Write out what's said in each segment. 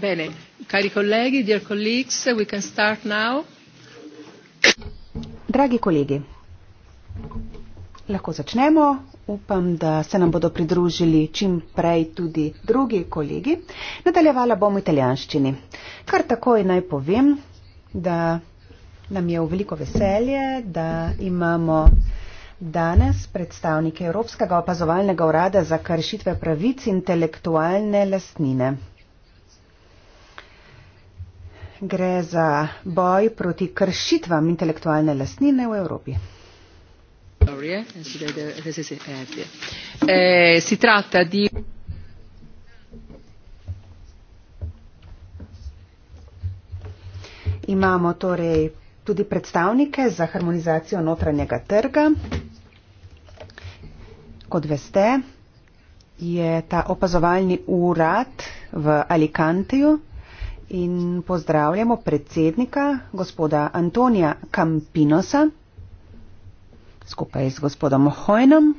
Bene, cari colleghi, dear colleagues, we can start now. Dragi kolegi, lahko začnemo. Upam, da se nam bodo pridružili čim prej tudi drugi kolegi. Nadaljevala bom v italijanščini. Kar takoj naj povem, da nam je v veliko veselje, da imamo danes predstavnike Evropskega opazovalnega urada za kršitve pravic intelektualne lastnine gre za boj proti kršitvam intelektualne lastnine v Evropi. Eh, eh, eh, Imamo torej tudi predstavnike za harmonizacijo notranjega trga. Kot veste, je ta opazovalni urad v Alicanteju In pozdravljamo predsednika gospoda Antonija Kampinosa skupaj z gospodom Hojnom.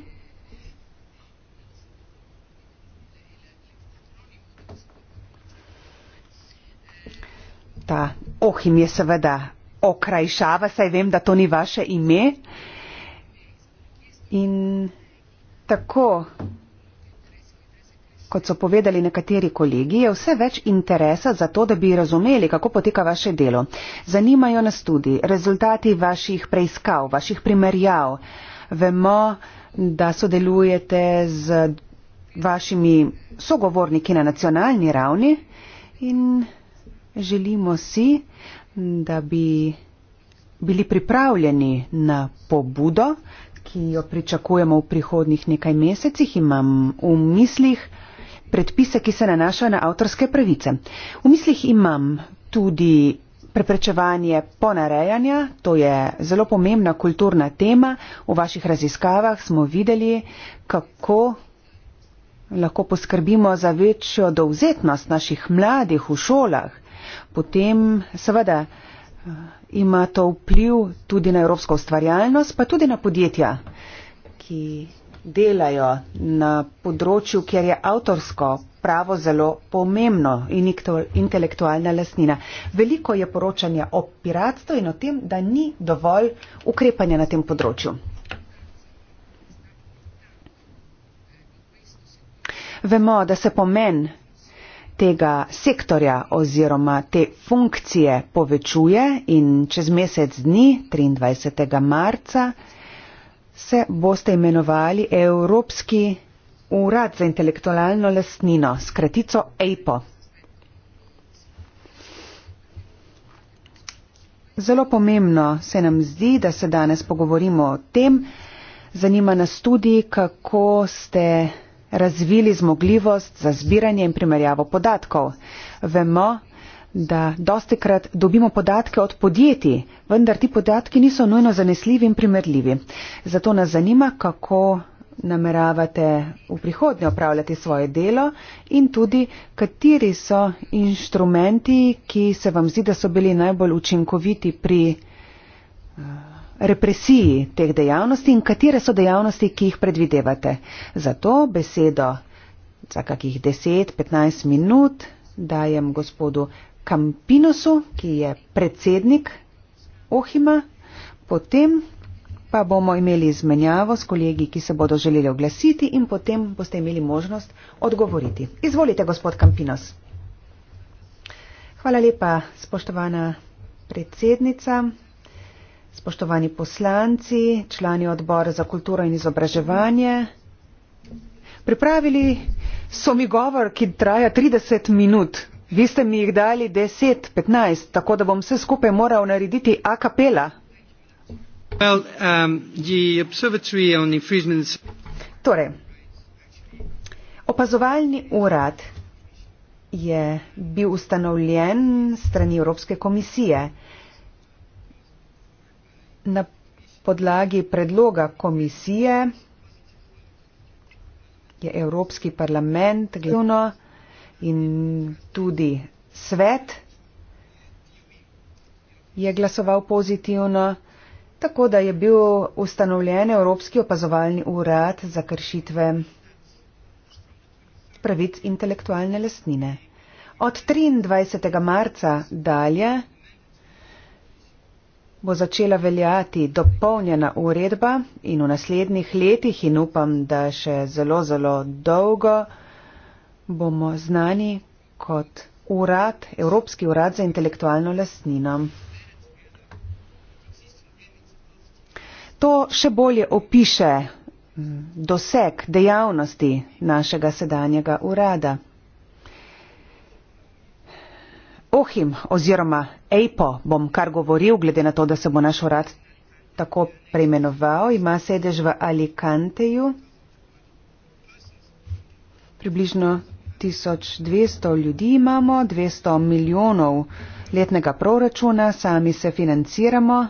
Ta ohim je seveda okrajšava, saj vem, da to ni vaše ime. In tako Kot so povedali nekateri kolegi, je vse več interesa za to, da bi razumeli, kako poteka vaše delo. Zanimajo nas tudi rezultati vaših preiskav, vaših primerjav. Vemo, da sodelujete z vašimi sogovorniki na nacionalni ravni in želimo si, da bi bili pripravljeni na pobudo, ki jo pričakujemo v prihodnih nekaj mesecih, imam v mislih, predpise, ki se nanašajo na avtorske pravice. V mislih imam tudi preprečevanje ponarejanja, to je zelo pomembna kulturna tema. V vaših raziskavah smo videli, kako lahko poskrbimo za večjo dovzetnost naših mladih v šolah. Potem seveda ima to vpliv tudi na evropsko ustvarjalnost, pa tudi na podjetja, ki delajo na področju, kjer je avtorsko pravo zelo pomembno in intelektualna lasnina. Veliko je poročanja o piratstvu in o tem, da ni dovolj ukrepanja na tem področju. Vemo, da se pomen tega sektorja oziroma te funkcije povečuje in čez mesec dni, 23. marca, se boste imenovali Evropski urad za intelektualno lastnino, skratico EIPO. Zelo pomembno se nam zdi, da se danes pogovorimo o tem. Zanima nas tudi, kako ste razvili zmogljivost za zbiranje in primerjavo podatkov. Vemo, da dosti krat dobimo podatke od podjetij, vendar ti podatki niso nujno zanesljivi in primerljivi. Zato nas zanima, kako nameravate v prihodnje opravljati svoje delo in tudi, kateri so inštrumenti, ki se vam zdi, da so bili najbolj učinkoviti pri eh, represiji teh dejavnosti in katere so dejavnosti, ki jih predvidevate. Zato besedo za kakih 10-15 minut dajem gospodu Kampinosu, ki je predsednik Ohima, potem pa bomo imeli izmenjavo s kolegi, ki se bodo želeli oglasiti in potem boste imeli možnost odgovoriti. Izvolite, gospod Kampinos. Hvala lepa, spoštovana predsednica, spoštovani poslanci, člani odbora za kulturo in izobraževanje. Pripravili so mi govor, ki traja 30 minut. Vi ste mi jih dali 10, 15, tako da bom vse skupaj moral narediti a capella. Well, um, torej, opazovalni urad je bil ustanovljen strani Evropske komisije na podlagi predloga komisije je Evropski parlament glavno in tudi svet je glasoval pozitivno, tako da je bil ustanovljen Evropski opazovalni urad za kršitve pravic intelektualne lastnine. Od 23. marca dalje bo začela veljati dopolnjena uredba in v naslednjih letih in upam, da še zelo, zelo dolgo bomo znani kot urad, Evropski urad za intelektualno lastnino. To še bolje opiše mm, doseg dejavnosti našega sedanjega urada. Ohim oziroma EIPO bom kar govoril, glede na to, da se bo naš urad tako preimenoval, ima sedež v Alicanteju, približno 1200 ljudi imamo, 200 milijonov letnega proračuna, sami se financiramo.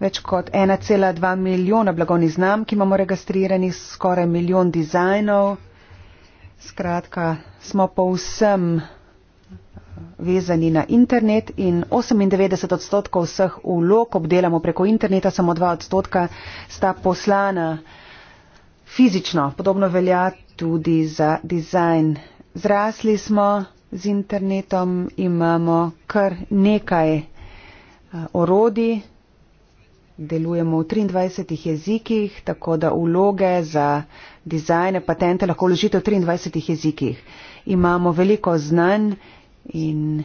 Več kot 1,2 milijona blagovnih znamk imamo registriranih, skoraj milijon dizajnov. Skratka, smo povsem eh, vezani na internet in 98 odstotkov vseh ulog obdelamo preko interneta, samo 2 odstotka sta poslana fizično. Podobno velja tudi za dizajn. Zrasli smo z internetom, imamo kar nekaj eh, orodij, delujemo v 23 jezikih, tako da vloge za dizajne patente lahko vložite v 23 jezikih. Imamo veliko znanj in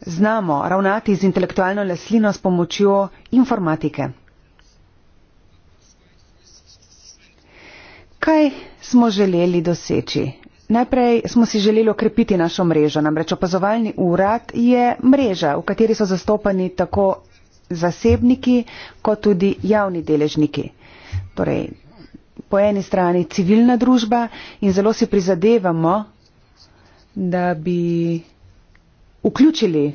znamo ravnati z intelektualno leslino s pomočjo informatike. kaj smo želeli doseči? Najprej smo si želeli okrepiti našo mrežo, namreč opazovalni urad je mreža, v kateri so zastopani tako zasebniki, kot tudi javni deležniki. Torej, po eni strani civilna družba in zelo si prizadevamo, da bi vključili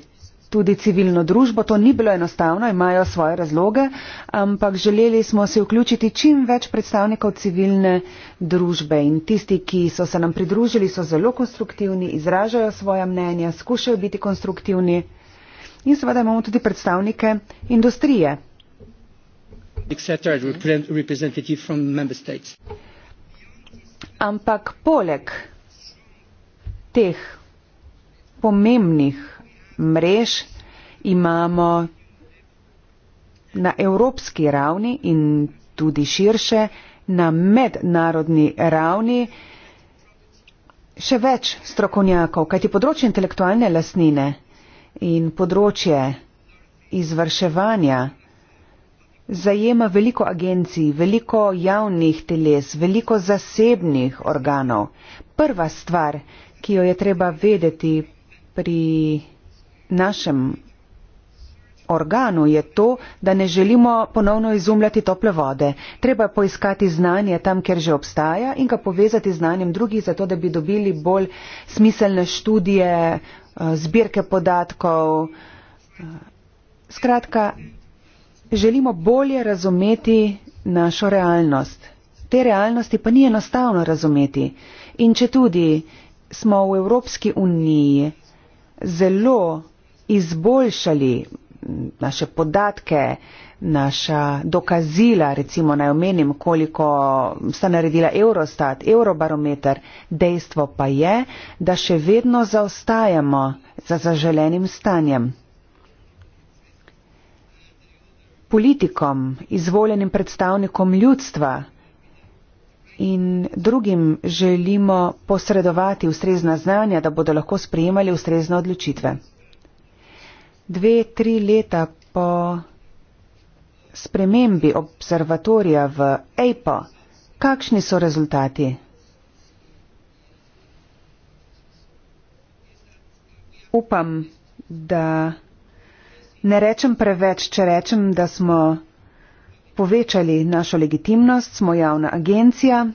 tudi civilno družbo. To ni bilo enostavno, imajo svoje razloge, ampak želeli smo se vključiti čim več predstavnikov civilne družbe in tisti, ki so se nam pridružili, so zelo konstruktivni, izražajo svoja mnenja, skušajo biti konstruktivni in seveda imamo tudi predstavnike industrije. Ampak poleg teh pomembnih mrež imamo na evropski ravni in tudi širše na mednarodni ravni še več strokovnjakov, kajti področje intelektualne lasnine in področje izvrševanja zajema veliko agencij, veliko javnih teles, veliko zasebnih organov. Prva stvar, ki jo je treba vedeti pri našem organu je to, da ne želimo ponovno izumljati tople vode. Treba poiskati znanje tam, kjer že obstaja in ga povezati z znanjem drugih, zato da bi dobili bolj smiselne študije, eh, zbirke podatkov. Eh, skratka, želimo bolje razumeti našo realnost. Te realnosti pa ni enostavno razumeti. In če tudi smo v Evropski uniji zelo izboljšali naše podatke, naša dokazila, recimo naj omenim, koliko sta naredila Eurostat, Eurobarometer, dejstvo pa je, da še vedno zaostajamo za zaželenim stanjem. Politikom, izvoljenim predstavnikom ljudstva in drugim želimo posredovati ustrezna znanja, da bodo lahko sprejemali ustrezne odločitve dve, tri leta po spremembi observatorija v EIPO. Kakšni so rezultati? Upam, da ne rečem preveč, če rečem, da smo povečali našo legitimnost, smo javna agencija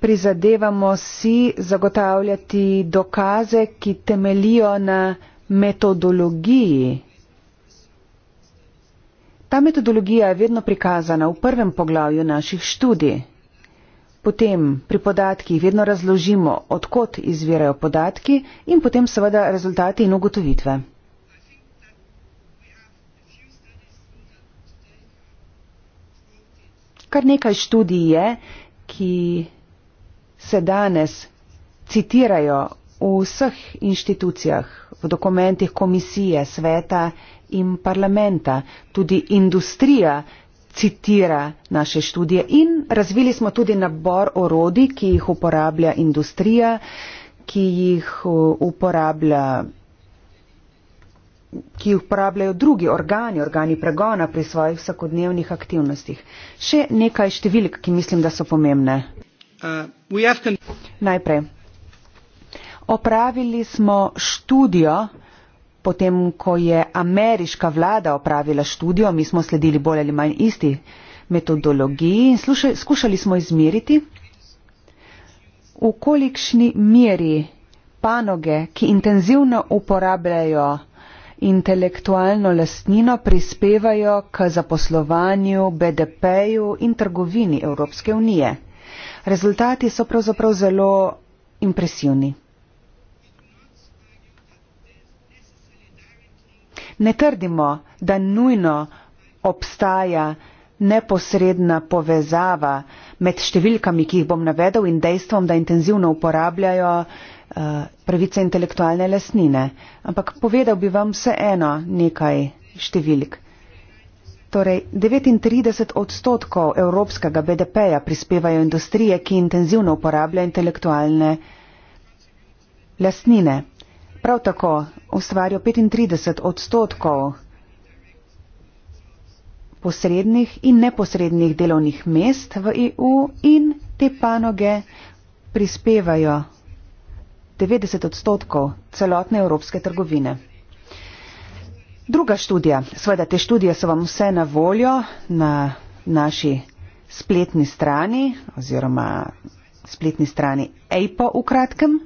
prizadevamo si zagotavljati dokaze, ki temelijo na metodologiji. Ta metodologija je vedno prikazana v prvem poglavju naših študij. Potem pri podatkih vedno razložimo, odkot izvirajo podatki in potem seveda rezultati in ugotovitve. Kar nekaj študij je, ki se danes citirajo v vseh inštitucijah, v dokumentih komisije, sveta in parlamenta. Tudi industrija citira naše študije in razvili smo tudi nabor orodi, ki jih uporablja industrija, ki jih uh, uporablja ki jih uporabljajo drugi organi, organi pregona pri svojih vsakodnevnih aktivnostih. Še nekaj številk, ki mislim, da so pomembne. Uh, najprej opravili smo študijo potem ko je ameriška vlada opravila študijo mi smo sledili bolj ali manj isti metodologiji in slušali, skušali smo izmeriti v kolikšni meri panoge ki intenzivno uporabljajo intelektualno lastnino prispevajo k zaposlovanju BDP-ju in trgovini Evropske unije rezultati so pravzaprav zelo impresivni. Ne trdimo, da nujno obstaja neposredna povezava med številkami, ki jih bom navedel, in dejstvom, da intenzivno uporabljajo uh, pravice intelektualne lasnine. Ampak povedal bi vam vseeno nekaj številk torej 39 odstotkov evropskega BDP-ja prispevajo industrije, ki intenzivno uporablja intelektualne lastnine. Prav tako ustvarijo 35 odstotkov posrednih in neposrednih delovnih mest v EU in te panoge prispevajo 90 odstotkov celotne evropske trgovine. Druga študija, seveda te študije so vam vse na voljo na naši spletni strani oziroma spletni strani EIPO v kratkem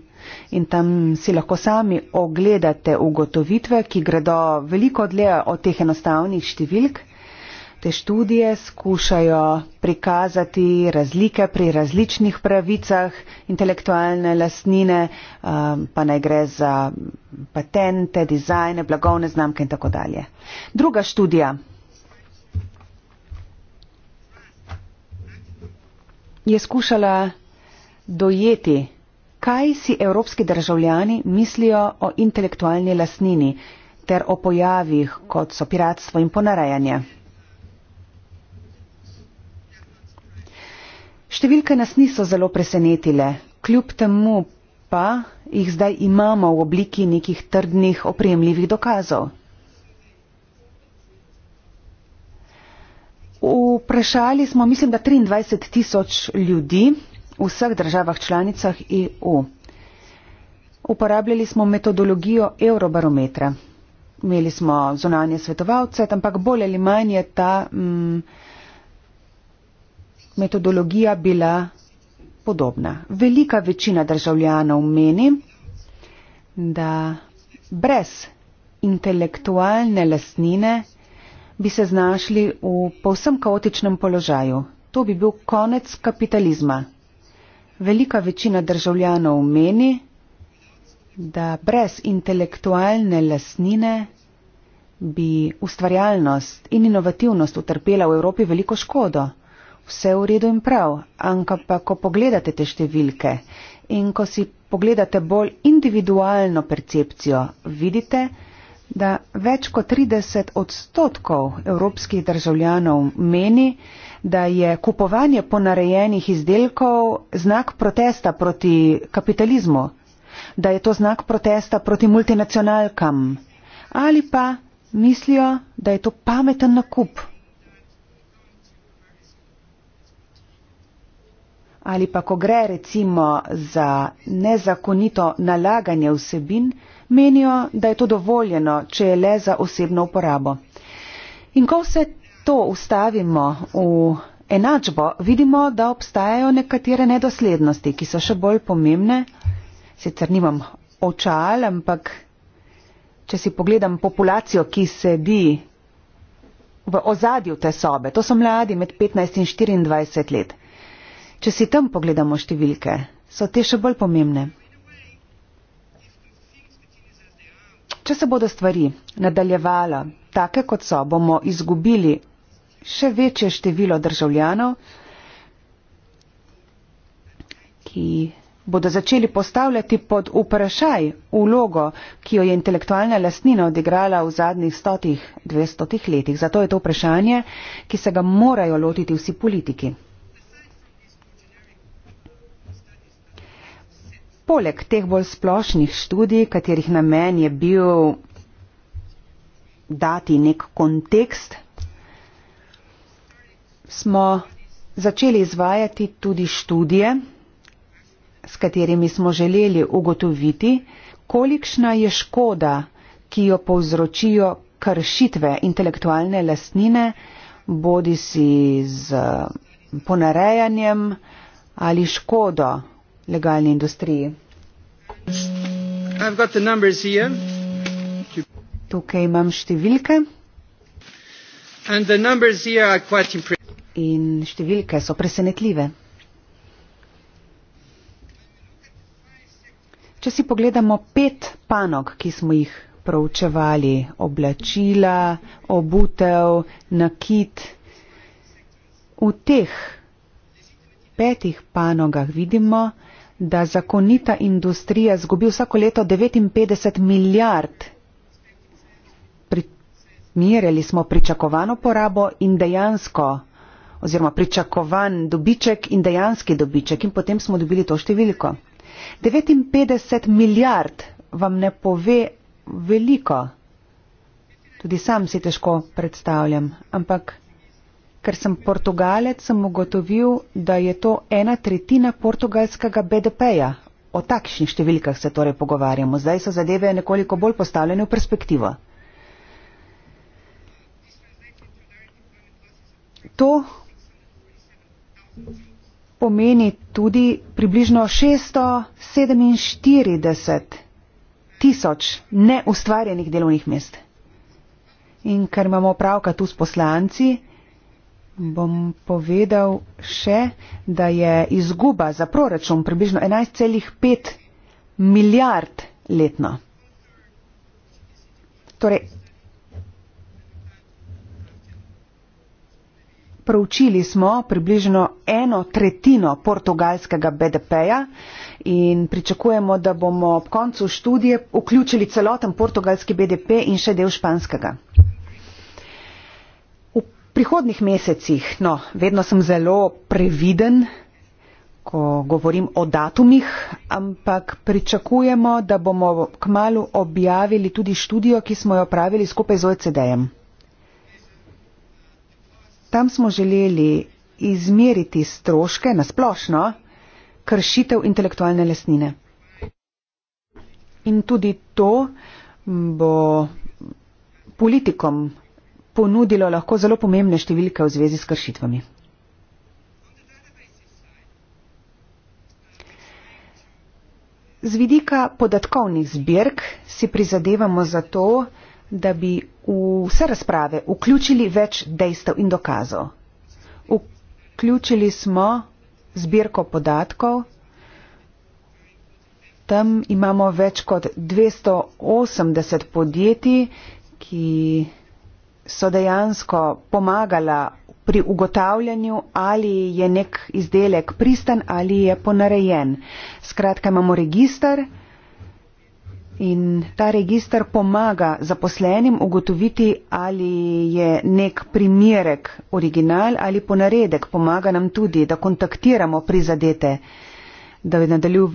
in tam si lahko sami ogledate ugotovitve, ki gredo veliko dlje od teh enostavnih številk. Te študije skušajo prikazati razlike pri različnih pravicah intelektualne lastnine, um, pa naj gre za patente, dizajne, blagovne znamke in tako dalje. Druga študija. Je skušala dojeti, kaj si evropski državljani mislijo o intelektualni lasnini ter o pojavih, kot so piratstvo in ponarejanje. Številke nas niso zelo presenetile, kljub temu pa jih zdaj imamo v obliki nekih trdnih, opremljivih dokazov. Vprašali smo, mislim, da 23 tisoč ljudi v vseh državah članicah EU. Uporabljali smo metodologijo eurobarometra. Imeli smo zunanje svetovalce, ampak bolj ali manj je ta. Mm, metodologija bila podobna. Velika večina državljanov meni, da brez intelektualne lasnine bi se znašli v povsem kaotičnem položaju. To bi bil konec kapitalizma. Velika večina državljanov meni, da brez intelektualne lasnine bi ustvarjalnost in inovativnost utrpela v Evropi veliko škodo vse v redu in prav, ampak pa ko pogledate te številke in ko si pogledate bolj individualno percepcijo, vidite, da več kot 30 odstotkov evropskih državljanov meni, da je kupovanje ponarejenih izdelkov znak protesta proti kapitalizmu, da je to znak protesta proti multinacionalkam ali pa mislijo, da je to pameten nakup ali pa ko gre recimo za nezakonito nalaganje vsebin, menijo, da je to dovoljeno, če je le za osebno uporabo. In ko vse to ustavimo v enačbo, vidimo, da obstajajo nekatere nedoslednosti, ki so še bolj pomembne. Sicer nimam očal, ampak če si pogledam populacijo, ki sedi v ozadju te sobe, to so mladi med 15 in 24 let. Če si tam pogledamo številke, so te še bolj pomembne. Če se bodo stvari nadaljevala take, kot so, bomo izgubili še večje število državljanov, ki bodo začeli postavljati pod vprašaj ulogo, ki jo je intelektualna lastnina odigrala v zadnjih stotih, dvestotih letih. Zato je to vprašanje, ki se ga morajo lotiti vsi politiki. poleg teh bolj splošnih študij, katerih namen je bil dati nek kontekst, smo začeli izvajati tudi študije, s katerimi smo želeli ugotoviti, kolikšna je škoda, ki jo povzročijo kršitve intelektualne lastnine, bodi si z ponarejanjem ali škodo legalni industriji. Tukaj imam številke. In številke so presenetljive. Če si pogledamo pet panog, ki smo jih proučevali, oblačila, obutev, nakit, v teh petih panogah vidimo, da zakonita industrija zgubi vsako leto 59 milijard. Primerjali smo pričakovano porabo in dejansko, oziroma pričakovan dobiček in dejanski dobiček in potem smo dobili to številko. 59 milijard vam ne pove veliko. Tudi sam si težko predstavljam, ampak ker sem portugalec, sem ugotovil, da je to ena tretjina portugalskega BDP-ja. O takšnih številkah se torej pogovarjamo. Zdaj so zadeve nekoliko bolj postavljene v perspektivo. To pomeni tudi približno 647 tisoč neustvarjenih delovnih mest. In ker imamo pravka tu s poslanci, bom povedal še, da je izguba za proračun približno 11,5 milijard letno. Torej, proučili smo približno eno tretjino portugalskega BDP-ja in pričakujemo, da bomo ob koncu študije vključili celoten portugalski BDP in še del španskega prihodnih mesecih, no, vedno sem zelo previden, ko govorim o datumih, ampak pričakujemo, da bomo k malu objavili tudi študijo, ki smo jo pravili skupaj z OECD-jem. Tam smo želeli izmeriti stroške na splošno kršitev intelektualne lesnine. In tudi to bo politikom ponudilo lahko zelo pomembne številke v zvezi s kršitvami. Z vidika podatkovnih zbirk si prizadevamo za to, da bi v vse razprave vključili več dejstev in dokazov. Vključili smo zbirko podatkov, tam imamo več kot 280 podjetij, ki so dejansko pomagala pri ugotavljanju, ali je nek izdelek pristan ali je ponarejen. Skratka, imamo registar in ta registar pomaga zaposlenim ugotoviti, ali je nek primerek original ali ponaredek. Pomaga nam tudi, da kontaktiramo prizadete da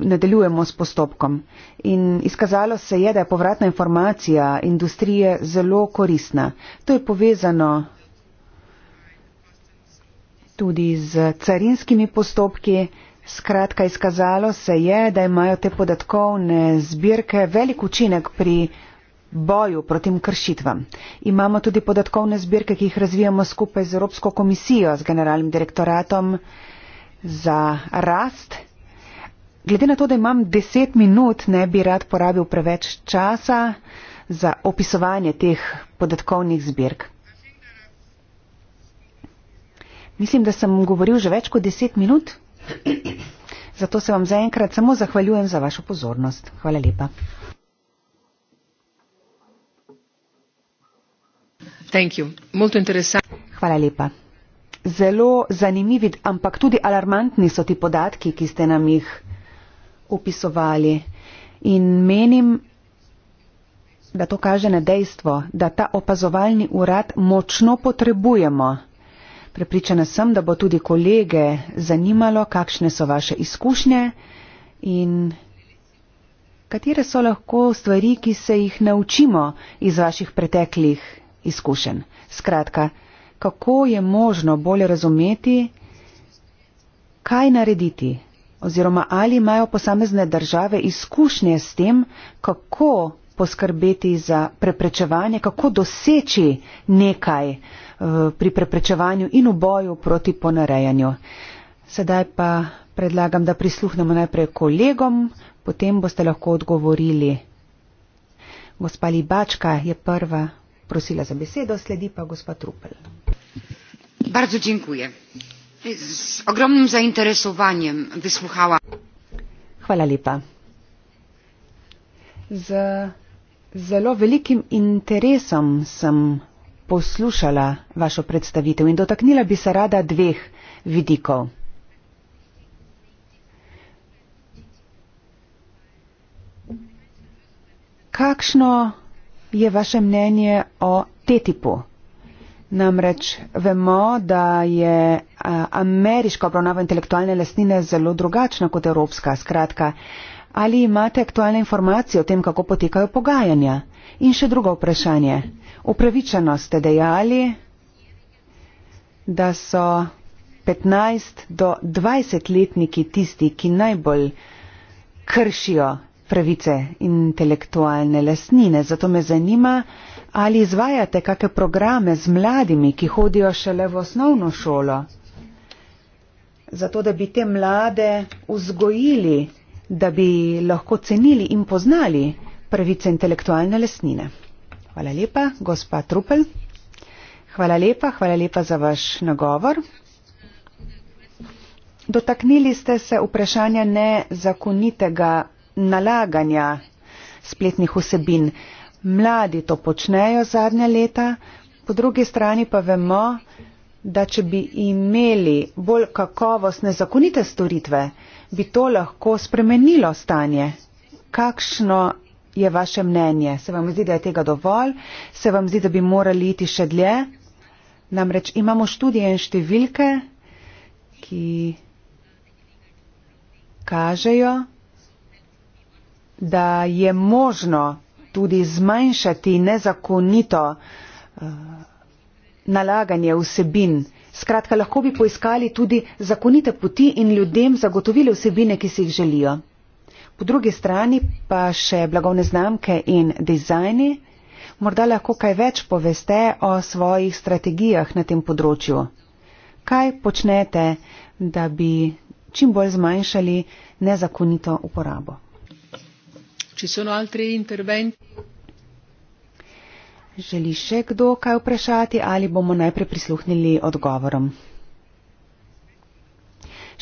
nadaljujemo s postopkom. In izkazalo se je, da je povratna informacija industrije zelo korisna. To je povezano tudi z carinskimi postopki. Skratka, izkazalo se je, da imajo te podatkovne zbirke velik učinek pri boju proti kršitvam. Imamo tudi podatkovne zbirke, ki jih razvijamo skupaj z Evropsko komisijo, z generalnim direktoratom za rast Glede na to, da imam deset minut, ne bi rad porabil preveč časa za opisovanje teh podatkovnih zbirk. Mislim, da sem govoril že več kot deset minut, zato se vam zaenkrat samo zahvaljujem za vašo pozornost. Hvala lepa. Hvala lepa. Zelo zanimivi, ampak tudi alarmantni so ti podatki, ki ste nam jih upisovali. In menim, da to kaže na dejstvo, da ta opazovalni urad močno potrebujemo. Prepričana sem, da bo tudi kolege zanimalo, kakšne so vaše izkušnje in katere so lahko stvari, ki se jih naučimo iz vaših preteklih izkušenj. Skratka, kako je možno bolje razumeti, kaj narediti, oziroma ali imajo posamezne države izkušnje s tem, kako poskrbeti za preprečevanje, kako doseči nekaj eh, pri preprečevanju in v boju proti ponarejanju. Sedaj pa predlagam, da prisluhnemo najprej kolegom, potem boste lahko odgovorili. Gospa Libačka je prva prosila za besedo, sledi pa gospa Trupel. Bardzo dziękuję z ogromnym zainteresowaniem wysłuchałam. Hvala lepa. Z zelo velikim interesom sem poslušala vašo predstavitev in dotaknila bi se rada dveh vidikov. Kakšno je vaše mnenje o TTIP-u? Namreč vemo, da je ameriška obravnava intelektualne lastnine zelo drugačna kot evropska. Skratka, ali imate aktualne informacije o tem, kako potekajo pogajanja? In še drugo vprašanje. Upravičeno ste dejali, da so 15 do 20 letniki tisti, ki najbolj kršijo pravice intelektualne lasnine. Zato me zanima, Ali izvajate kakšne programe z mladimi, ki hodijo šele v osnovno šolo, zato da bi te mlade vzgojili, da bi lahko cenili in poznali pravice intelektualne lesnine? Hvala lepa, gospa Trupel. Hvala lepa, hvala lepa za vaš nagovor. Dotaknili ste se vprašanja nezakonitega nalaganja spletnih vsebin. Mladi to počnejo zadnja leta, po drugi strani pa vemo, da če bi imeli bolj kakovostne zakonite storitve, bi to lahko spremenilo stanje. Kakšno je vaše mnenje? Se vam zdi, da je tega dovolj? Se vam zdi, da bi morali iti še dlje? Namreč imamo študije in številke, ki kažejo, da je možno tudi zmanjšati nezakonito eh, nalaganje vsebin. Skratka, lahko bi poiskali tudi zakonite poti in ljudem zagotovili vsebine, ki si jih želijo. Po drugi strani pa še blagovne znamke in dizajni. Morda lahko kaj več poveste o svojih strategijah na tem področju. Kaj počnete, da bi čim bolj zmanjšali nezakonito uporabo? Če so altri interventi. Želi še kdo kaj vprašati ali bomo najprej prisluhnili odgovorom?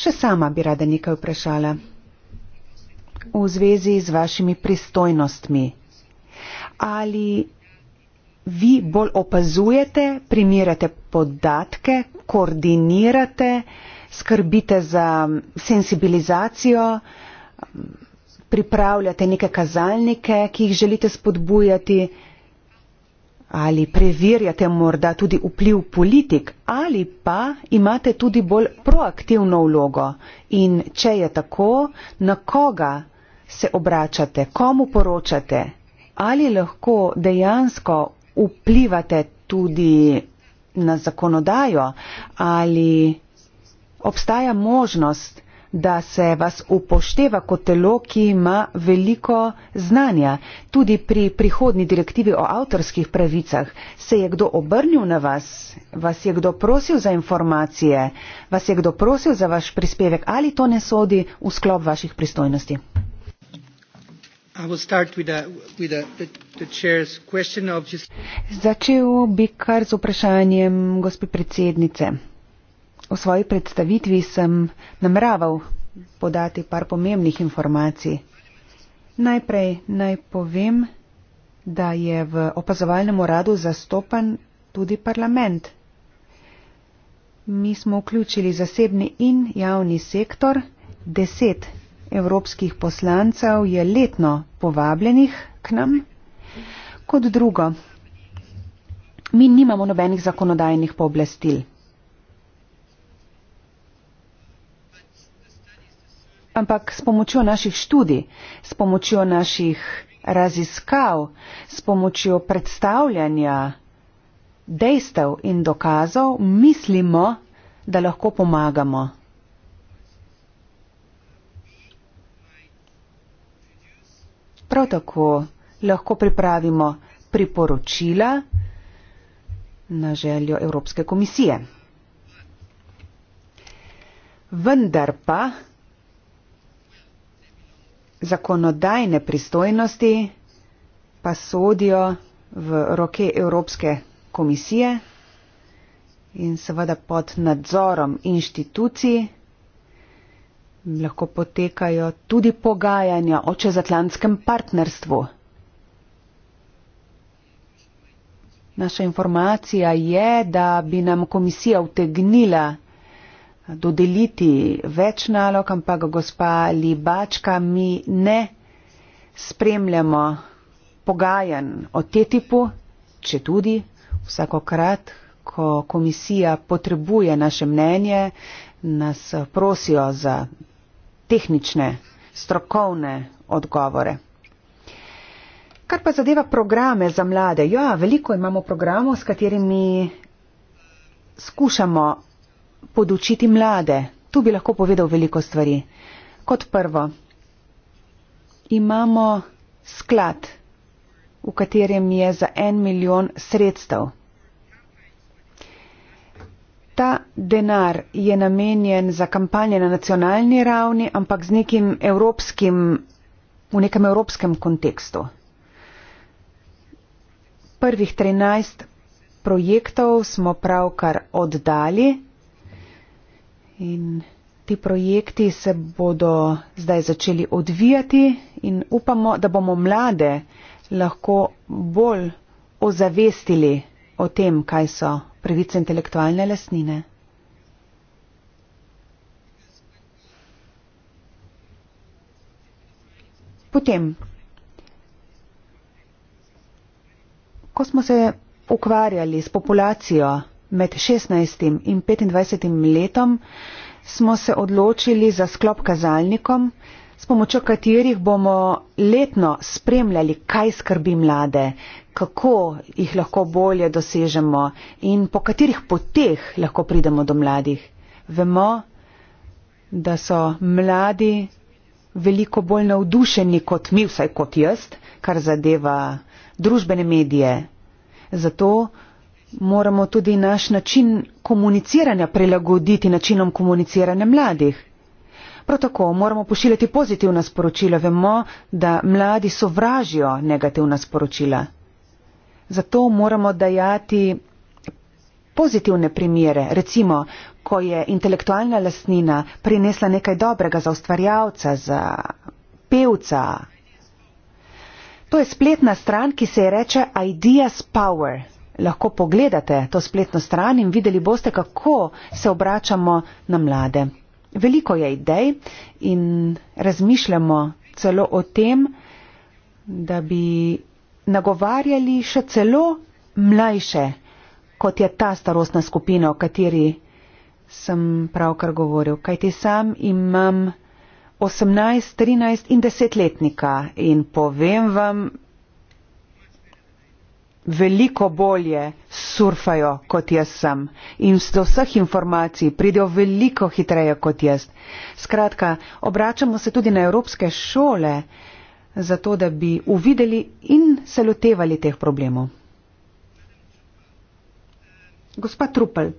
Še sama bi rada nekaj vprašala v zvezi z vašimi pristojnostmi. Ali vi bolj opazujete, primirate podatke, koordinirate, skrbite za sensibilizacijo? pripravljate neke kazalnike, ki jih želite spodbujati, ali preverjate morda tudi vpliv politik, ali pa imate tudi bolj proaktivno vlogo. In če je tako, na koga se obračate, komu poročate, ali lahko dejansko vplivate tudi na zakonodajo, ali obstaja možnost, da se vas upošteva kot telo, ki ima veliko znanja. Tudi pri prihodni direktivi o avtorskih pravicah se je kdo obrnil na vas, vas je kdo prosil za informacije, vas je kdo prosil za vaš prispevek ali to ne sodi v sklop vaših pristojnosti. Začel bi kar z vprašanjem gospe predsednice. V svoji predstavitvi sem nameraval podati par pomembnih informacij. Najprej naj povem, da je v opazovalnem uradu zastopan tudi parlament. Mi smo vključili zasebni in javni sektor, deset evropskih poslancev je letno povabljenih k nam. Kot drugo, mi nimamo nobenih zakonodajnih pooblastil. ampak s pomočjo naših študij, s pomočjo naših raziskav, s pomočjo predstavljanja dejstev in dokazov mislimo, da lahko pomagamo. Prav tako lahko pripravimo priporočila na željo Evropske komisije. Vendar pa zakonodajne pristojnosti pa sodijo v roke Evropske komisije in seveda pod nadzorom inštitucij lahko potekajo tudi pogajanja o čezatlantskem partnerstvu. Naša informacija je, da bi nam komisija utegnila dodeliti več nalog, ampak gospa Libačka, mi ne spremljamo pogajanj o TTIP-u, če tudi vsakokrat, ko komisija potrebuje naše mnenje, nas prosijo za tehnične, strokovne odgovore. Kar pa zadeva programe za mlade, ja, veliko imamo programov, s katerimi skušamo podučiti mlade. Tu bi lahko povedal veliko stvari. Kot prvo, imamo sklad, v katerem je za en milijon sredstev. Ta denar je namenjen za kampanje na nacionalni ravni, ampak z nekim evropskim, v nekem evropskem kontekstu. Prvih 13 projektov smo pravkar oddali. In ti projekti se bodo zdaj začeli odvijati in upamo, da bomo mlade lahko bolj ozavestili o tem, kaj so pravice intelektualne lasnine. Potem, ko smo se ukvarjali s populacijo, med 16 in 25 letom smo se odločili za sklop kazalnikom, s pomočjo katerih bomo letno spremljali, kaj skrbi mlade, kako jih lahko bolje dosežemo in po katerih poteh lahko pridemo do mladih. Vemo, da so mladi veliko bolj navdušeni kot mi, vsaj kot jaz, kar zadeva družbene medije. Zato moramo tudi naš način komuniciranja prilagoditi načinom komuniciranja mladih. Prav tako moramo pošiljati pozitivna sporočila. Vemo, da mladi sovražijo negativna sporočila. Zato moramo dajati pozitivne primere. Recimo, ko je intelektualna lasnina prinesla nekaj dobrega za ustvarjalca, za pevca. To je spletna stran, ki se je reče Ideas Power lahko pogledate to spletno stran in videli boste, kako se obračamo na mlade. Veliko je idej in razmišljamo celo o tem, da bi nagovarjali še celo mlajše, kot je ta starostna skupina, o kateri sem pravkar govoril. Kaj ti sam imam 18, 13 in 10 letnika in povem vam, veliko bolje surfajo kot jaz sem in z vseh informacij pridejo veliko hitreje kot jaz. Skratka, obračamo se tudi na evropske šole, zato da bi uvideli in se lotevali teh problemov. Gospa Trupel.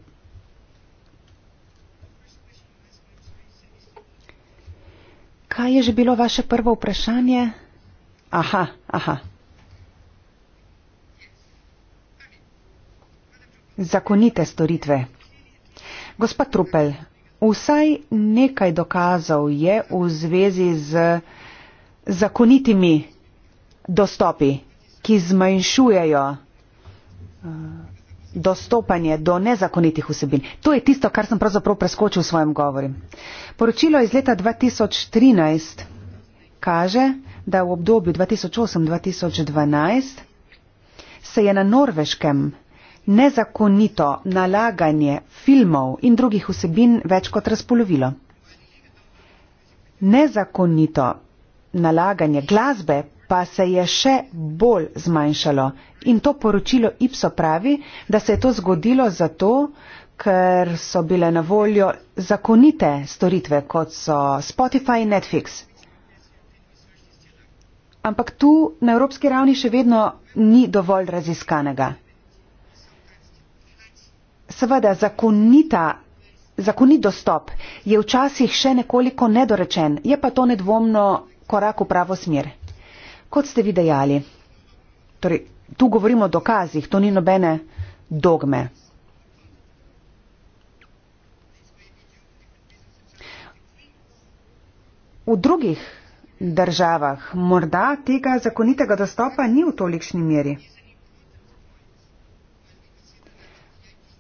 Kaj je že bilo vaše prvo vprašanje? Aha, aha. zakonite storitve. Gospa Trupel, vsaj nekaj dokazov je v zvezi z zakonitimi dostopi, ki zmanjšujejo eh, dostopanje do nezakonitih vsebin. To je tisto, kar sem pravzaprav preskočil v svojem govori. Poročilo iz leta 2013 kaže, da v obdobju 2008-2012 se je na norveškem nezakonito nalaganje filmov in drugih vsebin več kot razpolovilo. Nezakonito nalaganje glasbe pa se je še bolj zmanjšalo in to poročilo IPSO pravi, da se je to zgodilo zato, ker so bile na voljo zakonite storitve, kot so Spotify in Netflix. Ampak tu na evropski ravni še vedno ni dovolj raziskanega seveda zakonita, zakonit dostop je včasih še nekoliko nedorečen, je pa to nedvomno korak v pravo smer. Kot ste vi dejali, torej, tu govorimo o dokazih, to ni nobene dogme. V drugih državah morda tega zakonitega dostopa ni v tolikšni meri.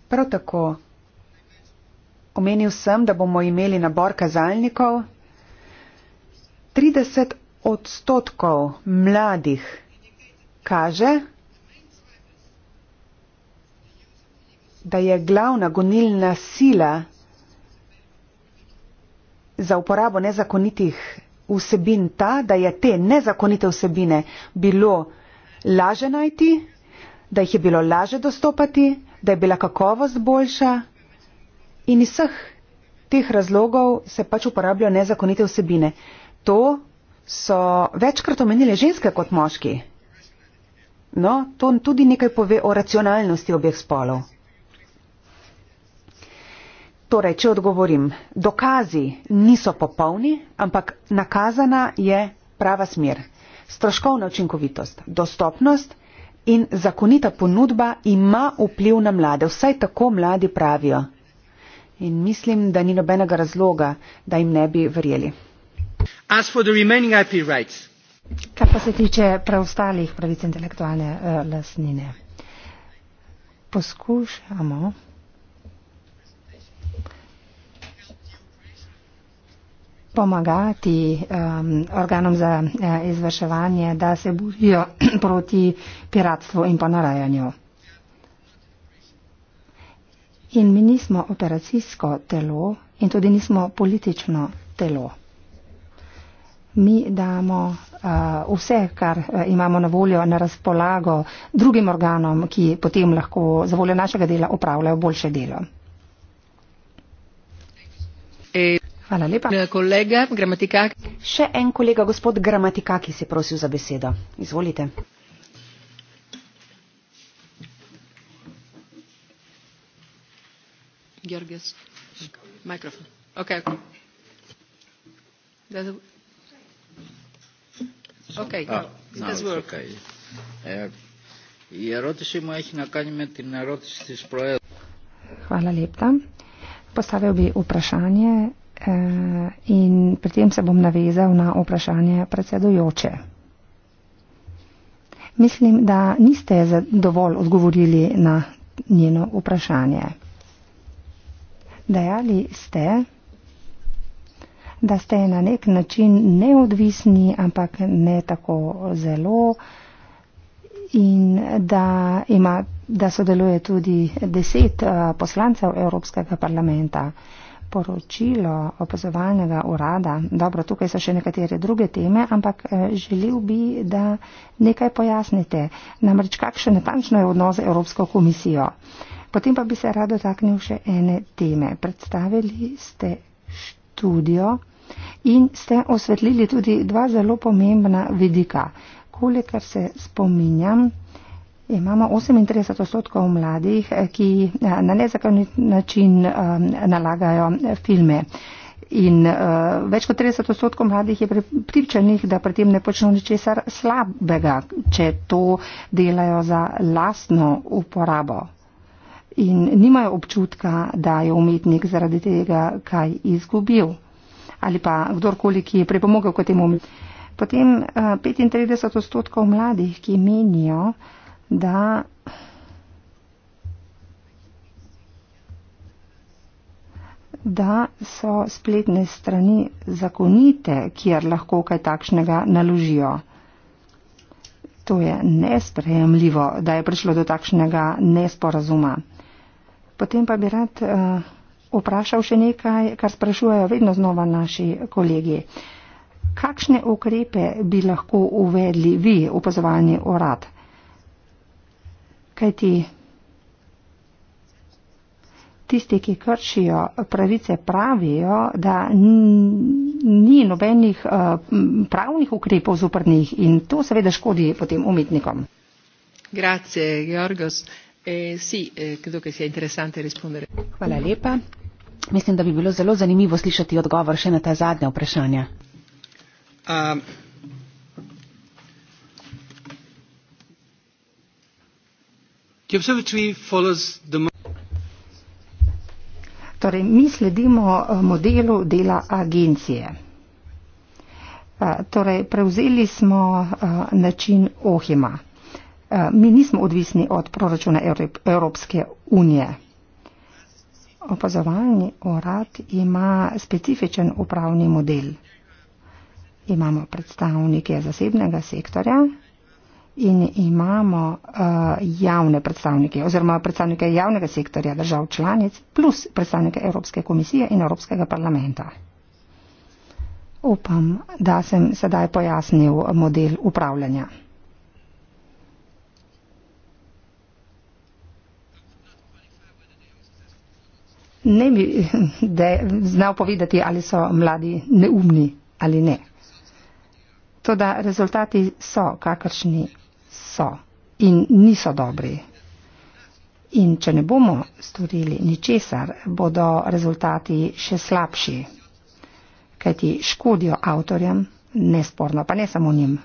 Prav tako. Omenil sem, da bomo imeli nabor kazalnikov. 30 odstotkov mladih kaže, da je glavna gonilna sila za uporabo nezakonitih vsebin ta, da je te nezakonite vsebine bilo laže najti, da jih je bilo laže dostopati, da je bila kakovost boljša in iz vseh teh razlogov se pač uporabljajo nezakonite vsebine. To so večkrat omenile ženske kot moški. No, to tudi nekaj pove o racionalnosti obeh spolov. Torej, če odgovorim, dokazi niso popolni, ampak nakazana je prava smer. Stroškovna učinkovitost, dostopnost in zakonita ponudba ima vpliv na mlade. Vsaj tako mladi pravijo. In mislim, da ni nobenega razloga, da jim ne bi verjeli. Kar pa se tiče preostalih pravic intelektualne eh, lasnine, poskušamo pomagati um, organom za uh, izvrševanje, da se borijo proti piratstvu in ponarajanju. In mi nismo operacijsko telo in tudi nismo politično telo. Mi damo uh, vse, kar uh, imamo na voljo, na razpolago drugim organom, ki potem lahko za voljo našega dela opravljajo boljše delo. Hvala lepa. Eh, kolega Gramatikak. Še en kolega, gospod Gramatikak, ki si prosil za besedo. Izvolite. Georgios. Mikrofon. Ok. Ok. Ah, no, work. okay. Uh, η ερώτηση μου έχει να κάνει με την ερώτηση της Προέδρου. Hvala lepa. Postavil bi vprašanje Eh, in pri tem se bom navezal na vprašanje predsedujoče. Mislim, da niste dovolj odgovorili na njeno vprašanje. Dejali ste, da ste na nek način neodvisni, ampak ne tako zelo in da, ima, da sodeluje tudi deset eh, poslancev Evropskega parlamenta poročilo opazovalnega urada. Dobro, tukaj so še nekatere druge teme, ampak eh, želil bi, da nekaj pojasnite. Namreč, kakšen natančno je odnos z Evropsko komisijo. Potem pa bi se rado taknil še ene teme. Predstavili ste študijo in ste osvetlili tudi dva zelo pomembna vidika. Kolikor se spominjam, Imamo 38 odstotkov mladih, ki eh, na nezakonit način eh, nalagajo eh, filme. In uh, več kot 30 odstotkov mladih je pripričanih, da pri tem ne počnejo ničesar slabega, če to delajo za lastno uporabo. In nimajo občutka, da je umetnik zaradi tega kaj izgubil. Ali pa kdorkoli, ki je pripomogel k temu. Potem uh, 35 odstotkov mladih, ki menijo, da da so spletne strani zakonite, kjer lahko kaj takšnega naložijo. To je nesprejemljivo, da je prišlo do takšnega nesporazuma. Potem pa bi rad eh, vprašal uh, še nekaj, kar sprašujejo vedno znova naši kolegi. Kakšne ukrepe bi lahko uvedli vi, upozovalni urad, kajti tisti, ki kršijo pravice, pravijo, da ni nobenih eh, pravnih ukrepov zoprnih in to seveda škodi potem umetnikom. Grazie, Georgos. Eh, sì, eh, credo che sia interessante rispondere. Hvala lepa. Mislim, da bi bilo zelo zanimivo slišati odgovor še na ta zadnja vprašanja. Uh, Torej, mi sledimo eh, modelu dela agencije. Eh, torej, prevzeli smo eh, način OHIMA. Mi nismo odvisni od proračuna Evropske unije. Opazovalni urad ima specifičen upravni model. Imamo predstavnike zasebnega sektorja, in imamo uh, javne predstavnike oziroma predstavnike javnega sektorja držav članic plus predstavnike Evropske komisije in Evropskega parlamenta. Upam, da sem sedaj pojasnil model upravljanja. Ne bi znal povedati, ali so mladi neumni ali ne. Toda rezultati so, kakršni so in niso dobri. In če ne bomo storili ničesar, bodo rezultati še slabši, kajti škodijo avtorjem, nesporno, pa ne samo njim.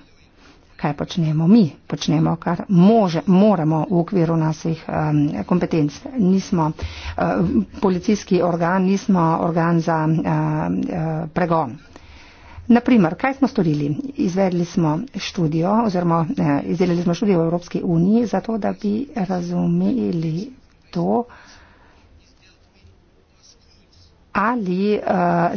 Kaj počnemo mi? Počnemo, kar može, moramo v okviru naših um, kompetenc. Nismo uh, policijski organ, nismo organ za uh, uh, pregon. Naprimer, kaj smo storili? Izvedli smo študijo oziroma eh, izdelali smo študijo v Evropski uniji zato, da bi razumeli to, ali eh,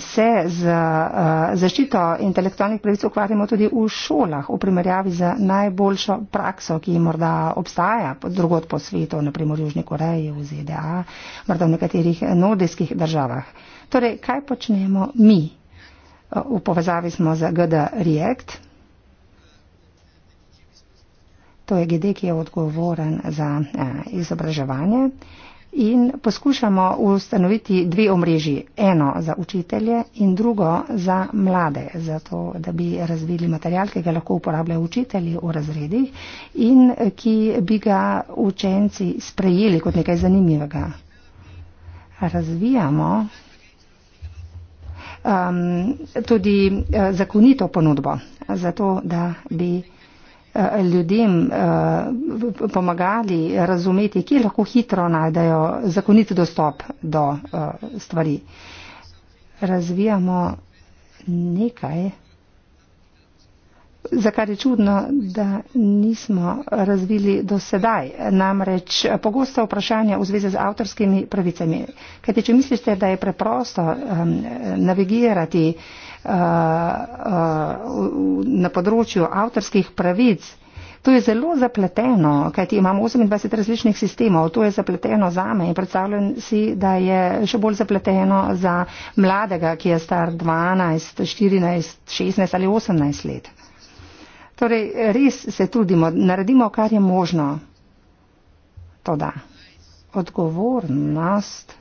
se z eh, zaščito intelektualnih pravic ukvarjamo tudi v šolah v primerjavi z najboljšo prakso, ki morda obstaja drugod po svetu, naprimer v Južni Koreji, v ZDA, morda v nekaterih nordijskih državah. Torej, kaj počnemo mi? v povezavi smo z GD React. To je GD, ki je odgovoren za eh, izobraževanje. In poskušamo ustanoviti dve omrežji, eno za učitelje in drugo za mlade, zato da bi razvili material, ki ga lahko uporabljajo učitelji v razredih in ki bi ga učenci sprejeli kot nekaj zanimivega. Razvijamo um, tudi uh, zakonito ponudbo, zato da bi eh, ljudem eh, pomagali razumeti, kje lahko hitro najdejo zakonit dostop do stvari. Razvijamo nekaj za kar je čudno, da nismo razvili do sedaj. Namreč pogosto vprašanje v zvezi z avtorskimi pravicami. Kajte, če mislite, da je preprosto um, navigirati uh, uh, na področju avtorskih pravic, To je zelo zapleteno, kajti imam 28 različnih sistemov, to je zapleteno za me in predstavljam si, da je še bolj zapleteno za mladega, ki je star 12, 14, 16 ali 18 let. Torej, res se trudimo, naredimo, kar je možno. To da. Odgovornost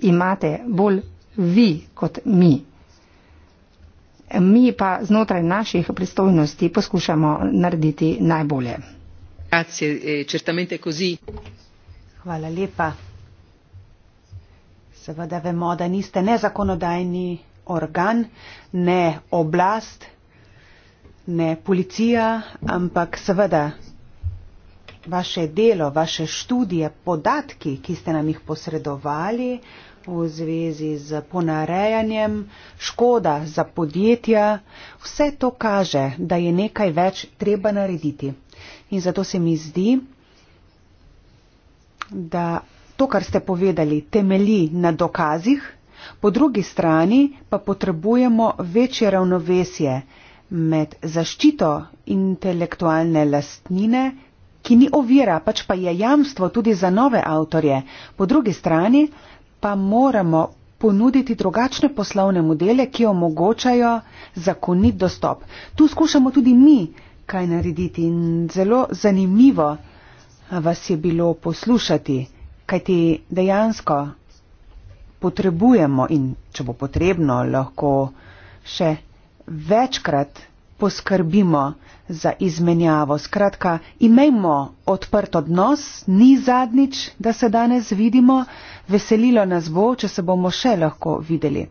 imate bolj vi kot mi. Mi pa znotraj naših pristojnosti poskušamo narediti najbolje. Eh, Hvala lepa. Seveda vemo, da niste ne zakonodajni organ, ne oblast ne policija, ampak seveda vaše delo, vaše študije, podatki, ki ste nam jih posredovali v zvezi z ponarejanjem, škoda za podjetja, vse to kaže, da je nekaj več treba narediti. In zato se mi zdi, da to, kar ste povedali, temelji na dokazih, po drugi strani pa potrebujemo večje ravnovesje med zaščito intelektualne lastnine, ki ni ovira, pač pa je jamstvo tudi za nove avtorje. Po drugi strani pa moramo ponuditi drugačne poslovne modele, ki omogočajo zakonit dostop. Tu skušamo tudi mi kaj narediti in zelo zanimivo vas je bilo poslušati, kajti dejansko potrebujemo in če bo potrebno, lahko še večkrat poskrbimo za izmenjavo. Skratka, imejmo odprt odnos, ni zadnjič, da se danes vidimo, veselilo nas bo, če se bomo še lahko videli.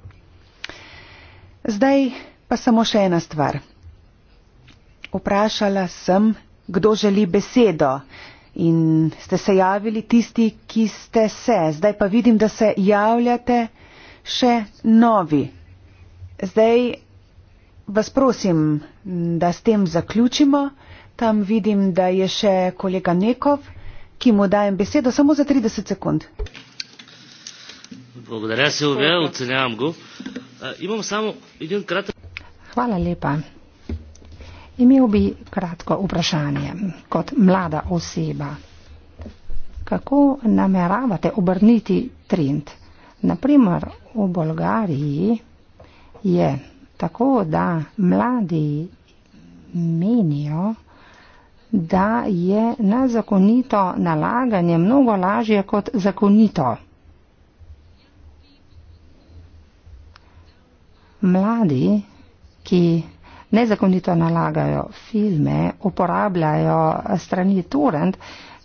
Zdaj pa samo še ena stvar. Vprašala sem, kdo želi besedo in ste se javili tisti, ki ste se. Zdaj pa vidim, da se javljate še novi. Zdaj vas prosim, da s tem zaključimo. Tam vidim, da je še kolega Nekov, ki mu dajem besedo samo za 30 sekund. Благодаря, Силвия. Оценявам го. А, имам само един кратък... Хвала лепа. Имел би кратко упрашание. Кот млада особа, како намеравате обърнити тренд? Например, у Болгарии е Tako da mladi menijo, da je nezakonito nalaganje mnogo lažje kot zakonito. Mladi, ki nezakonito nalagajo filme, uporabljajo strani torrent,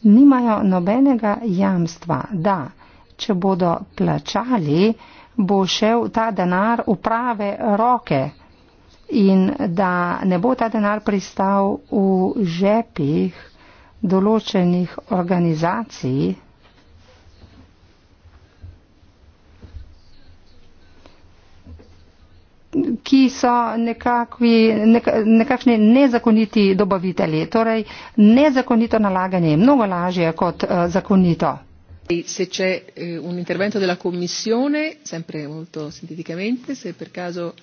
nimajo nobenega jamstva, da če bodo plačali, bo šel ta denar v prave roke in da ne bo ta denar pristal v žepih določenih organizacij. ki so nekakvi, neka, nekakšni nezakoniti dobavitelji. Torej, nezakonito nalaganje je mnogo lažje kot uh, zakonito se c'è eh, un intervento della Commissione, sempre molto sinteticamente, se per caso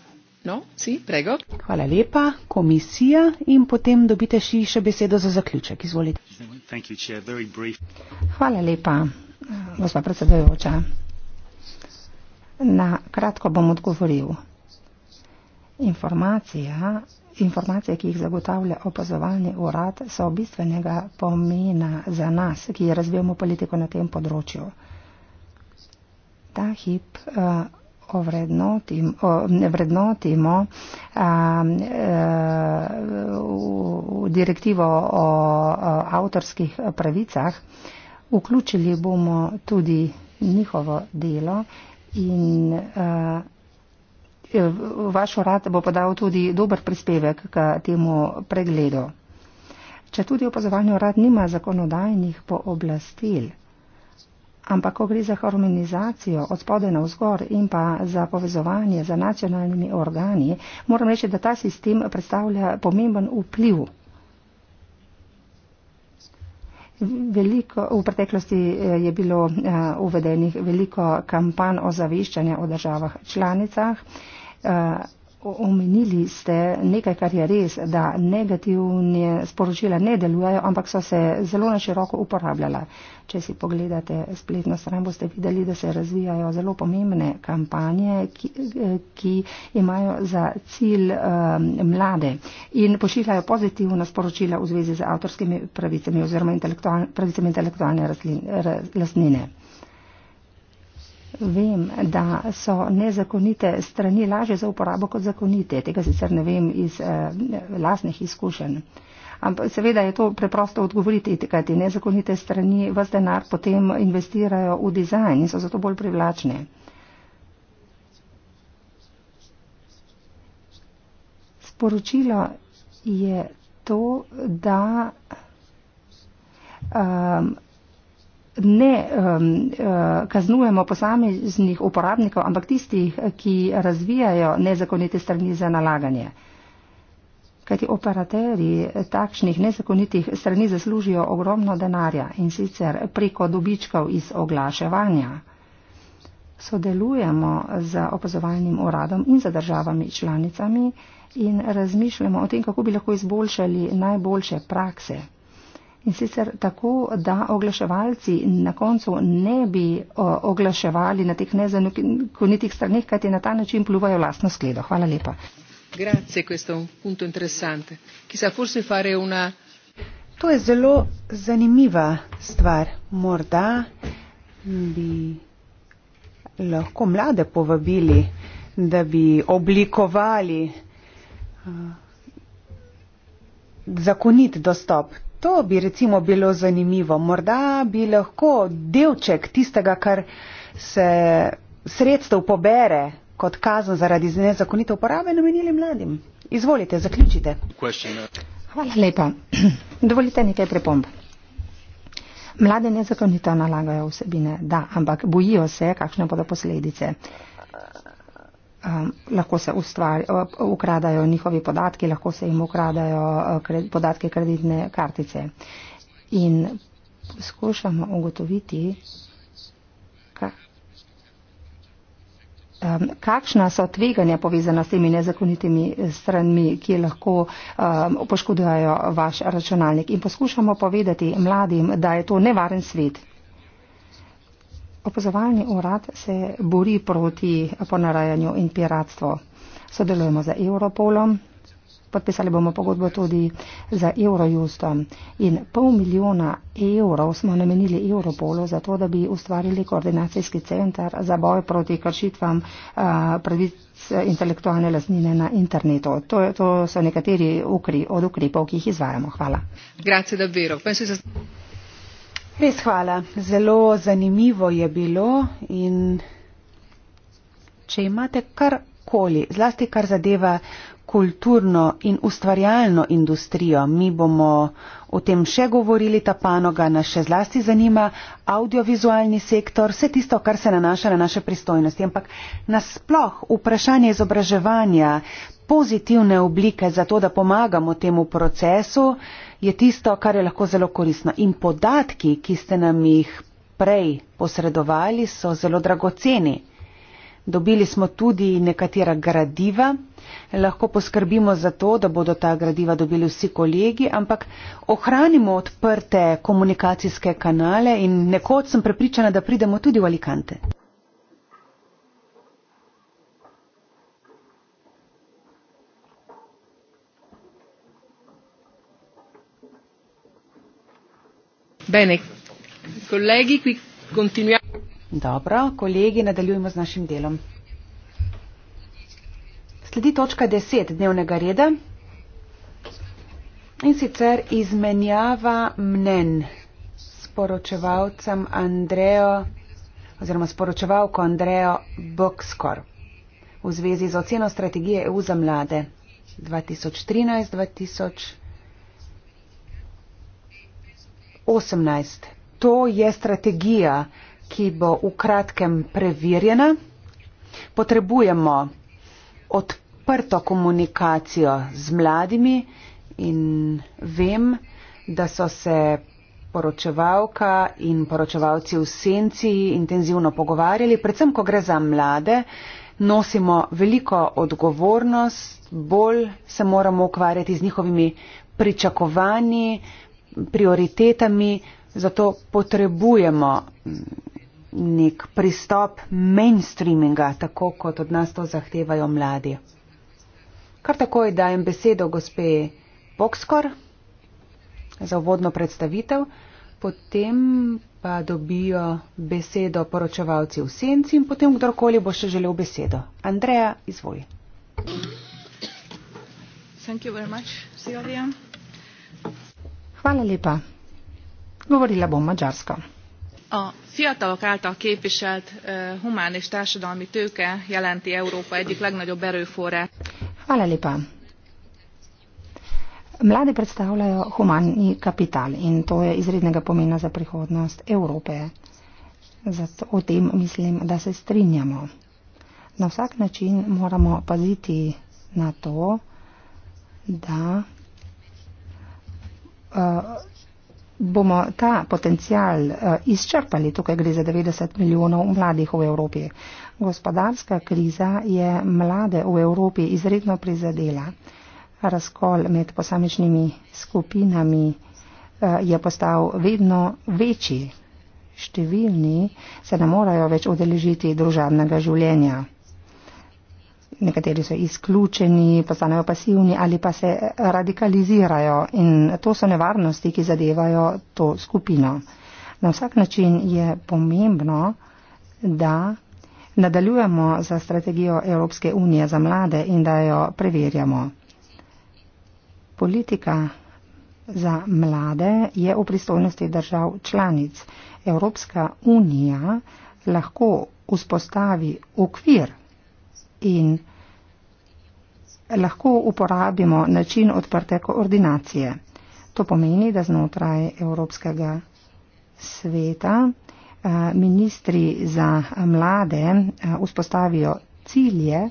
no, sì, prego. Hvala lepa, Commissia, in potem dobite še, še besedo za zaključek, izvolite. Thank you, Chair. Very brief. Hvala lepa, gospa predsedujoča. Na kratko bom odgovoril. Informacija Informacije, ki jih zagotavlja opazovalni urad, so bistvenega pomena za nas, ki razvijamo politiko na tem področju. Ta hip uh, ovrednotim, uh, vrednotimo uh, uh, direktivo o uh, avtorskih pravicah, vključili bomo tudi njihovo delo in uh, Eh, vaš urad bo podal tudi dober prispevek k temu pregledu. Če tudi opazovalni urad nima zakonodajnih pooblastil, ampak ko gre za harmonizacijo od spode na vzgor in pa za povezovanje z nacionalnimi organi, moram reči, da ta sistem predstavlja pomemben vpliv. Veliko, v preteklosti eh, je bilo eh, uvedenih veliko kampanj o zaviščanja o državah članicah. Eh, omenili ste nekaj, kar je res, da negativne sporočila ne delujejo, ampak so se zelo na široko uporabljala. Če si pogledate spletno stran, boste videli, da se razvijajo zelo pomembne kampanje, ki, eh, ki imajo za cilj um, mlade in pošiljajo pozitivna sporočila v zvezi z avtorskimi pravicami oziroma intelektual, pravicami intelektualne lastnine. Raz, Vem, da so nezakonite strani lažje za uporabo kot zakonite. Tega sicer ne vem iz eh, lasnih izkušenj. Ampak seveda je to preprosto odgovoriti, kajti nezakonite strani vse denar potem investirajo v dizajn in so zato bolj privlačne. Sporočilo je to, da. Um, ne um, uh, kaznujemo posameznih uporabnikov, ampak tistih, ki razvijajo nezakonite strani za nalaganje. Kajti operaterji takšnih nezakonitih strani zaslužijo ogromno denarja in sicer preko dobičkov iz oglaševanja. Sodelujemo z opazovalnim uradom in za državami članicami in razmišljamo o tem, kako bi lahko izboljšali najboljše prakse. In sicer tako, da oglaševalci na koncu ne bi oglaševali na teh nezakonitih stranih, kajti na ta način pluvajo vlastno skledo. Hvala lepa. To je zelo zanimiva stvar. Morda bi lahko mlade povabili, da bi oblikovali eh, zakonit dostop To bi recimo bilo zanimivo. Morda bi lahko delček tistega, kar se sredstev pobere kot kazen zaradi nezakonite uporabe, namenili mladim. Izvolite, zaključite. Hvala lepa. Dovolite nekaj prepomb. Mlade nezakonito nalagajo vsebine, da, ampak bojijo se, kakšne bodo posledice. Um, lahko se ustvari, uh, ukradajo njihovi podatki, lahko se jim ukradajo uh, kred, podatke kreditne kartice. In skušamo ugotoviti, um, kakšna so tveganja povezana s temi nezakonitimi eh, stranmi, ki lahko um, poškodujajo vaš računalnik. In poskušamo povedati mladim, da je to nevaren svet. Opozovalni urad se bori proti ponarajanju in piratstvu. Sodelujemo z Europolom, podpisali bomo pogodbo tudi z Eurojustom in pol milijona evrov smo namenili Europolu za to, da bi ustvarili koordinacijski centar za boj proti kršitvam eh, pravic intelektualne lasnine na internetu. To, je, to so nekateri ukri, od ukripov, ki jih izvajamo. Hvala. Grazie, Res hvala. Zelo zanimivo je bilo in če imate karkoli, zlasti kar zadeva kulturno in ustvarjalno industrijo, mi bomo o tem še govorili, ta panoga nas še zlasti zanima, audiovizualni sektor, vse tisto, kar se nanaša na naše pristojnosti, ampak nasploh vprašanje izobraževanja, pozitivne oblike za to, da pomagamo temu procesu, je tisto, kar je lahko zelo korisno. In podatki, ki ste nam jih prej posredovali, so zelo dragoceni. Dobili smo tudi nekatera gradiva, lahko poskrbimo za to, da bodo ta gradiva dobili vsi kolegi, ampak ohranimo odprte komunikacijske kanale in nekoč sem prepričana, da pridemo tudi v Alicante. Dobro, kolegi, nadaljujemo z našim delom. Sledi točka 10 dnevnega reda in sicer izmenjava mnen s poročevalcem Andrejo oziroma sporočevalko Andrejo Bokskor v zvezi z oceno strategije EU za mlade 18. To je strategija, ki bo v kratkem preverjena. Potrebujemo odprto komunikacijo z mladimi in vem, da so se poročevalka in poročevalci v senci intenzivno pogovarjali, predvsem ko gre za mlade, nosimo veliko odgovornost, bolj se moramo ukvarjati z njihovimi pričakovanji, prioritetami, zato potrebujemo mm, nek pristop mainstreaminga, tako kot od nas to zahtevajo mladi. Kar takoj dajem besedo gospe Bokskor za uvodno predstavitev, potem pa dobijo besedo poročevalci v senci in potem kdorkoli bo še želel besedo. Andreja, izvoli. Thank you very much, Silvia. Hvala lepa. Govorila bom mačarsko. A fiatalok által képviselt uh, humán és társadalmi tőke jelenti Európa egyik legnagyobb erőforrás. Hvala lepa. Mladi predstavljajo humanni kapital in to je izrednega pomena za prihodnost Evrope. Zato o tem mislim, da se strinjamo. Na vsak način moramo paziti na to, da Eh, bomo ta potencial eh, izčrpali. Tukaj gre za 90 milijonov mladih v Evropi. Gospodarska kriza je mlade v Evropi izredno prizadela. Razkol med posamečnimi skupinami eh, je postal vedno večji. Številni se ne morajo več odeležiti družabnega življenja nekateri so izključeni, postanejo pasivni ali pa se radikalizirajo in to so nevarnosti, ki zadevajo to skupino. Na vsak način je pomembno, da nadaljujemo za strategijo Evropske unije za mlade in da jo preverjamo. Politika za mlade je v pristojnosti držav članic. Evropska unija lahko vzpostavi okvir in lahko uporabimo način odprte koordinacije. To pomeni, da znotraj Evropskega sveta eh, ministri za mlade eh, vzpostavijo cilje,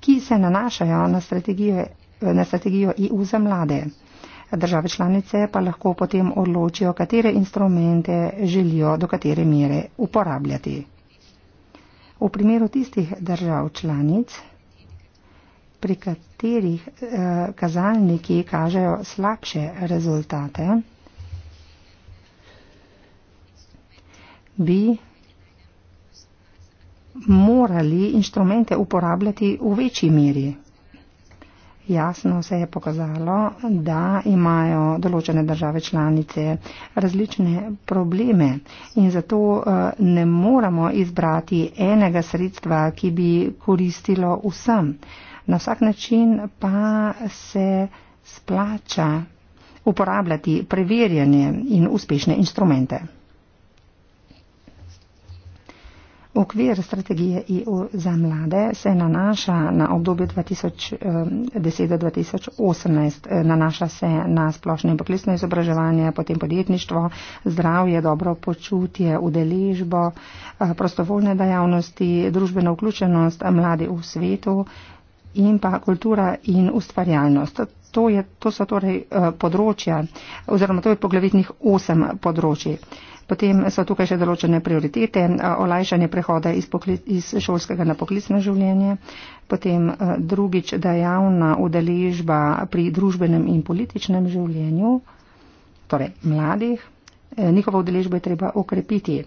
ki se nanašajo na strategijo, na strategijo EU za mlade. Države članice pa lahko potem odločijo, katere instrumente želijo do katere mere uporabljati. V primeru tistih držav članic, pri katerih eh, kazalniki kažejo slabše rezultate, bi morali inštrumente uporabljati v večji meri. Jasno se je pokazalo, da imajo določene države članice različne probleme in zato eh, ne moramo izbrati enega sredstva, ki bi koristilo vsem. Na vsak način pa se splača uporabljati preverjanje in uspešne instrumente. Okvir strategije EU za mlade se nanaša na obdobje 2010-2018. Eh, eh, nanaša se na splošno in poklicno izobraževanje, potem podjetništvo, zdravje, dobro počutje, udeležbo, eh, prostovoljne dejavnosti, družbeno vključenost mladi v svetu, in pa kultura in ustvarjalnost. To, je, to so torej eh, področja oziroma to je poglavitnih osem področji. Potem so tukaj še določene prioritete, eh, olajšanje prehoda iz, pokli, iz šolskega na poklicno življenje, potem eh, drugič, da javna udeležba pri družbenem in političnem življenju, torej mladih, njihovo udeležbo je treba okrepiti.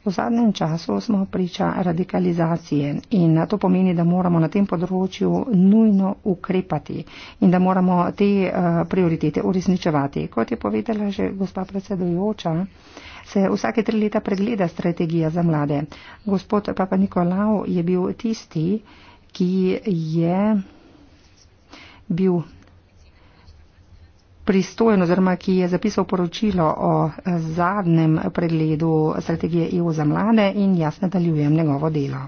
V zadnjem času smo priča radikalizacije in to pomeni, da moramo na tem področju nujno ukrepati in da moramo te eh, prioritete uresničevati. Kot je povedala že gospa predsedujoča, se vsake tri leta pregleda strategija za mlade. Gospod Papa Nikolao je bil tisti, ki je bil pristojen oziroma ki je zapisal poročilo o eh, zadnjem pregledu strategije EU za mlade in jaz nadaljujem njegovo delo.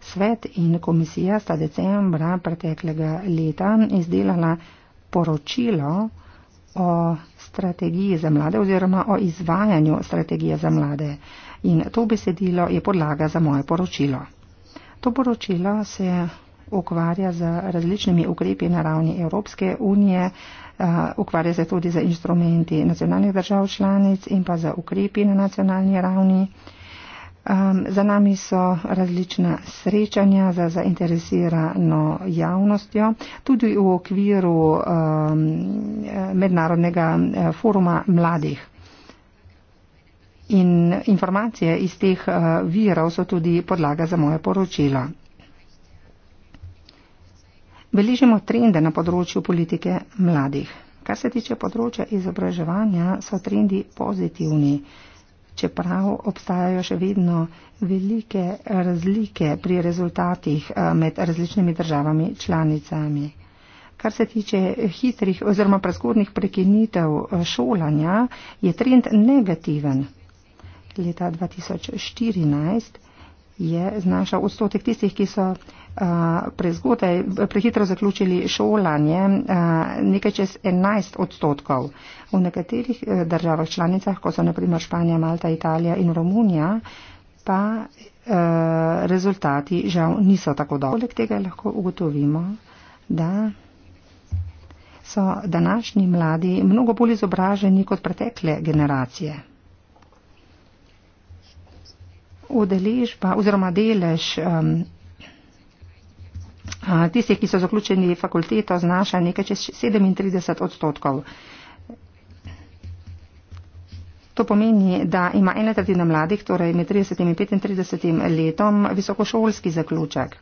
Svet in komisija sta decembra preteklega leta izdelala poročilo o strategiji za mlade oziroma o izvajanju strategije za mlade in to besedilo je podlaga za moje poročilo. To poročilo se ukvarja z različnimi ukrepi na ravni Evropske unije, eh, ukvarja se tudi z instrumenti nacionalnih držav članic in pa z ukrepi na nacionalni ravni. Um, za nami so različna srečanja za zainteresirano javnostjo, tudi v okviru um, mednarodnega eh, foruma mladih. In informacije iz teh uh, virov so tudi podlaga za moje poročilo beležimo trende na področju politike mladih. Kar se tiče področja izobraževanja, so trendi pozitivni, čeprav obstajajo še vedno velike razlike pri rezultatih eh, med različnimi državami članicami. Kar se tiče hitrih oziroma preskornih prekinitev eh, šolanja, je trend negativen. Leta 2014 je znašal odstotek tistih, ki so prezgodaj, prehitro zaključili šolanje, nekaj čez 11 odstotkov. V nekaterih eh, državah članicah, kot so naprimer Španija, Malta, Italija in Romunija, pa eh, rezultati žal niso tako dobri. Poleg tega lahko ugotovimo, da so današnji mladi mnogo bolj izobraženi kot pretekle generacije. Udeležba oziroma delež um, tistih, ki so zaključeni fakulteto, znaša nekaj čez 37 odstotkov. To pomeni, da ima ena tretjina mladih, torej med 30 in 35 letom, visokošolski zaključek.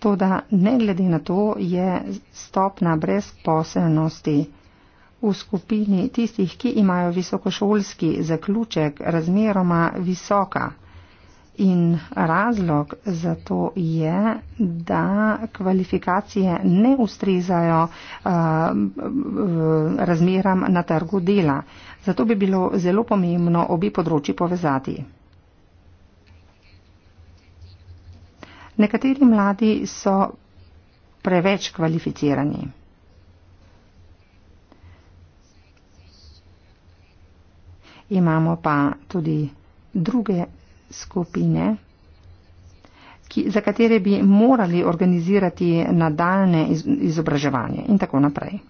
Toda ne glede na to je stopna brezposelnosti v skupini tistih, ki imajo visokošolski zaključek, razmeroma visoka. In razlog za to je, da kvalifikacije ne ustrezajo eh, eh, razmeram na trgu dela. Zato bi bilo zelo pomembno obi področji povezati. Nekateri mladi so preveč kvalificirani. Imamo pa tudi druge skupine, ki, za katere bi morali organizirati nadaljne iz, izobraževanje in tako naprej.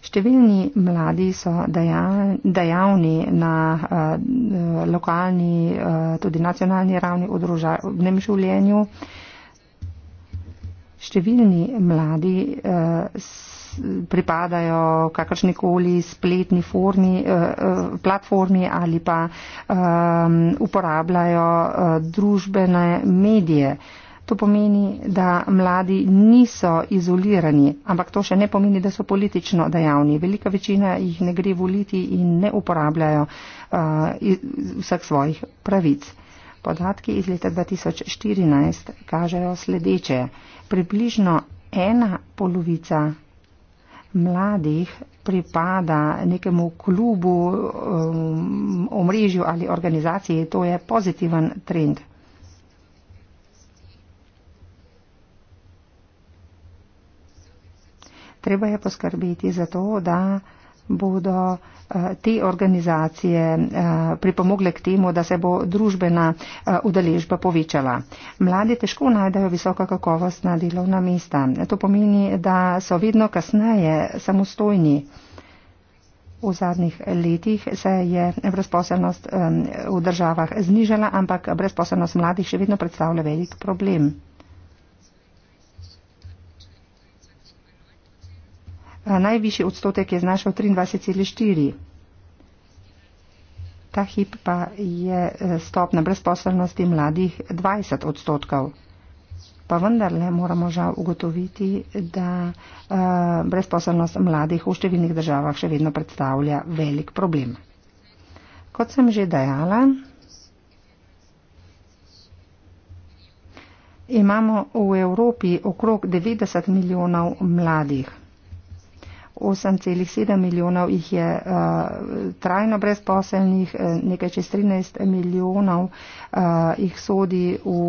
Številni mladi so dejavni na uh, lokalni, uh, tudi nacionalni ravni v družabnem življenju. Številni mladi uh, pripadajo kakršnikoli spletni formi, eh, eh platformi ali pa eh, uporabljajo eh, družbene medije. To pomeni, da mladi niso izolirani, ampak to še ne pomeni, da so politično dejavni. Velika večina jih ne gre voliti in ne uporabljajo uh, vseh svojih pravic. Podatki iz leta 2014 kažejo sledeče. Približno ena polovica mladih pripada nekemu klubu, um, omrežju ali organizaciji, to je pozitiven trend. Treba je poskrbeti za to, da bodo Eh, te organizacije eh, pripomogle k temu, da se bo družbena eh, udeležba povečala. Mladi težko najdejo visoka kakovostna delovna mesta. To pomeni, da so vedno kasneje samostojni. V zadnjih letih se je brezposelnost v državah znižala, ampak brezposelnost mladih še vedno predstavlja velik problem. a eh, najvišji odstotek je znašal 23,4. Ta hip pa je eh, stopna brezposelnosti mladih 20 odstotkov. Pa vendarle moramo žal ugotoviti, da uh, brezposelnost mladih v številnih državah še vedno predstavlja velik problem. Kot sem že dejala, imamo v Evropi okrog 90 milijonov mladih. 8,7 milijonov jih je uh, trajno brezposelnih, eh, nekaj čez 13 milijonov uh, jih sodi v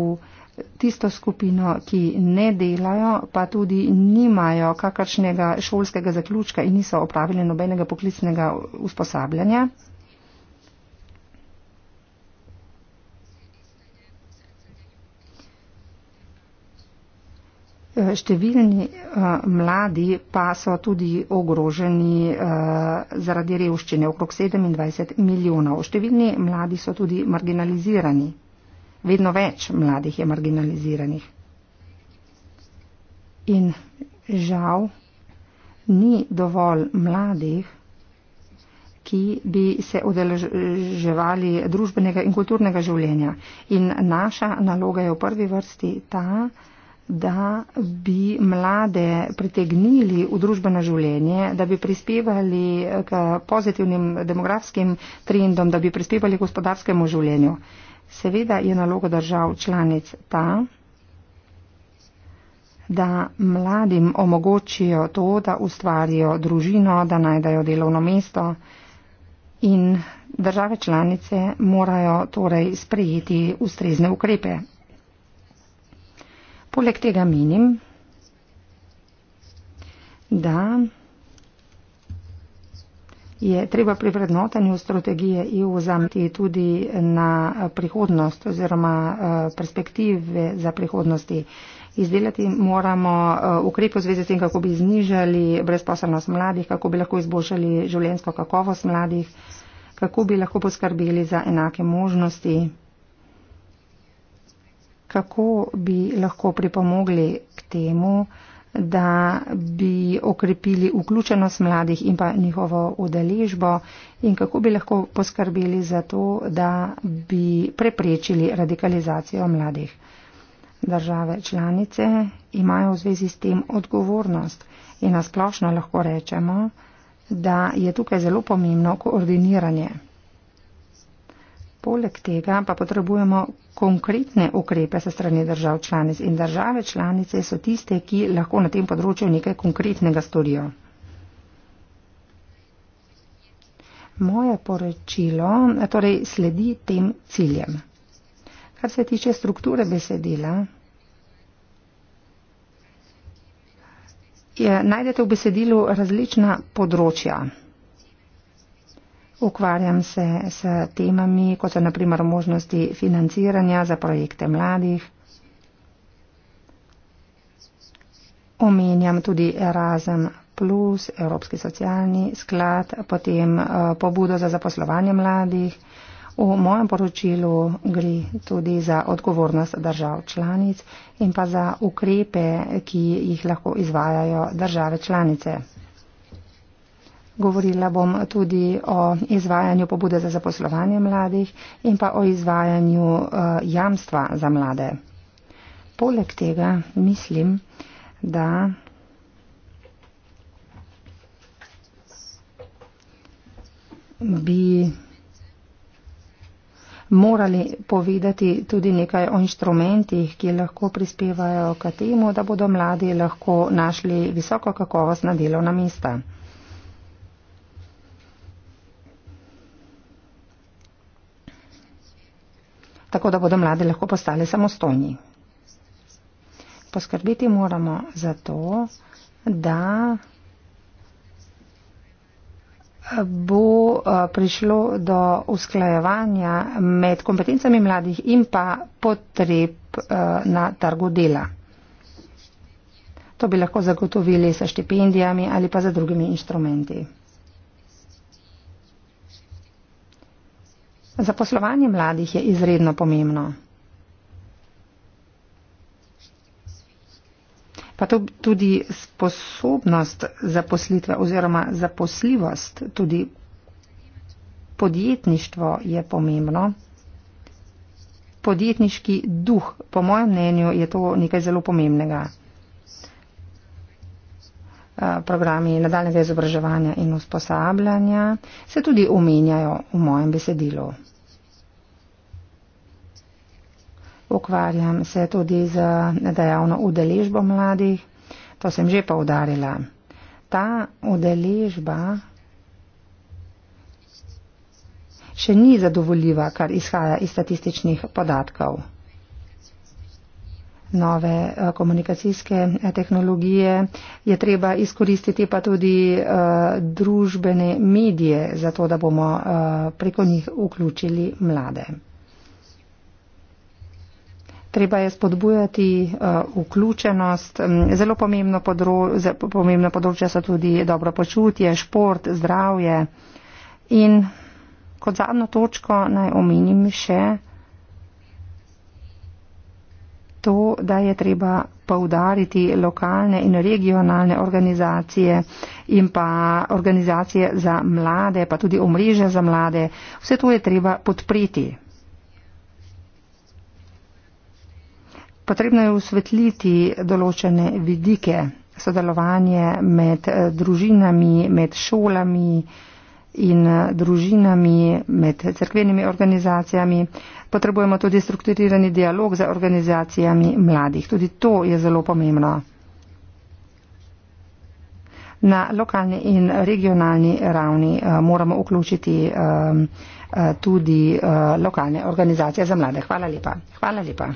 tisto skupino, ki ne delajo, pa tudi nimajo kakršnega šolskega zaključka in niso opravili nobenega poklicnega usposabljanja. Eh, številni eh, mladi pa so tudi ogroženi eh, zaradi revščine, okrog 27 milijonov. Številni mladi so tudi marginalizirani. Vedno več mladih je marginaliziranih. In žal ni dovolj mladih, ki bi se odeleževali družbenega in kulturnega življenja. In naša naloga je v prvi vrsti ta, da da bi mlade pritegnili v družbeno življenje, da bi prispevali k pozitivnim demografskim trendom, da bi prispevali k gospodarskemu življenju. Seveda je naloga držav članic ta, da mladim omogočijo to, da ustvarijo družino, da najdajo delovno mesto in države članice morajo torej sprejeti ustrezne ukrepe. Poleg tega menim, da je treba pri vrednotenju strategije EU zamiti tudi na prihodnost oziroma eh, perspektive za prihodnosti. Izdelati moramo eh, ukrepe v zvezi s tem, kako bi znižali brezposobnost mladih, kako bi lahko izboljšali življensko kakovost mladih, kako bi lahko poskrbeli za enake možnosti kako bi lahko pripomogli k temu, da bi okrepili vključenost mladih in pa njihovo udeležbo in kako bi lahko poskrbeli za to, da bi preprečili radikalizacijo mladih. Države članice imajo v zvezi s tem odgovornost in nasplošno lahko rečemo, da je tukaj zelo pomembno koordiniranje. Poleg tega pa potrebujemo konkretne ukrepe sa strani držav članic in države članice so tiste, ki lahko na tem področju nekaj konkretnega storijo. Moje poročilo torej sledi tem ciljem. Kar se tiče strukture besedila, je, najdete v besedilu različna področja. Ukvarjam se s temami, kot so naprimer možnosti financiranja za projekte mladih. Omenjam tudi Erasmus Plus, Evropski socialni sklad, potem eh, pobudo za zaposlovanje mladih. V mojem poročilu gre tudi za odgovornost držav članic in pa za ukrepe, ki jih lahko izvajajo države članice. Govorila bom tudi o izvajanju pobude za zaposlovanje mladih in pa o izvajanju eh, jamstva za mlade. Poleg tega mislim, da bi morali povedati tudi nekaj o inštrumentih, ki lahko prispevajo k temu, da bodo mladi lahko našli visoko kakovostna delovna mesta. tako da bodo mladi lahko postali samostojni. Poskrbiti moramo za to, da bo eh, prišlo do usklajevanja med kompetencami mladih in pa potreb eh, na trgu dela. To bi lahko zagotovili sa štipendijami ali pa za drugimi inštrumenti. Zaposlovanje mladih je izredno pomembno. Pa to tudi sposobnost zaposlitve oziroma zaposljivost, tudi podjetništvo je pomembno. Podjetniški duh, po mojem mnenju, je to nekaj zelo pomembnega. Eh, programi nadaljnega izobraževanja in usposabljanja se tudi omenjajo v mojem besedilu. Ukvarjam se tudi z dejavno udeležbo mladih, to sem že povdarila. Ta udeležba še ni zadovoljiva, kar izhaja iz statističnih podatkov. Nove eh, komunikacijske eh, tehnologije je treba izkoristiti pa tudi uh, družbene medije, zato da bomo uh, preko njih vključili mlade treba je spodbujati eh, vključenost. Mm, zelo pomembno, podro, zelo pomembno področje so tudi dobro počutje, šport, zdravje. In kot zadnjo točko naj omenim še to, da je treba poudariti lokalne in regionalne organizacije in pa organizacije za mlade, pa tudi omrežja za mlade. Vse to je treba podpreti. Potrebno je usvetliti določene vidike sodelovanje med eh, družinami, med šolami in eh, družinami, med crkvenimi organizacijami. Potrebujemo tudi strukturirani dialog za organizacijami mladih. Tudi to je zelo pomembno. Na lokalni in regionalni ravni eh, moramo vključiti ehm, tudi lokalne organizacije za mlade. Hvala lepa. Hvala lepa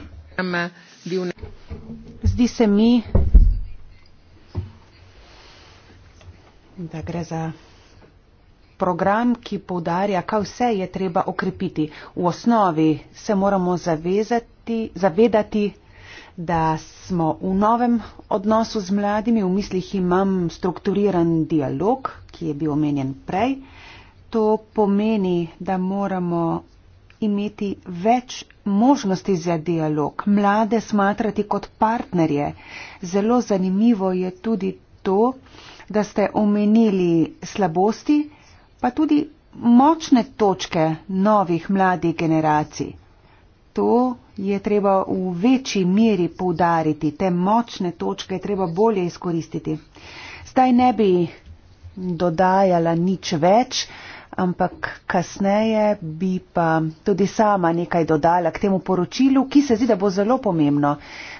zdi se mi da gre za program ki poudarja kaj vse je treba okrepiti v osnovi se moramo zavezati zavedati da smo v novem odnosu z mladimi, v mislih imam strukturiran dialog, ki je bil omenjen prej. To pomeni, da moramo imeti več možnosti za dialog, mlade smatrati kot partnerje. Zelo zanimivo je tudi to, da ste omenili slabosti, pa tudi močne točke novih mladih generacij. To je treba v večji meri poudariti, te močne točke je treba bolje izkoristiti. Zdaj ne bi dodajala nič več ampak kasneje bi pa tudi sama nekaj dodala k temu poročilu, ki se zdi, da bo zelo pomembno.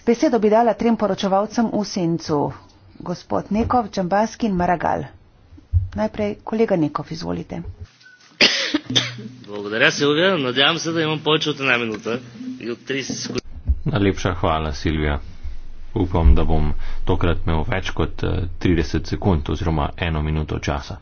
Besedo bi dala trem poročevalcem v sencu, gospod Nekov, Čambaski in Maragal. Najprej kolega Nekov, izvolite. Благодаря, Силвия. Надявам се да имам повече от една минута. И от 30 секунди. Налепша хвала, Силвия. Упам да бом тократ мео веч от 30 секунд, озрома 1 минута часа.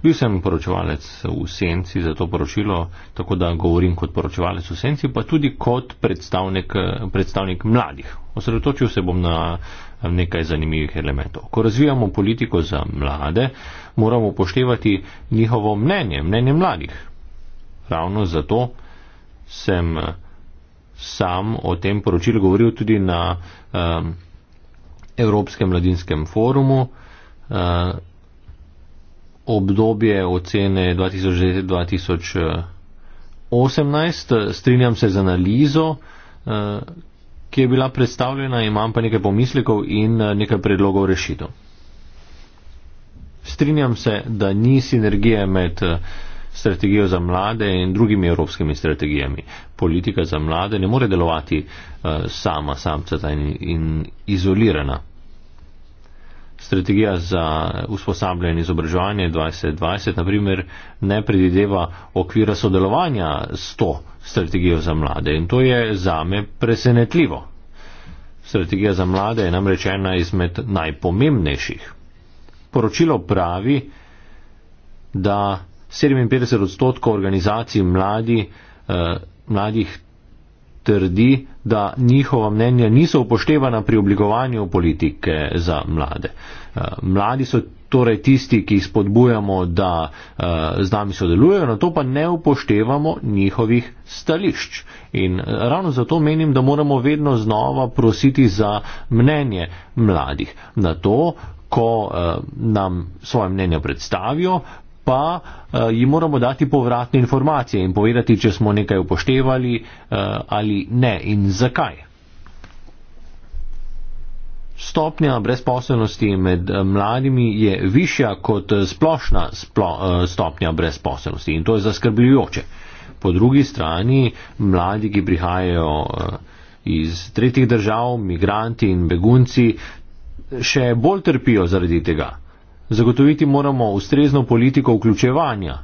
Bil sem poročevalec v senci za to poročilo, tako da govorim kot poročevalec v senci, pa tudi kot predstavnik, predstavnik mladih. Osredotočil se bom na nekaj zanimivih elementov. Ko razvijamo politiko za mlade, moramo upoštevati njihovo mnenje, mnenje mladih. Ravno zato sem sam o tem poročilu govoril tudi na um, Evropskem mladinskem forumu. Uh, obdobje ocene 2010-2018. Eh, strinjam se z analizo, eh, ki je bila predstavljena, imam pa nekaj pomislekov in eh, nekaj predlogov rešitev. Strinjam se, da ni sinergije med strategijo za mlade in drugimi evropskimi strategijami. Politika za mlade ne more delovati sama, samceta in, in izolirana strategija za usposabljanje in izobraževanje 2020, naprimer, ne predideva okvira sodelovanja s to strategijo za mlade. In to je zame presenetljivo. Strategija za mlade je namreč ena izmed najpomembnejših. Poročilo pravi, da 57 odstotkov organizacij mladi, eh, mladih trdi, da njihova mnenja niso upoštevana pri oblikovanju politike za mlade. Eh, mladi so torej tisti, ki spodbujamo, da eh, z nami sodelujejo, na to pa ne upoštevamo njihovih stališč. In eh, ravno zato menim, da moramo vedno znova prositi za mnenje mladih. Na to, ko nam svoje mnenje predstavijo, pa uh, jim moramo dati povratne informacije in povedati, če smo nekaj upoštevali uh, ali ne in zakaj. Stopnja brezposelnosti med eh, mladimi je višja kot splošna splo, stopnja brezposelnosti in to je zaskrbljujoče. Po drugi strani mladi, ki prihajajo iz tretjih držav, migranti in begunci, še bolj trpijo zaradi tega. Zagotoviti moramo ustrezno politiko vključevanja.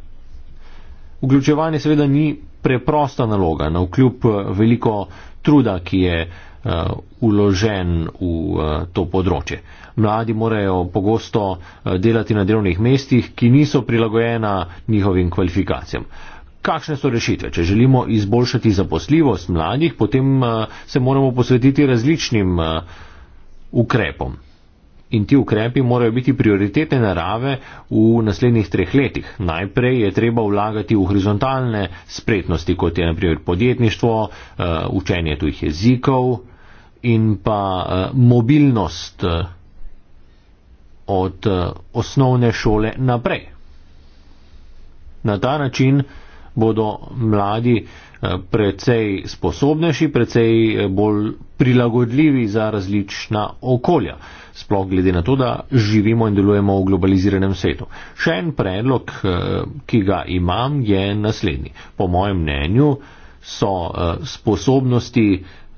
Vključevanje seveda ni preprosta naloga, na vkljub eh, veliko truda, ki je uložen eh, v eh, to področje. Mladi morajo pogosto delati na delovnih mestih, ki niso prilagojena njihovim kvalifikacijam. Kakšne so rešitve? Če želimo izboljšati zaposljivost mladih, potem se moramo posvetiti različnim ukrepom in ti ukrepi morajo biti prioritete narave v naslednjih treh letih. Najprej je treba vlagati v horizontalne spretnosti, kot je naprimer podjetništvo, eh, učenje tujih jezikov in pa eh, mobilnost eh, od osnovne šole naprej. Na ta način bodo mladi precej sposobnejši, precej bolj prilagodljivi za različna okolja sploh glede na to, da živimo in delujemo v globaliziranem svetu. Še en predlog, eh, ki ga imam, je naslednji. Po mojem mnenju so eh, sposobnosti,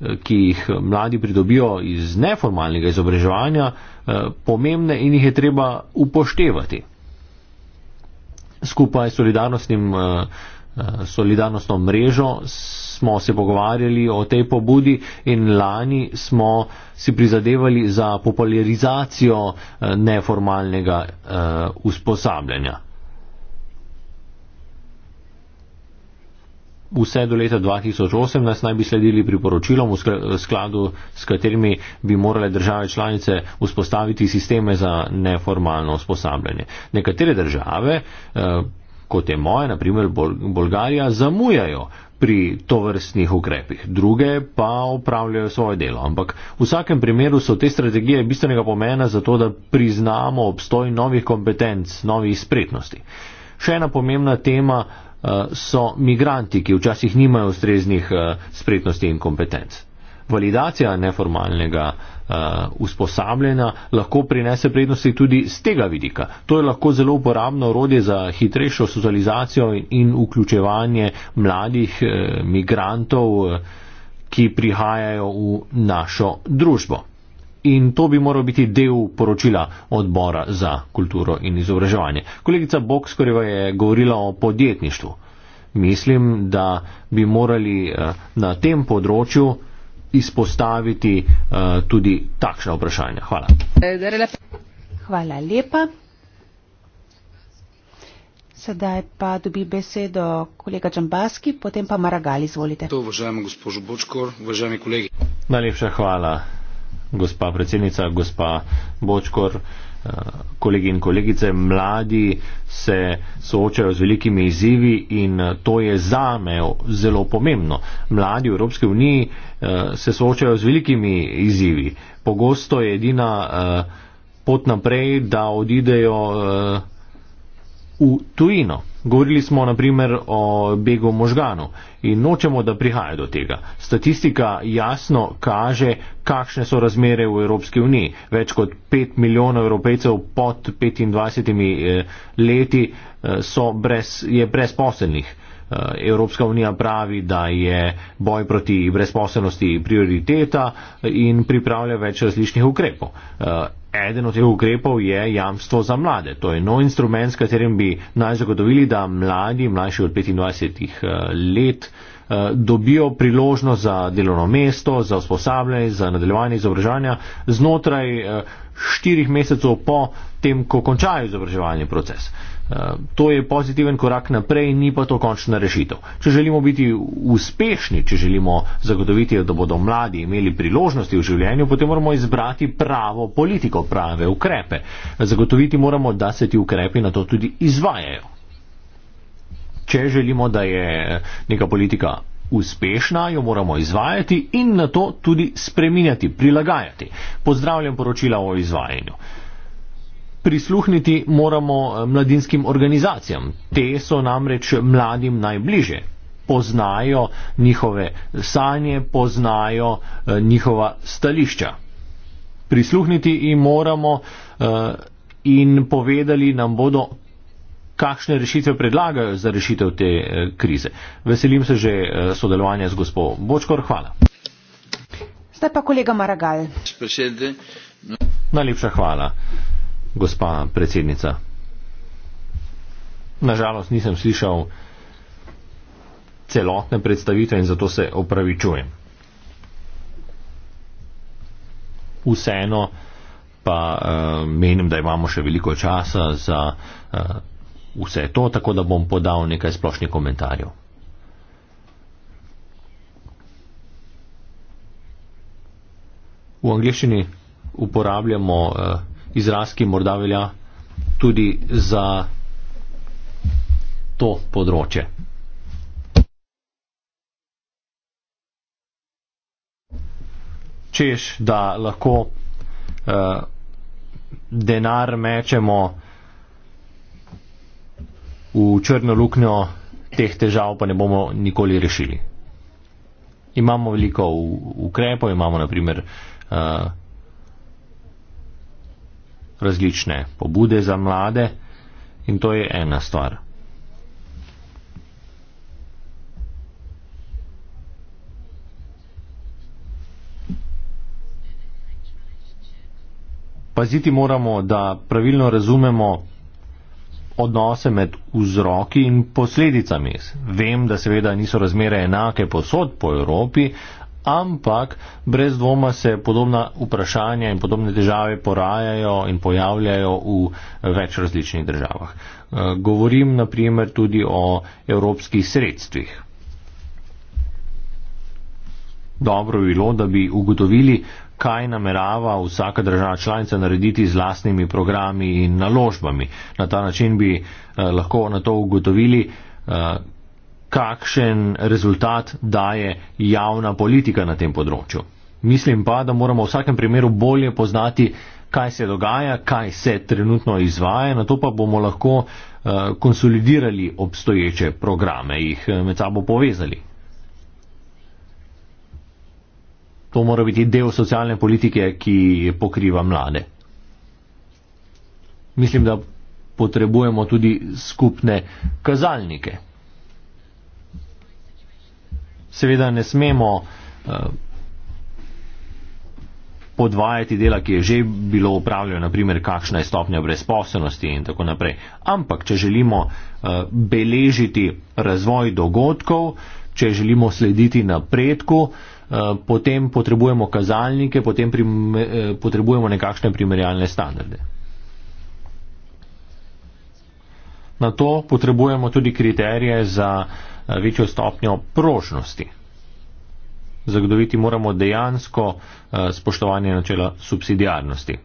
eh, ki jih mladi pridobijo iz neformalnega izobraževanja, pomembne in jih je treba upoštevati. Skupaj s solidarnostno mrežo smo se pogovarjali o tej pobudi in lani smo si prizadevali za popularizacijo eh, neformalnega eh, usposabljanja. Vse do leta 2018 naj bi sledili priporočilom, v skladu s katerimi bi morale države članice vzpostaviti sisteme za neformalno usposabljanje. Nekatere države, eh, kot je moja, naprimer Bolgarija, zamujajo, pri tovrstnih ukrepih, druge pa upravljajo svoje delo. Ampak v vsakem primeru so te strategije bistvenega pomena za to, da priznamo obstoj novih kompetenc, novih spretnosti. Še ena pomembna tema eh, so migranti, ki včasih nimajo ustreznih eh, spretnosti in kompetenc validacija neformalnega uh, usposabljanja lahko prinese prednosti tudi z tega vidika. To je lahko zelo uporabno orodje za hitrejšo socializacijo in, in vključevanje mladih uh, migrantov, eh, ki prihajajo v našo družbo. In to bi moral biti del poročila odbora za kulturo in izobraževanje. Kolegica Bokskoreva je govorila o podjetništvu. Mislim, da bi morali na tem področju izpostaviti uh, tudi takšna vprašanja. Hvala. Hvala lepa. Sedaj pa dobi besedo kolega Džambaski, potem pa Maragali, izvolite. To, vžajamo, gospožu Bočkor, vžajami kolegi. Najlepša hvala, gospa predsednica, gospa Bočkor. Uh, kolegi in kolegice, mladi se soočajo z velikimi izzivi in eh, to je zame zelo pomembno. Mladi v Evropske uniji eh, se soočajo z velikimi izzivi. Pogosto je edina eh, pot naprej, da odidejo v tujino. Govorili smo naprimer o begu možganov in nočemo, da prihaja do tega. Statistika jasno kaže, kakšne so razmere v Evropski uniji. Več kot 5 milijonov evropejcev pod 25 eh, leti eh, so brez, je brezposelnih. Eh, Evropska unija pravi, da je boj proti brezposobnosti prioriteta in pripravlja več različnih ukrepov. Eh, eden od teh ukrepov je jamstvo za mlade. To je nov instrument, s katerim bi naj zagotovili, da mladi, mlajši od 25 eh, let, dobijo priložnost za delovno mesto, za usposabljanje, za nadaljevanje izobražanja znotraj štirih mesecev po tem, ko končajo izobraževalni proces. Eh, to je pozitiven korak naprej, ni pa to končna rešitev. Če želimo biti uspešni, če želimo zagotoviti, da bodo mladi imeli priložnosti v življenju, potem moramo izbrati pravo politiko, prave ukrepe. Zagotoviti moramo, da se ti ukrepi na to tudi izvajajo. Če želimo, da je neka politika uspešna, jo moramo izvajati in na to tudi spreminjati, prilagajati. Pozdravljam poročila o izvajanju. Prisluhniti moramo eh, mladinskim organizacijam. Te so namreč mladim najbliže. Poznajo njihove sanje, poznajo eh, njihova stališča. Prisluhniti jim moramo eh, in povedali nam bodo, kakšne rešitve predlagajo za rešitev te eh, krize. Veselim se že eh, sodelovanja z gospod Bočkor. Hvala. Zdaj pa kolega Maragal. Najlepša hvala, gospa predsednica. Nažalost nisem slišal celotne predstavitve in zato se opravičujem. Vseeno pa uh, menim, da imamo še veliko časa za uh, vse to, tako da bom podal nekaj splošnih komentarjev. V angliščini uporabljamo eh, izraz, ki morda velja tudi za to področje. Češ, da lahko eh, denar mečemo v črno luknjo teh težav pa ne bomo nikoli rešili. Imamo veliko ukrepov, imamo naprimer uh, eh, različne pobude za mlade in to je ena stvar. Paziti moramo, da pravilno razumemo, odnose med vzroki in posledicami. Vem, da seveda niso razmere enake posod po Evropi, ampak brez dvoma se podobna vprašanja in podobne težave porajajo in pojavljajo v več različnih državah. Eh, govorim naprimer tudi o evropskih sredstvih. Dobro bi bilo, da bi ugotovili, kaj namerava vsaka država članica narediti z lastnimi programi in naložbami. Na ta način bi eh, lahko na to ugotovili, eh, kakšen rezultat daje javna politika na tem področju. Mislim pa, da moramo v vsakem primeru bolje poznati, kaj se dogaja, kaj se trenutno izvaja, na to pa bomo lahko eh, konsolidirali obstoječe programe, jih med sabo povezali. to mora biti del socialne politike, ki pokriva mlade. Mislim, da potrebujemo tudi skupne kazalnike. Seveda ne smemo eh, podvajati dela, ki je že bilo upravljeno, naprimer kakšna je stopnja brezposobnosti in tako naprej. Ampak, če želimo eh, beležiti razvoj dogodkov, če želimo slediti napredku, Eh, potem potrebujemo kazalnike, potem eh, potrebujemo nekakšne primerjalne standarde. Na to potrebujemo tudi kriterije za eh, večjo stopnjo prožnosti. Zagodoviti moramo dejansko spoštovanje načela subsidijarnosti.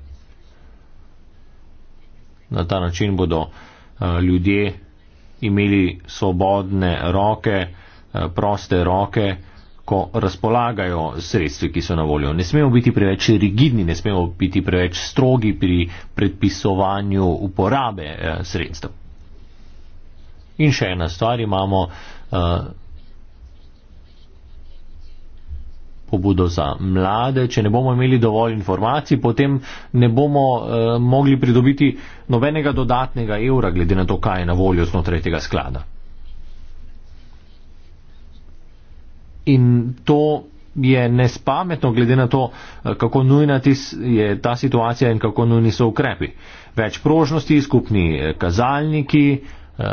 Na ta način bodo ljudje imeli svobodne roke, proste roke, ko razpolagajo sredstvi, ki so na voljo. Ne smemo biti preveč rigidni, ne smemo biti preveč strogi pri predpisovanju uporabe eh, sredstev. In še ena stvar imamo eh, pobudo za mlade. Če ne bomo imeli dovolj informacij, potem ne bomo eh, mogli pridobiti nobenega dodatnega evra, glede na to, kaj je na voljo znotraj tega sklada. in to je nespametno, glede na to, eh, kako nujna je ta situacija in kako nujni so ukrepi. Več prožnosti, skupni eh, kazalniki, eh,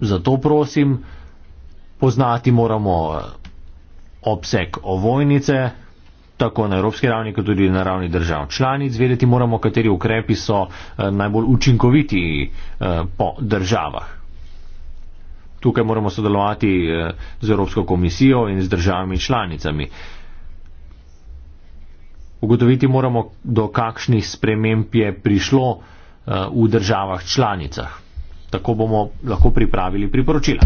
zato prosim, poznati moramo obseg ovojnice, tako na evropski ravni, kot tudi na ravni držav članic, vedeti moramo, kateri ukrepi so najbolj učinkoviti po državah. Tukaj moramo sodelovati eh, z Evropsko komisijo in z državami članicami. Ugotoviti moramo, do kakšnih sprememb je prišlo eh, v državah članicah. Tako bomo lahko pripravili priporočila.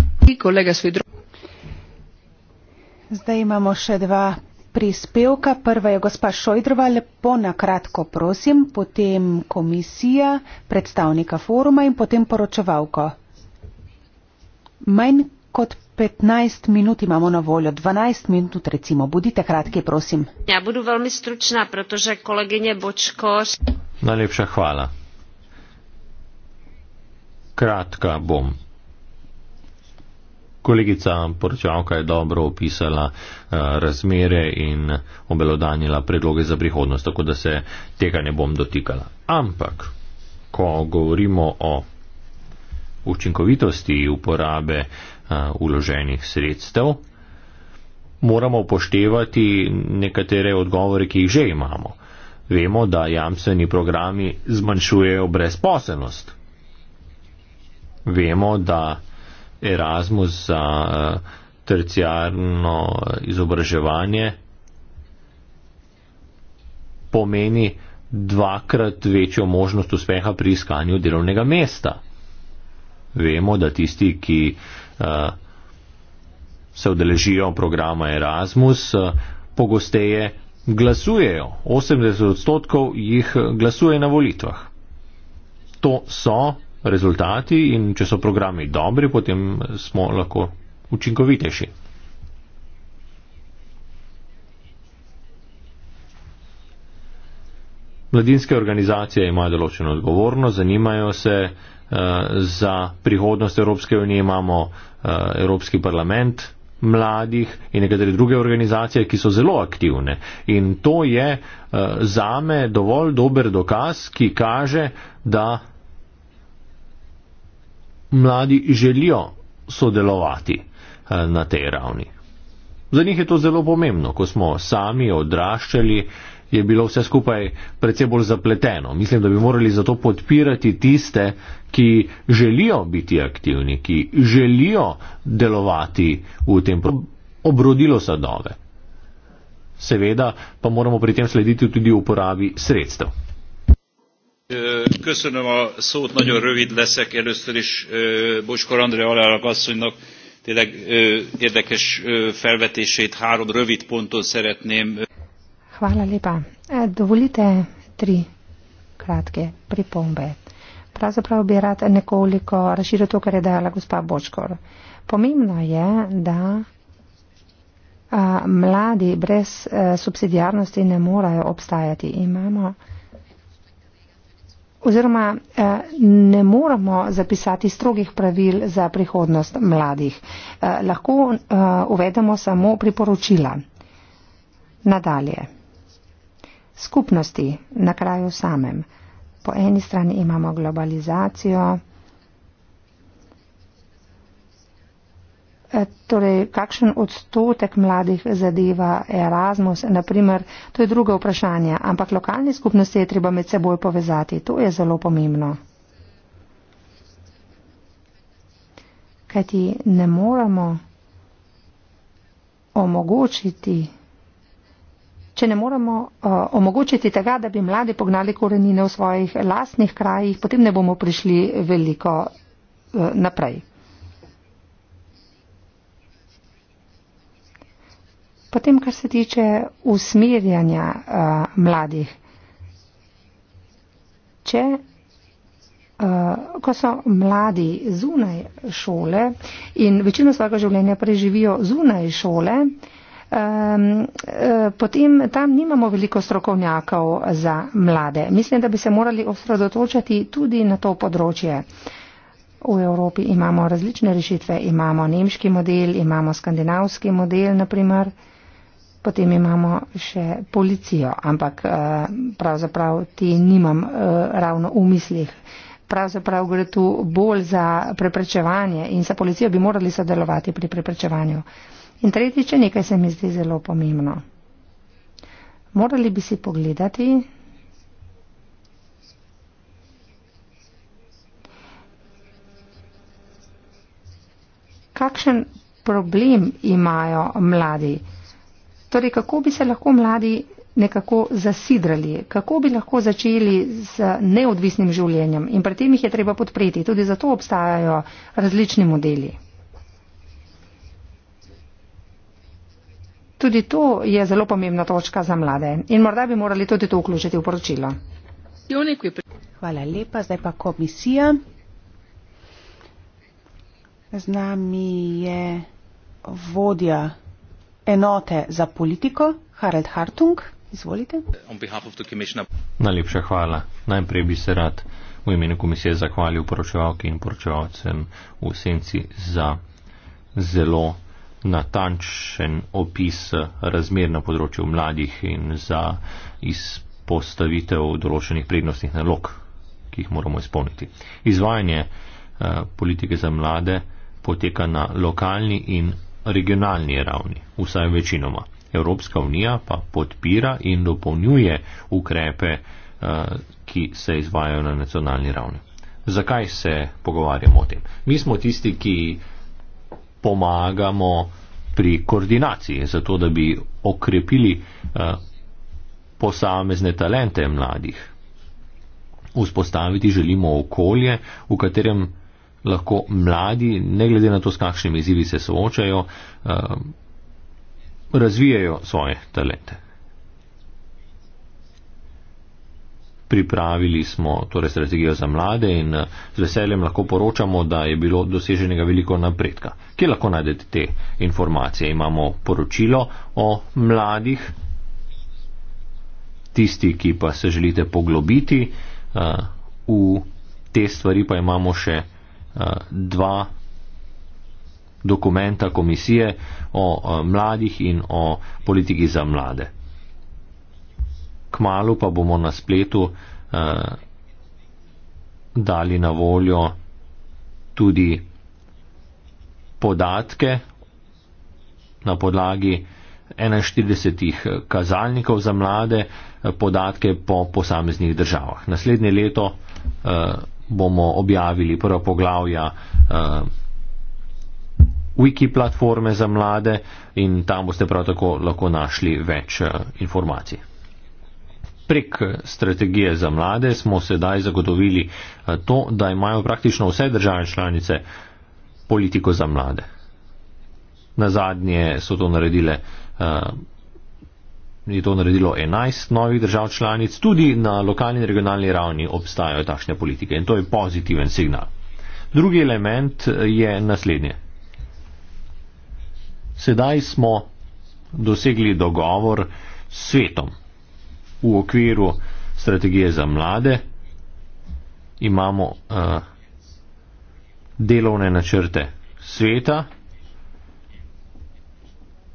Zdaj imamo še dva prispevka. Prva je gospa Šojdrova, lepo na kratko prosim, potem komisija, predstavnika foruma in potem poročevalko. Manj kot 15 minut imamo na voljo, 12 minut recimo. Budite kratki, prosim. Ja, bodu veľmi stručná, pretože kolegyne Bočko. Najlepša hvala. Kratka bom. Kolegica poročevalka je dobro opisala eh, razmere in obelodanila predloge za prihodnost, tako da se tega ne bom dotikala. Ampak, ko govorimo o učinkovitosti uporabe uloženih eh, sredstev, moramo upoštevati nekatere odgovore, ki jih že imamo. Vemo, da jamstveni programi zmanjšujejo brezposelnost. Vemo, da Erasmus za eh, terciarno izobraževanje pomeni dvakrat večjo možnost uspeha pri iskanju delovnega mesta vemo, da tisti, ki eh, se odeležijo programa Erasmus, eh, pogosteje glasujejo. 80 odstotkov jih glasuje na volitvah. To so rezultati in če so programi dobri, potem smo lahko učinkovitejši. Mladinske organizacije imajo določeno odgovornost, zanimajo se Eh, za prihodnost Evropske unije imamo eh, Evropski parlament mladih in nekatere druge organizacije, ki so zelo aktivne. In to je eh, zame dovolj dober dokaz, ki kaže, da mladi želijo sodelovati na tej ravni. Za njih je to zelo pomembno, ko smo sami odraščali uh, je bilo vse skupaj predvsej bolj zapleteno. Mislim, da bi morali zato podpirati tiste, ki želijo biti aktivni, ki želijo delovati v tem obrodilo sadove. Seveda pa moramo pri tem slediti tudi uporabi sredstev. Köszönöm a szót, nagyon rövid leszek. Először is Boskor Andrea Alárak asszonynak tényleg érdekes felvetését három rövid ponton szeretném. Hvala lepa. E, dovolite tri kratke pripombe. Pravzaprav bi rad nekoliko razširil to, kar je dejala gospa Bočkor. Pomembno je, da mladi brez e, subsidijarnosti ne morajo obstajati. Imamo oziroma e, ne moramo zapisati strogih pravil za prihodnost mladih. Lahko uvedemo samo priporočila. Nadalje skupnosti na kraju samem. Po eni strani imamo globalizacijo, e, Torej, kakšen odstotek mladih zadeva Erasmus, naprimer, to je drugo vprašanje, ampak lokalne skupnosti je treba med seboj povezati, to je zelo pomembno. Kajti ne moramo omogočiti Če ne moremo uh, omogočiti tega, da bi mladi pognali korenine v svojih lastnih krajih, potem ne bomo prišli veliko uh, naprej. Potem, kar se tiče usmerjanja uh, mladih. Če, uh, ko so mladi zunaj šole in večino svojega življenja preživijo zunaj šole, uh, Um, e, potem tam nimamo veliko strokovnjakov za mlade. Mislim, da bi se morali osredotočati tudi na to področje. V Evropi imamo različne rešitve. Imamo nemški model, imamo skandinavski model, naprimer. Potem imamo še policijo, ampak e, pravzaprav ti nimam e, ravno v mislih. Pravzaprav gre tu bolj za preprečevanje in sa policijo bi morali sodelovati pri preprečevanju. In tretjič, nekaj se mi zdi zelo pomembno. Morali bi si pogledati, kakšen problem imajo mladi. Torej, kako bi se lahko mladi nekako zasidrali, kako bi lahko začeli z neodvisnim življenjem. In pri tem jih je treba podpreti. Tudi zato obstajajo različni modeli. Tudi to je zelo pomembna točka za mlade in morda bi morali tudi to vključiti v poročilo. Hvala lepa, zdaj pa komisija. Z nami je vodja enote za politiko, Harald Hartung. Izvolite. Najlepša hvala. Najprej bi se rad v imenu komisije zahvalil poročevalki in poročevalcem v senci za zelo natančen opis razmer na področju mladih in za izpostavitev določenih prednostnih nalog, ki jih moramo izpolniti. Izvajanje eh, politike za mlade poteka na lokalni in regionalni ravni, vsaj večinoma. Evropska unija pa podpira in dopolnjuje ukrepe, eh, ki se izvajajo na nacionalni ravni. Zakaj se pogovarjamo o tem? Mi smo tisti, ki pomagamo pri koordinaciji, zato da bi okrepili eh, posamezne talente mladih. Vzpostaviti želimo okolje, v katerem lahko mladi, ne glede na to, s kakšnimi izzivi se soočajo, eh, razvijajo svoje talente. pripravili smo torej strategijo za mlade in eh, z veseljem lahko poročamo, da je bilo doseženega veliko napredka. Kje lahko najdete te informacije? Imamo poročilo o mladih, tisti, ki pa se želite poglobiti eh, v te stvari, pa imamo še eh, dva dokumenta komisije o mladih in o politiki za mlade kmalo pa bomo na spletu eh, dali na voljo tudi podatke na podlagi 41 eh, kazalnikov za mlade, eh, podatke po posameznih državah. Naslednje leto eh, bomo objavili prva poglavja eh, wiki platforme za mlade in tam boste prav tako lahko našli več eh, informacij prek strategije za mlade smo sedaj zagotovili eh, to, da imajo praktično vse države članice politiko za mlade. Na zadnje so to naredile. Eh, je to naredilo 11 novih držav članic, tudi na lokalni in regionalni ravni obstajajo takšne politike in to je pozitiven signal. Drugi element eh, je naslednje. Sedaj smo dosegli dogovor s svetom v okviru strategije za mlade imamo uh, delovne načrte sveta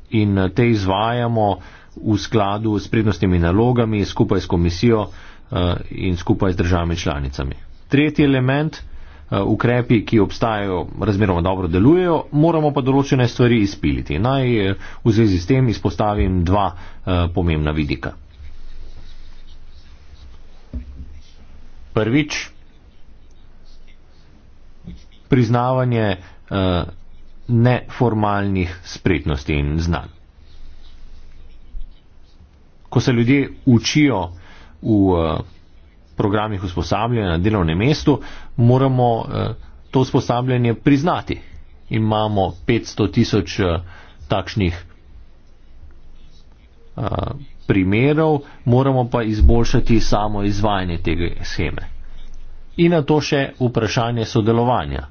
in eh, te izvajamo v skladu s prednostnimi nalogami skupaj s komisijo uh, in skupaj z državami članicami. Tretji element, uh, ukrepi, ki obstajajo, razmeroma dobro delujejo, moramo pa določene stvari izpiliti. Naj v zvezi s tem izpostavim dva uh, pomembna vidika. prvič priznavanje uh, neformalnih spretnosti in znanj. Ko se ljudje učijo v uh, programih usposabljanja na delovnem mestu, moramo uh, to usposabljanje priznati. Imamo 500 tisoč uh, takšnih uh, primerov, moramo pa izboljšati samo izvajanje te scheme. In na to še vprašanje sodelovanja.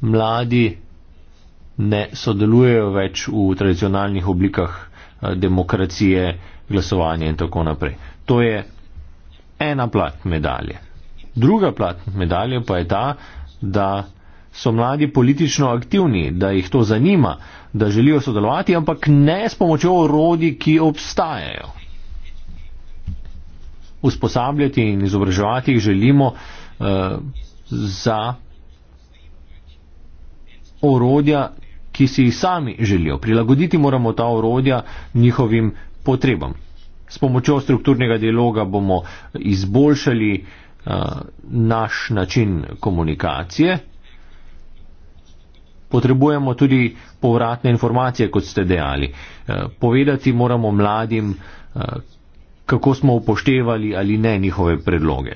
Mladi ne sodelujejo več v tradicionalnih oblikah eh, demokracije, glasovanja in tako naprej. To je ena plat medalje. Druga plat medalje pa je ta, da so mladi politično aktivni, da jih to zanima, da želijo sodelovati, ampak ne s pomočjo orodi, ki obstajajo. Usposabljati in izobraževati jih želimo uh, za orodja, ki si jih sami želijo. Prilagoditi moramo ta orodja njihovim potrebam. S pomočjo strukturnega dialoga bomo izboljšali uh, naš način komunikacije, potrebujemo tudi povratne informacije, kot ste dejali. Eh, povedati moramo mladim, eh, kako smo upoštevali ali ne njihove predloge.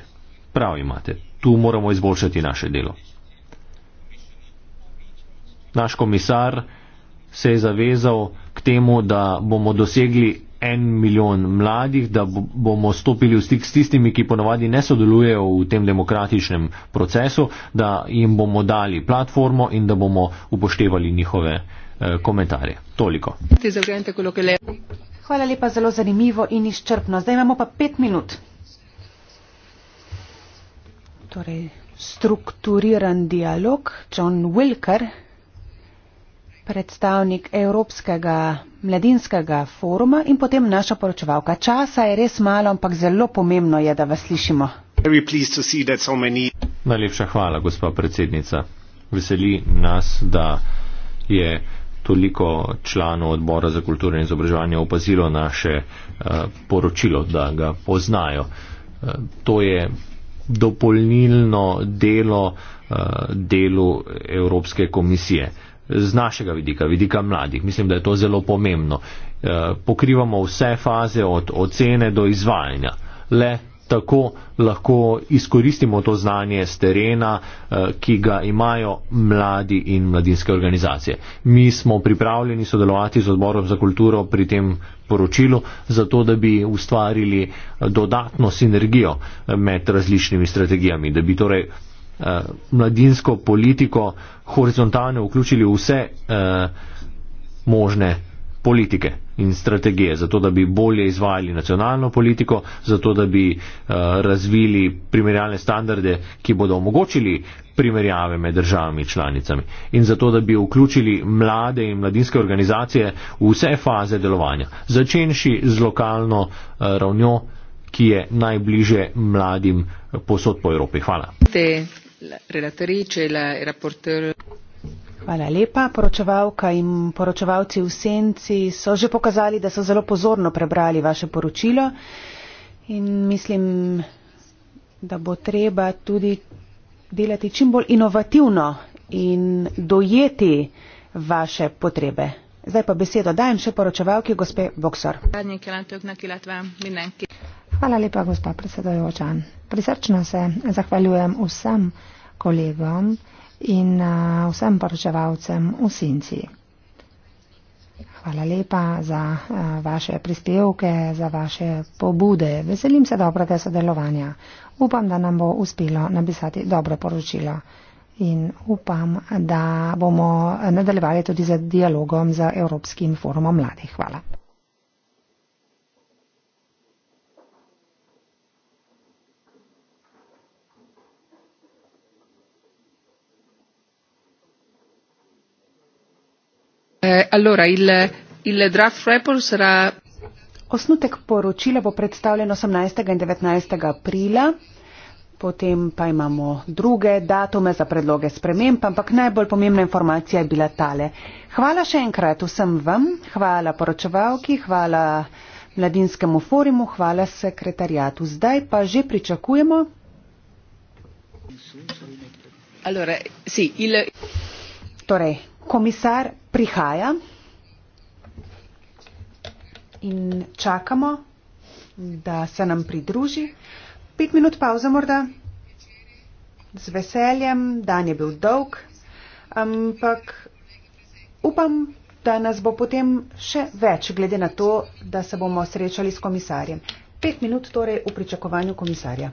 Prav imate, tu moramo izboljšati naše delo. Naš komisar se je zavezal k temu, da bomo dosegli en milijon mladih, da bomo stopili v stik s tistimi, ki ponavadi ne sodelujejo v tem demokratičnem procesu, da jim bomo dali platformo in da bomo upoštevali njihove eh, komentarje. Toliko. Hvala lepa, zelo zanimivo in izčrpno. Zdaj imamo pa pet minut. Torej, strukturiran dialog. John Wilker, predstavnik Evropskega mladinskega foruma in potem naša poročevalka. Časa je res malo, ampak zelo pomembno je, da vas slišimo. So many... Najlepša hvala, gospa predsednica. Veseli nas, da je toliko članov odbora za kulturo in izobraževanje opazilo naše eh, poročilo, da ga poznajo. Eh, to je dopolnilno delo eh, delu Evropske komisije z našega vidika, vidika mladih. Mislim, da je to zelo pomembno. Eh, pokrivamo vse faze od ocene do izvajanja. Le tako lahko izkoristimo to znanje z terena, eh, ki ga imajo mladi in mladinske organizacije. Mi smo pripravljeni sodelovati z odborom za kulturo pri tem poročilu, zato da bi ustvarili eh, dodatno sinergijo med različnimi strategijami, da bi torej Eh, mladinsko politiko horizontalno vključili vse uh, možne politike in strategije, zato da bi bolje izvajali nacionalno politiko, zato da bi uh, razvili primerjalne standarde, ki bodo omogočili primerjave med državami članicami in zato da bi vključili mlade in mladinske organizacije v vse faze delovanja, začenši z lokalno uh, ravnjo, ki je najbliže mladim posod po Evropi. Hvala. Te. Hvala lepa. Poročevalka in poročevalci v senci so že pokazali, da so zelo pozorno prebrali vaše poročilo in mislim, da bo treba tudi delati čim bolj inovativno in dojeti vaše potrebe. Zdaj pa besedo dajem še poročevalki, gospe Boksor. Hvala lepa, gospa predsedojoča. Prisrčno se zahvaljujem vsem kolegom in vsem poročevalcem v Sinci. Hvala lepa za vaše prispevke, za vaše pobude. Veselim se dobrega sodelovanja. Upam, da nam bo uspelo napisati dobro poročilo. In upam, da bomo nadaljevali tudi z dialogom z Evropskim forumom mladih. Hvala. Eh, allora, il, il draft report sarà. Osnutek poročila bo predstavljen 18. in 19. aprila. Potem pa imamo druge datume za predloge sprememb, ampak najbolj pomembna informacija je bila tale. Hvala še enkrat vsem vam, hvala poročevalki, hvala mladinskemu forumu, hvala sekretarjatu. Zdaj pa že pričakujemo. Allora, sì, il... Torej, komisar prihaja in čakamo, da se nam pridruži. Pet minut pauza morda. Z veseljem, dan je bil dolg, ampak upam, da nas bo potem še več, glede na to, da se bomo srečali s komisarjem. Pet minut torej v pričakovanju komisarja.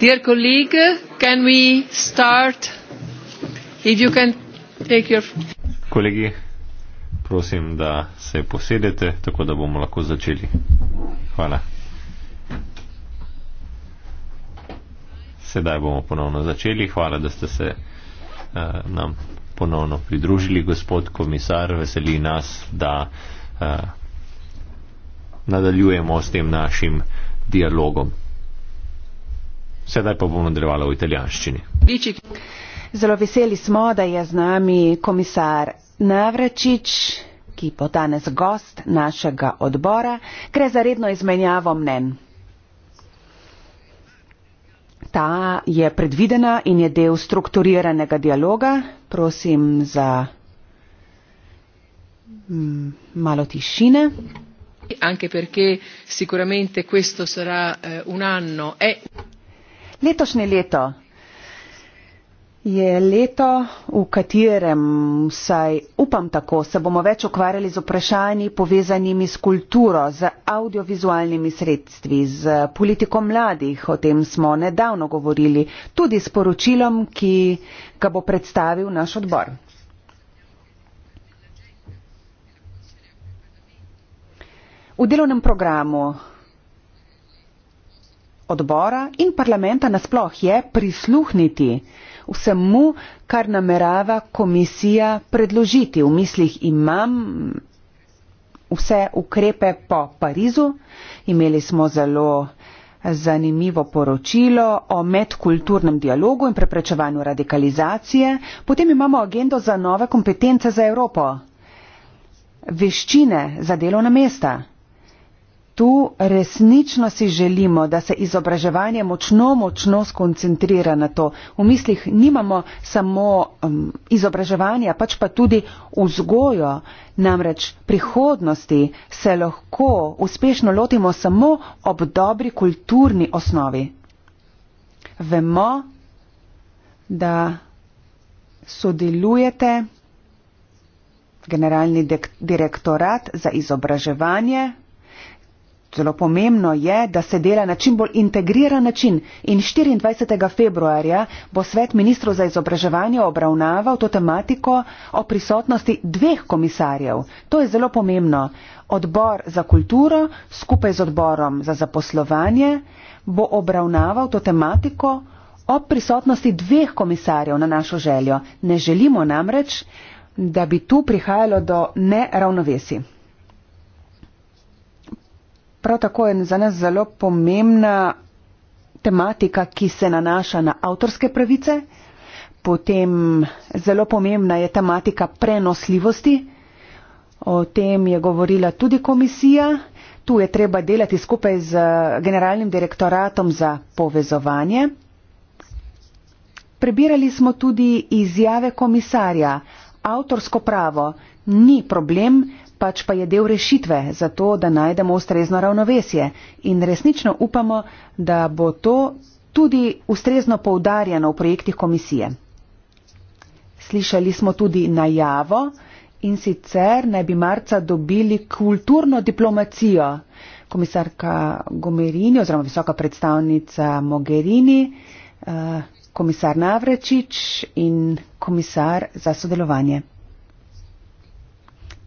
Dear colleague, can we start? If you can take your... Kolegi, prosim, da se posedete, tako da bomo lahko začeli. Hvala. Sedaj bomo ponovno začeli. Hvala, da ste se uh, nam ponovno pridružili, gospod komisar. Veseli nas, da uh, nadaljujemo s tem našim dialogom. Sedaj pa bom nadaljevala v italijanščini. Zelo veseli smo, da je z nami komisar Navračič, ki bo danes gost našega odbora. Gre za redno izmenjavo mnen. Ta je predvidena in je del strukturiranega dialoga. Prosim za mm, malo tišine. Anche perché sicuramente questo sarà eh, un anno. E Letošnje leto je leto, v katerem, vsaj upam tako, se bomo več ukvarjali z vprašanji povezanimi s kulturo, z audiovizualnimi sredstvi, z politiko mladih, o tem smo nedavno govorili, tudi s poročilom, ki ga bo predstavil naš odbor. V delovnem programu odbora in parlamenta nasploh je prisluhniti vsemu, kar namerava komisija predložiti. V mislih imam vse ukrepe po Parizu. Imeli smo zelo zanimivo poročilo o medkulturnem dialogu in preprečevanju radikalizacije. Potem imamo agendo za nove kompetence za Evropo. Veščine za delovna mesta tu resnično si želimo, da se izobraževanje močno, močno skoncentrira na to. V mislih nimamo samo um, izobraževanja, pač pa tudi vzgojo, namreč prihodnosti se lahko uspešno lotimo samo ob dobri kulturni osnovi. Vemo, da sodelujete generalni direktorat za izobraževanje, Zelo pomembno je, da se dela na čim bolj integriran način in 24. februarja bo svet ministrov za izobraževanje obravnaval to tematiko o prisotnosti dveh komisarjev. To je zelo pomembno. Odbor za kulturo skupaj z odborom za zaposlovanje bo obravnaval to tematiko o prisotnosti dveh komisarjev na našo željo. Ne želimo namreč, da bi tu prihajalo do neravnovesi. Prav tako je za nas zelo pomembna tematika, ki se nanaša na avtorske pravice, potem zelo pomembna je tematika prenosljivosti, o tem je govorila tudi komisija, tu je treba delati skupaj z generalnim direktoratom za povezovanje. Prebirali smo tudi izjave komisarja, avtorsko pravo ni problem, pač pa je del rešitve za to, da najdemo ustrezno ravnovesje in resnično upamo, da bo to tudi ustrezno poudarjeno v projektih komisije. Slišali smo tudi najavo in sicer naj bi marca dobili kulturno diplomacijo. Komisarka Gomerini oziroma visoka predstavnica Mogherini, eh, komisar Navrečič in komisar za sodelovanje.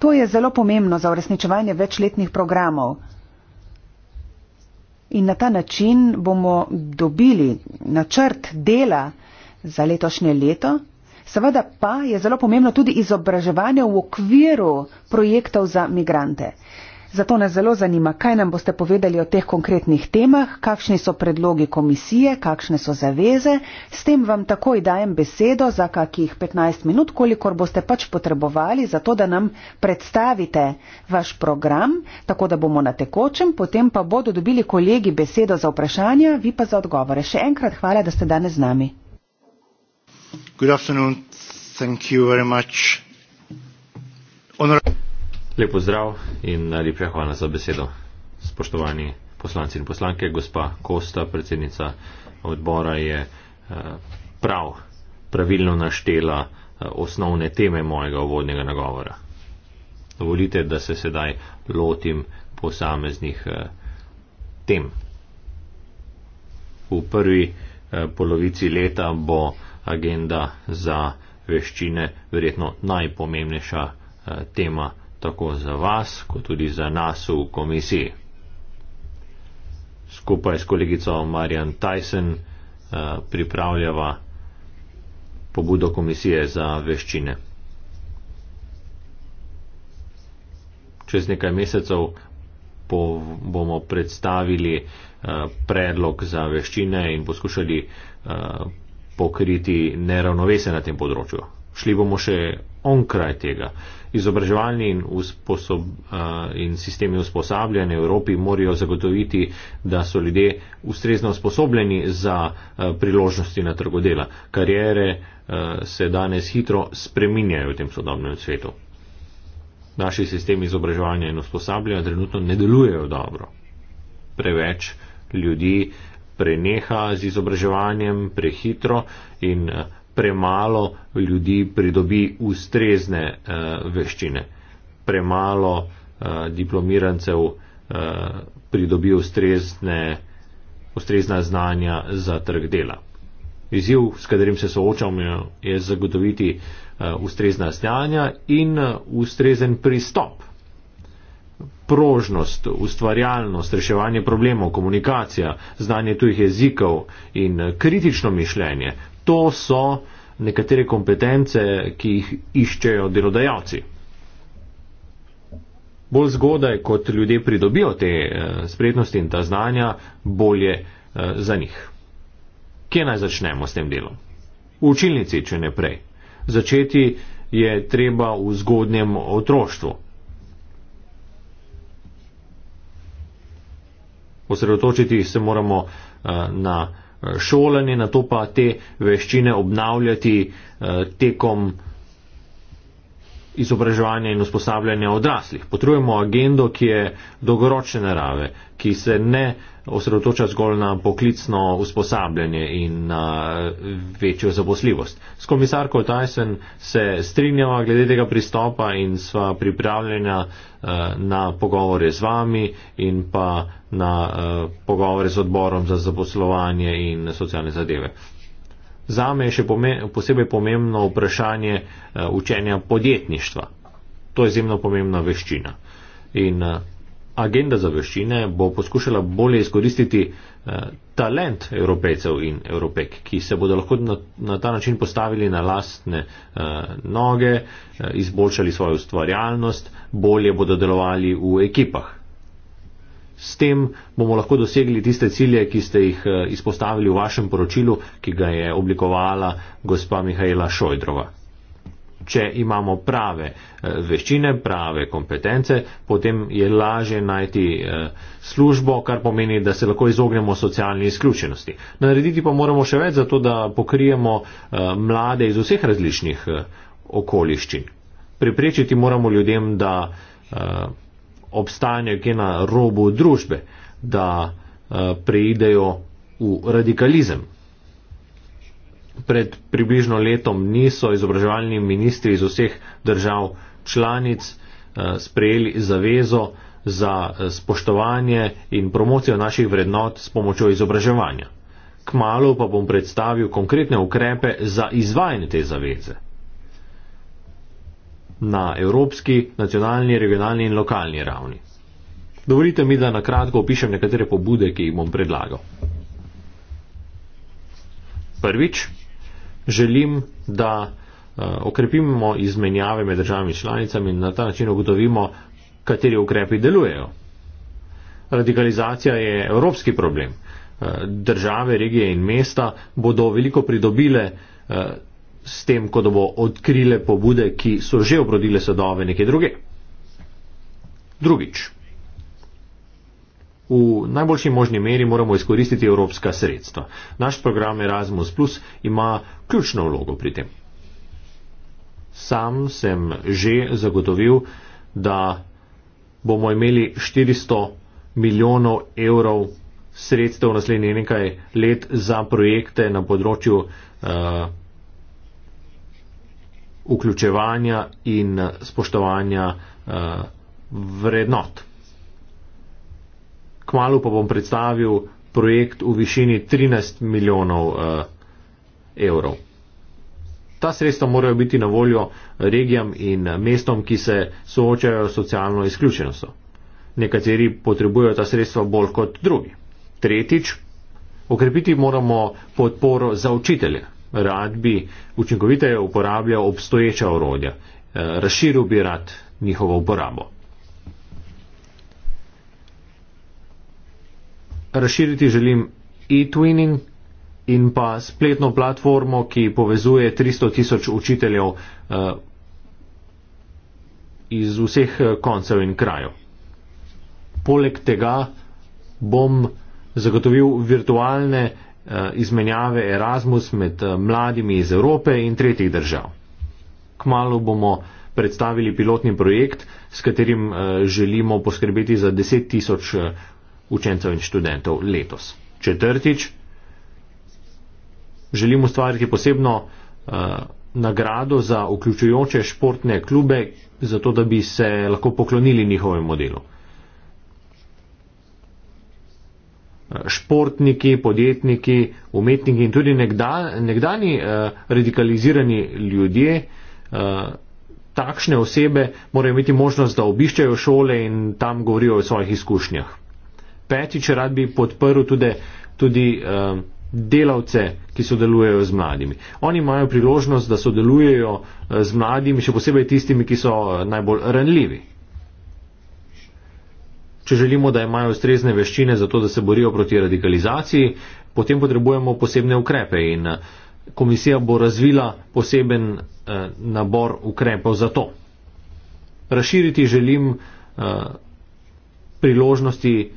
To je zelo pomembno za uresničevanje večletnih programov. In na ta način bomo dobili načrt dela za letošnje leto. Seveda pa je zelo pomembno tudi izobraževanje v okviru projektov za migrante. Zato nas zelo zanima, kaj nam boste povedali o teh konkretnih temah, kakšni so predlogi komisije, kakšne so zaveze. S tem vam takoj dajem besedo za kakih 15 minut, kolikor boste pač potrebovali, zato da nam predstavite vaš program, tako da bomo na tekočem, potem pa bodo dobili kolegi besedo za vprašanja, vi pa za odgovore. Še enkrat hvala, da ste danes z nami. Good afternoon. Thank you very much. Honorable Lep pozdrav in najlepša hvala za besedo. Spoštovani poslanci in poslanke, gospa Kosta, predsednica odbora, je eh, prav pravilno naštela eh, osnovne teme mojega uvodnega nagovora. Dovolite, da se sedaj lotim posameznih eh, tem. V prvi polovici leta bo agenda za veščine verjetno najpomembnejša tema tako za vas, kot tudi za nas v komisiji. Skupaj s kolegico Marjan Tyson eh, pripravljava pobudo komisije za veščine. Čez nekaj mesecev bomo predstavili eh, predlog za veščine in poskušali eh, pokriti neravnovese na tem področju šli bomo še onkraj tega. Izobraževalni in, usposob, uh, in sistemi usposabljanja v Evropi morajo zagotoviti, da so ljudje ustrezno usposobljeni za uh, priložnosti na trgu dela. Karijere uh, se danes hitro spreminjajo v tem sodobnem svetu. Naši sistemi izobraževanja in usposabljanja trenutno ne delujejo dobro. Preveč ljudi preneha z izobraževanjem prehitro in uh, premalo ljudi pridobi ustrezne uh, veščine. Premalo uh, diplomirancev uh, pridobi ustrezne, ustrezna znanja za trg dela. Izjiv, s katerim se soočamo, je zagotoviti uh, ustrezna znanja in ustrezen pristop. Prožnost, ustvarjalnost, reševanje problemov, komunikacija, znanje tujih jezikov in kritično mišljenje, to so nekatere kompetence, ki jih iščejo delodajalci. Bolj zgodaj, kot ljudje pridobijo te eh, spretnosti in ta znanja, bolje eh, za njih. Kje naj začnemo s tem delom? V učilnici, če ne prej. Začeti je treba v zgodnjem otroštvu. Osredotočiti se moramo eh, na šolanje, na to pa te veščine obnavljati eh, tekom izobraževanja in usposabljanja odraslih. Potrebujemo agendo, ki je dolgoročne narave, ki se ne uh, osredotoča zgolj na poklicno usposabljanje in na eh, večjo zaposljivost. S komisarko Tyson se strinjava glede tega pristopa in sva pripravljena eh, na pogovore z vami in pa na eh, pogovore z odborom za zaposlovanje in socialne zadeve. Zame je še posebej pomembno vprašanje učenja podjetništva. To je izjemno pomembna veščina. In Agenda za veščine bo poskušala bolje izkoristiti eh, talent evropejcev in evropejk, ki se bodo lahko na, na ta način postavili na lastne eh, noge, eh, izboljšali svojo ustvarjalnost, bolje bodo delovali v ekipah. S tem bomo lahko dosegli tiste cilje, ki ste jih eh, izpostavili v vašem poročilu, ki ga je oblikovala gospa Mihajla Šojdrova če imamo prave eh, veščine, prave kompetence, potem je lažje najti eh, službo, kar pomeni, da se lahko izognemo socialni izključenosti. Narediti pa moramo še več za to, da pokrijemo eh, mlade iz vseh različnih okoliščin. Preprečiti moramo ljudem, da obstanejo kje na robu družbe, da preidejo v radikalizem pred približno letom niso izobraževalni ministri iz vseh držav članic eh, sprejeli zavezo za eh, spoštovanje in promocijo naših vrednot s pomočjo izobraževanja. Kmalo pa bom predstavil konkretne ukrepe za izvajanje te zaveze na evropski, nacionalni, regionalni in lokalni ravni. Dovolite mi, da na kratko opišem nekatere pobude, ki jih bom predlagal. Prvič, želim, da eh, okrepimo izmenjave med državami članicami in na ta način ugotovimo, kateri ukrepi delujejo. Radikalizacija je evropski problem. Eh, države, regije in mesta bodo veliko pridobile eh, s tem, ko bo odkrile pobude, ki so že obrodile sadove neke druge. Drugič. V najboljši možni meri moramo izkoristiti evropska sredstva. Naš program Erasmus Plus ima ključno vlogo pri tem. Sam sem že zagotovil, da bomo imeli 400 milijonov evrov sredstev v naslednji nekaj let za projekte na področju uh, vključevanja in spoštovanja uh, vrednot kmalo pa bom predstavil projekt v višini 13 milijonov uh, evrov. Ta sredstva morajo biti na voljo regijam in eh, mestom, ki se soočajo s socialno izključenostjo. Nekateri potrebujejo ta sredstva bolj kot drugi. Tretjič, okrepiti moramo podporo za učitelje. Rad bi učinkoviteje uporabljal obstoječa orodja. Eh, razširil bi rad njihovo uporabo. razširiti želim e-twinning in pa spletno platformo, ki povezuje 300 tisoč učiteljev uh, iz vseh eh, koncev in krajev. Poleg tega bom zagotovil virtualne uh, izmenjave Erasmus med uh, mladimi iz Evrope in tretjih držav. Kmalo bomo predstavili pilotni projekt, s katerim uh, želimo poskrbeti za 10 tisoč uh, učencev in študentov letos. Četrtič, želim ustvariti posebno uh, nagrado za vključujoče športne klube, zato da bi se lahko poklonili njihovemu modelu. Eh, športniki, podjetniki, umetniki in tudi nekda, nekdani uh, radikalizirani ljudje, uh, takšne osebe morajo imeti možnost, da obiščajo šole in tam govorijo o svojih izkušnjah. Petič, rad bi podprl tudi, tudi uh, delavce, ki sodelujejo z mladimi. Oni imajo priložnost, da sodelujejo uh, z mladimi, še posebej tistimi, ki so uh, najbolj ranljivi. Če želimo, da imajo ustrezne veščine za to, da se borijo proti radikalizaciji, potem potrebujemo posebne ukrepe in komisija bo razvila poseben eh, nabor ukrepov za to. Razširiti želim eh, priložnosti eh,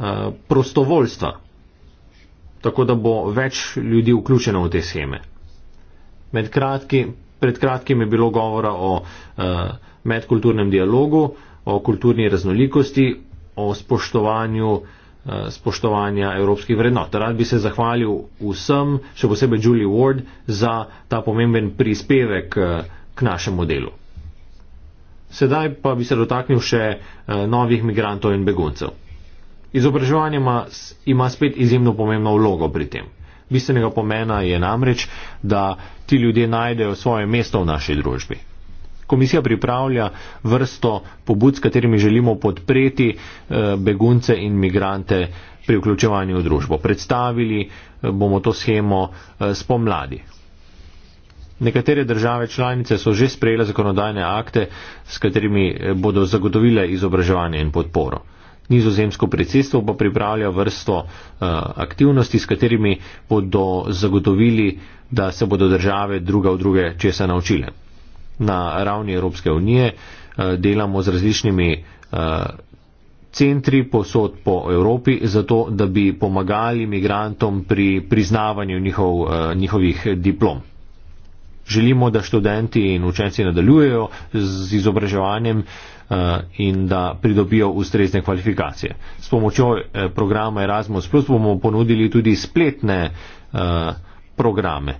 Eh, prostovoljstva, tako da bo več ljudi vključeno v te scheme. Med kratki, pred kratkim je bilo govora o uh, medkulturnem dialogu, o kulturni raznolikosti, o spoštovanju uh, spoštovanja evropskih vrednot. Rad bi se zahvalil vsem, še posebej Julie Ward, za ta pomemben prispevek uh, k našemu delu. Sedaj pa bi se dotaknil še uh, novih migrantov in beguncev. Izobraževanje ima, ima spet izjemno pomembno vlogo pri tem. Bistvenega pomena je namreč, da ti ljudje najdejo svoje mesto v naši družbi. Komisija pripravlja vrsto pobud, s katerimi želimo podpreti eh, begunce in migrante pri vključevanju v družbo. Predstavili eh, bomo to schemo eh, spomladi. Nekatere države članice so že sprejele zakonodajne akte, s katerimi bodo zagotovile izobraževanje in podporo. Nizozemsko predsedstvo pa pripravlja vrsto uh, aktivnosti, s katerimi bodo zagotovili, da se bodo države druga v druge česa naučile. Na ravni Evropske unije uh, delamo z različnimi uh, centri posod po Evropi, zato da bi pomagali migrantom pri priznavanju njihov, uh, njihovih diplom. Želimo, da študenti in učenci nadaljujejo z izobraževanjem uh, Eh, in da pridobijo ustrezne kvalifikacije. S pomočjo eh, programa Erasmus Plus bomo ponudili tudi spletne eh, programe.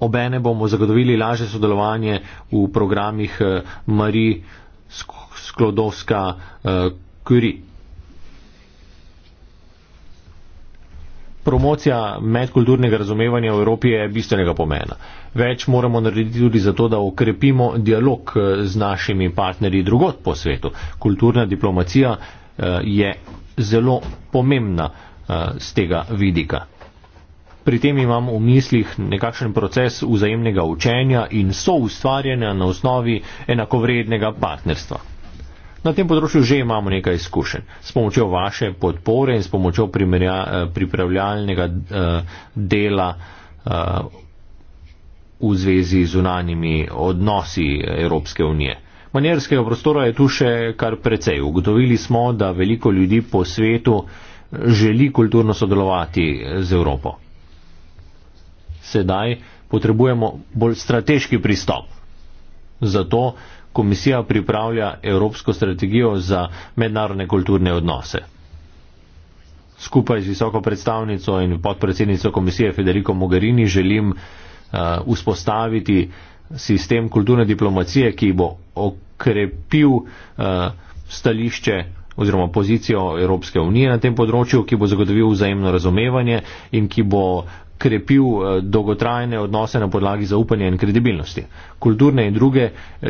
Obene bomo zagotovili lažje sodelovanje v programih Marie Sklodovska Curie. Promocija medkulturnega razumevanja v Evropi je bistvenega pomena. Več moramo narediti tudi zato, da okrepimo dialog eh, z našimi partnerji drugot po svetu. Kulturna diplomacija eh, je zelo pomembna z eh, tega vidika. Pri tem imam v mislih nekakšen proces vzajemnega učenja in soustvarjanja na osnovi enakovrednega partnerstva. Na tem področju že imamo nekaj izkušenj. S pomočjo vaše podpore in s pomočjo pripravljalnega dela v zvezi z zunanimi odnosi Evropske unije. Manjerskega prostora je tu še kar precej. Ugotovili smo, da veliko ljudi po svetu želi kulturno sodelovati z Evropo. Sedaj potrebujemo bolj strateški pristop. Zato komisija pripravlja Evropsko strategijo za mednarodne kulturne odnose. Skupaj z visoko predstavnico in podpredsednico komisije Federico Mogherini želim Eh, vzpostaviti sistem kulturne diplomacije, ki bo okrepil eh, stališče oziroma pozicijo Evropske unije na tem področju, ki bo zagotovil vzajemno razumevanje in ki bo krepil eh, dolgotrajne odnose na podlagi zaupanja in kredibilnosti. Kulturne in druge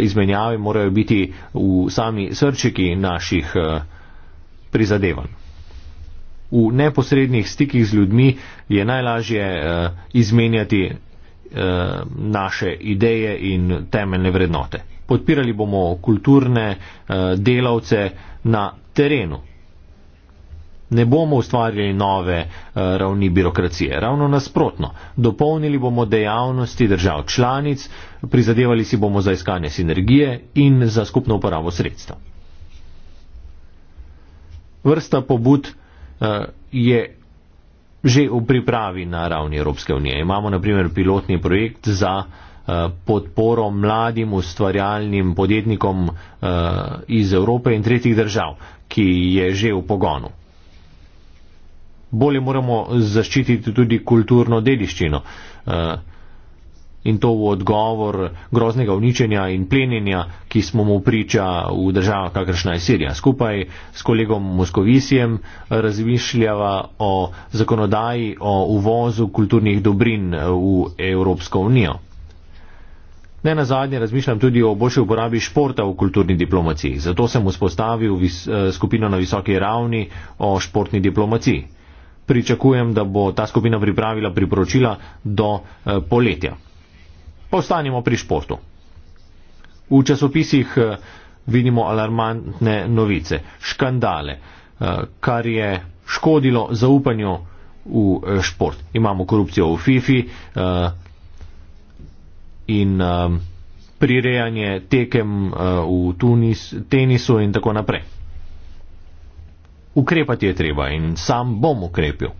izmenjave morajo biti v sami srčiki naših prizadevanj. V neposrednih stikih z ljudmi je najlažje izmenjati Eh, naše ideje in temeljne vrednote. Podpirali bomo kulturne eh, delavce na terenu. Ne bomo ustvarjali nove eh, ravni birokracije, ravno nasprotno. Dopolnili bomo dejavnosti držav članic, prizadevali si bomo za iskanje sinergije in za skupno uporabo sredstva. Vrsta pobud je že v pripravi na ravni Evropske unije. Imamo naprimer pilotni projekt za eh, podporo mladim ustvarjalnim podjetnikom eh, iz Evrope in tretjih držav, ki je že v pogonu. Bolje moramo zaščititi tudi kulturno dediščino. Eh, in to v odgovor groznega uničenja in plenjenja, ki smo mu priča v državah, kakršna je Sirija. Skupaj s kolegom Moskovisijem razmišljava o zakonodaji o uvozu kulturnih dobrin v Evropsko unijo. Ne na zadnje razmišljam tudi o boljši uporabi športa v kulturni diplomaciji, zato sem vzpostavil vis, eh, skupino na visoki ravni o športni diplomaciji. Pričakujem, da bo ta skupina pripravila priporočila do eh, poletja. Postanimo pri športu. V časopisih eh, vidimo alarmantne novice, škandale, eh, kar je škodilo zaupanju v eh, šport. Imamo korupcijo v FIFI in prirejanje tekem v tunis, tenisu in tako naprej. Ukrepati je treba in sam bom ukrepil.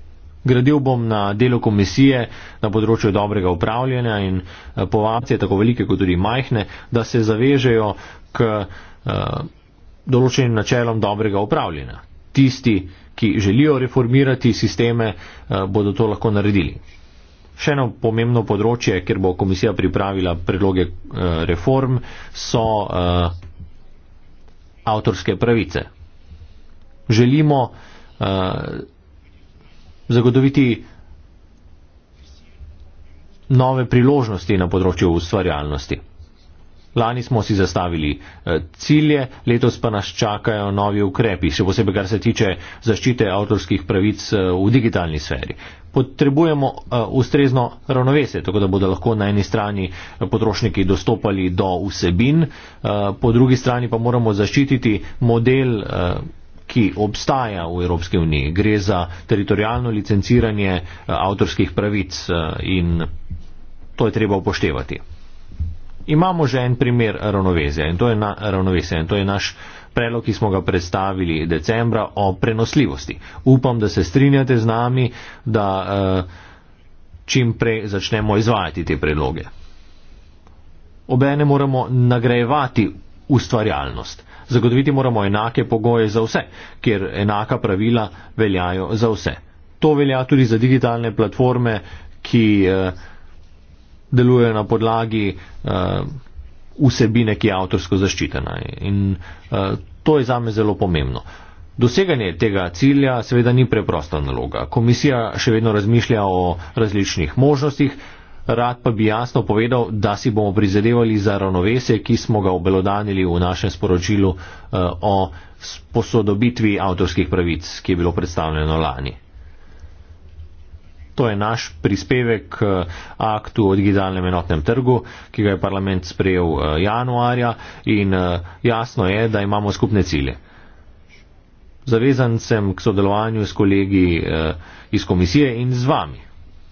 Gradil bom na delo komisije na področju dobrega upravljanja in eh, povabce, tako velike kot tudi majhne, da se zavežejo k eh, določenim načelom dobrega upravljanja. Tisti, ki želijo reformirati sisteme, eh, bodo to lahko naredili. Še eno pomembno področje, kjer bo komisija pripravila predloge reform, so avtorske pravice. Želimo zagotoviti nove priložnosti na področju ustvarjalnosti. Lani smo si zastavili eh, cilje, letos pa nas čakajo novi ukrepi, še posebej kar se tiče zaščite avtorskih pravic eh, v digitalni sferi. Potrebujemo eh, ustrezno ravnovesje, tako da bodo lahko na eni strani potrošniki dostopali do vsebin, po drugi strani pa moramo zaščititi model ki obstaja v Evropski uniji. Gre za teritorijalno licenciranje eh, avtorskih pravic eh, in to je treba upoštevati. Imamo že en primer ravnovesja in, na, in to je naš predlog, ki smo ga predstavili decembra o prenosljivosti. Upam, da se strinjate z nami, da eh, čim prej začnemo izvajati te predloge. Obene moramo nagrajevati ustvarjalnost. Zagotoviti moramo enake pogoje za vse, kjer enaka pravila veljajo za vse. To velja tudi za digitalne platforme, ki eh, delujejo na podlagi eh, vsebine, ki je avtorsko zaščitena. In eh, to je zame zelo pomembno. Doseganje tega cilja seveda ni preprosta naloga. Komisija še vedno razmišlja o različnih možnostih, rad pa bi jasno povedal, da si bomo prizadevali za ravnovesje, ki smo ga obelodanili v našem sporočilu eh, o posodobitvi avtorskih pravic, ki je bilo predstavljeno lani. To je naš prispevek k eh, aktu o digitalnem enotnem trgu, ki ga je parlament sprejel eh, januarja in jasno je, da imamo skupne cilje. Zavezan sem k sodelovanju s kolegi iz komisije in z vami.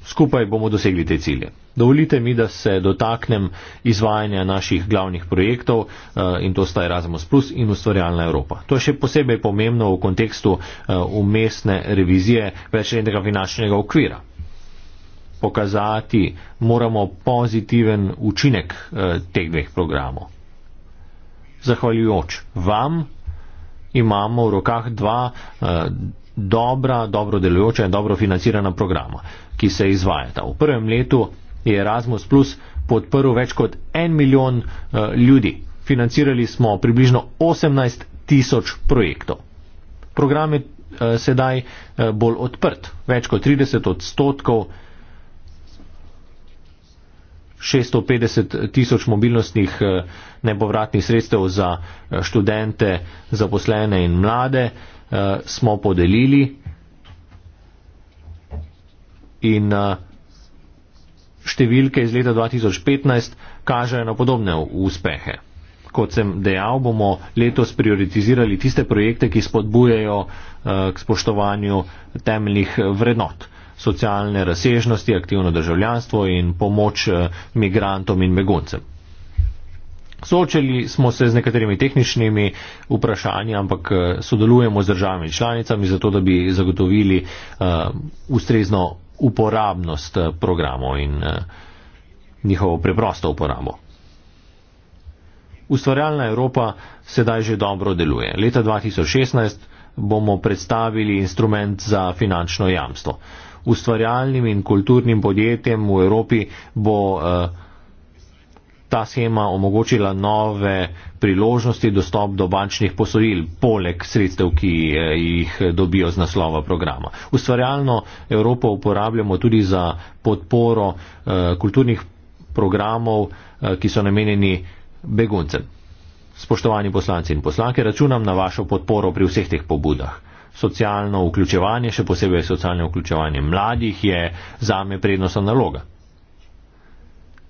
Skupaj bomo dosegli te cilje. Dovolite mi, da se dotaknem izvajanja naših glavnih projektov eh, in to sta Erasmus Plus in Ustvarjalna Evropa. To je še posebej pomembno v kontekstu eh, umestne revizije večletnega finančnega okvira. Pokazati moramo pozitiven učinek eh, teh dveh programov. Zahvaljujoč vam imamo v rokah dva dobra, dobro delujoča in dobro financirana programa, ki se izvajata. V prvem letu je Erasmus Plus podprl več kot en milijon uh, ljudi. Financirali smo približno 18 tisoč projektov. Program je uh, sedaj uh, bolj odprt. Več kot 30 odstotkov 650 tisoč mobilnostnih uh, nepovratnih sredstev za študente, zaposlene in mlade uh, smo podelili. In uh, številke iz leta 2015 kažejo na podobne uspehe. Kot sem dejal, bomo letos prioritizirali tiste projekte, ki spodbujajo eh, k spoštovanju temeljnih vrednot socialne razsežnosti, aktivno državljanstvo in pomoč eh, migrantom in beguncem. Soočali smo se z nekaterimi tehničnimi vprašanji, ampak eh, sodelujemo z državami članicami, zato da bi zagotovili uh, ustrezno uporabnost eh, programov in eh, njihovo preprosto uporabo. Ustvarjalna Evropa sedaj že dobro deluje. Leta 2016 bomo predstavili instrument za finančno jamstvo. Ustvarjalnim in kulturnim podjetjem v Evropi bo uh, ta schema omogočila nove priložnosti dostop do bančnih posojil, poleg sredstev, ki eh, jih eh, dobijo z naslova programa. Ustvarjalno Evropo uporabljamo tudi za podporo eh, kulturnih programov, ki so namenjeni beguncem. Spoštovani poslanci in poslanke, računam na vašo podporo pri vseh teh pobudah. Socialno vključevanje, še posebej socialno vključevanje mladih, je zame prednostna naloga.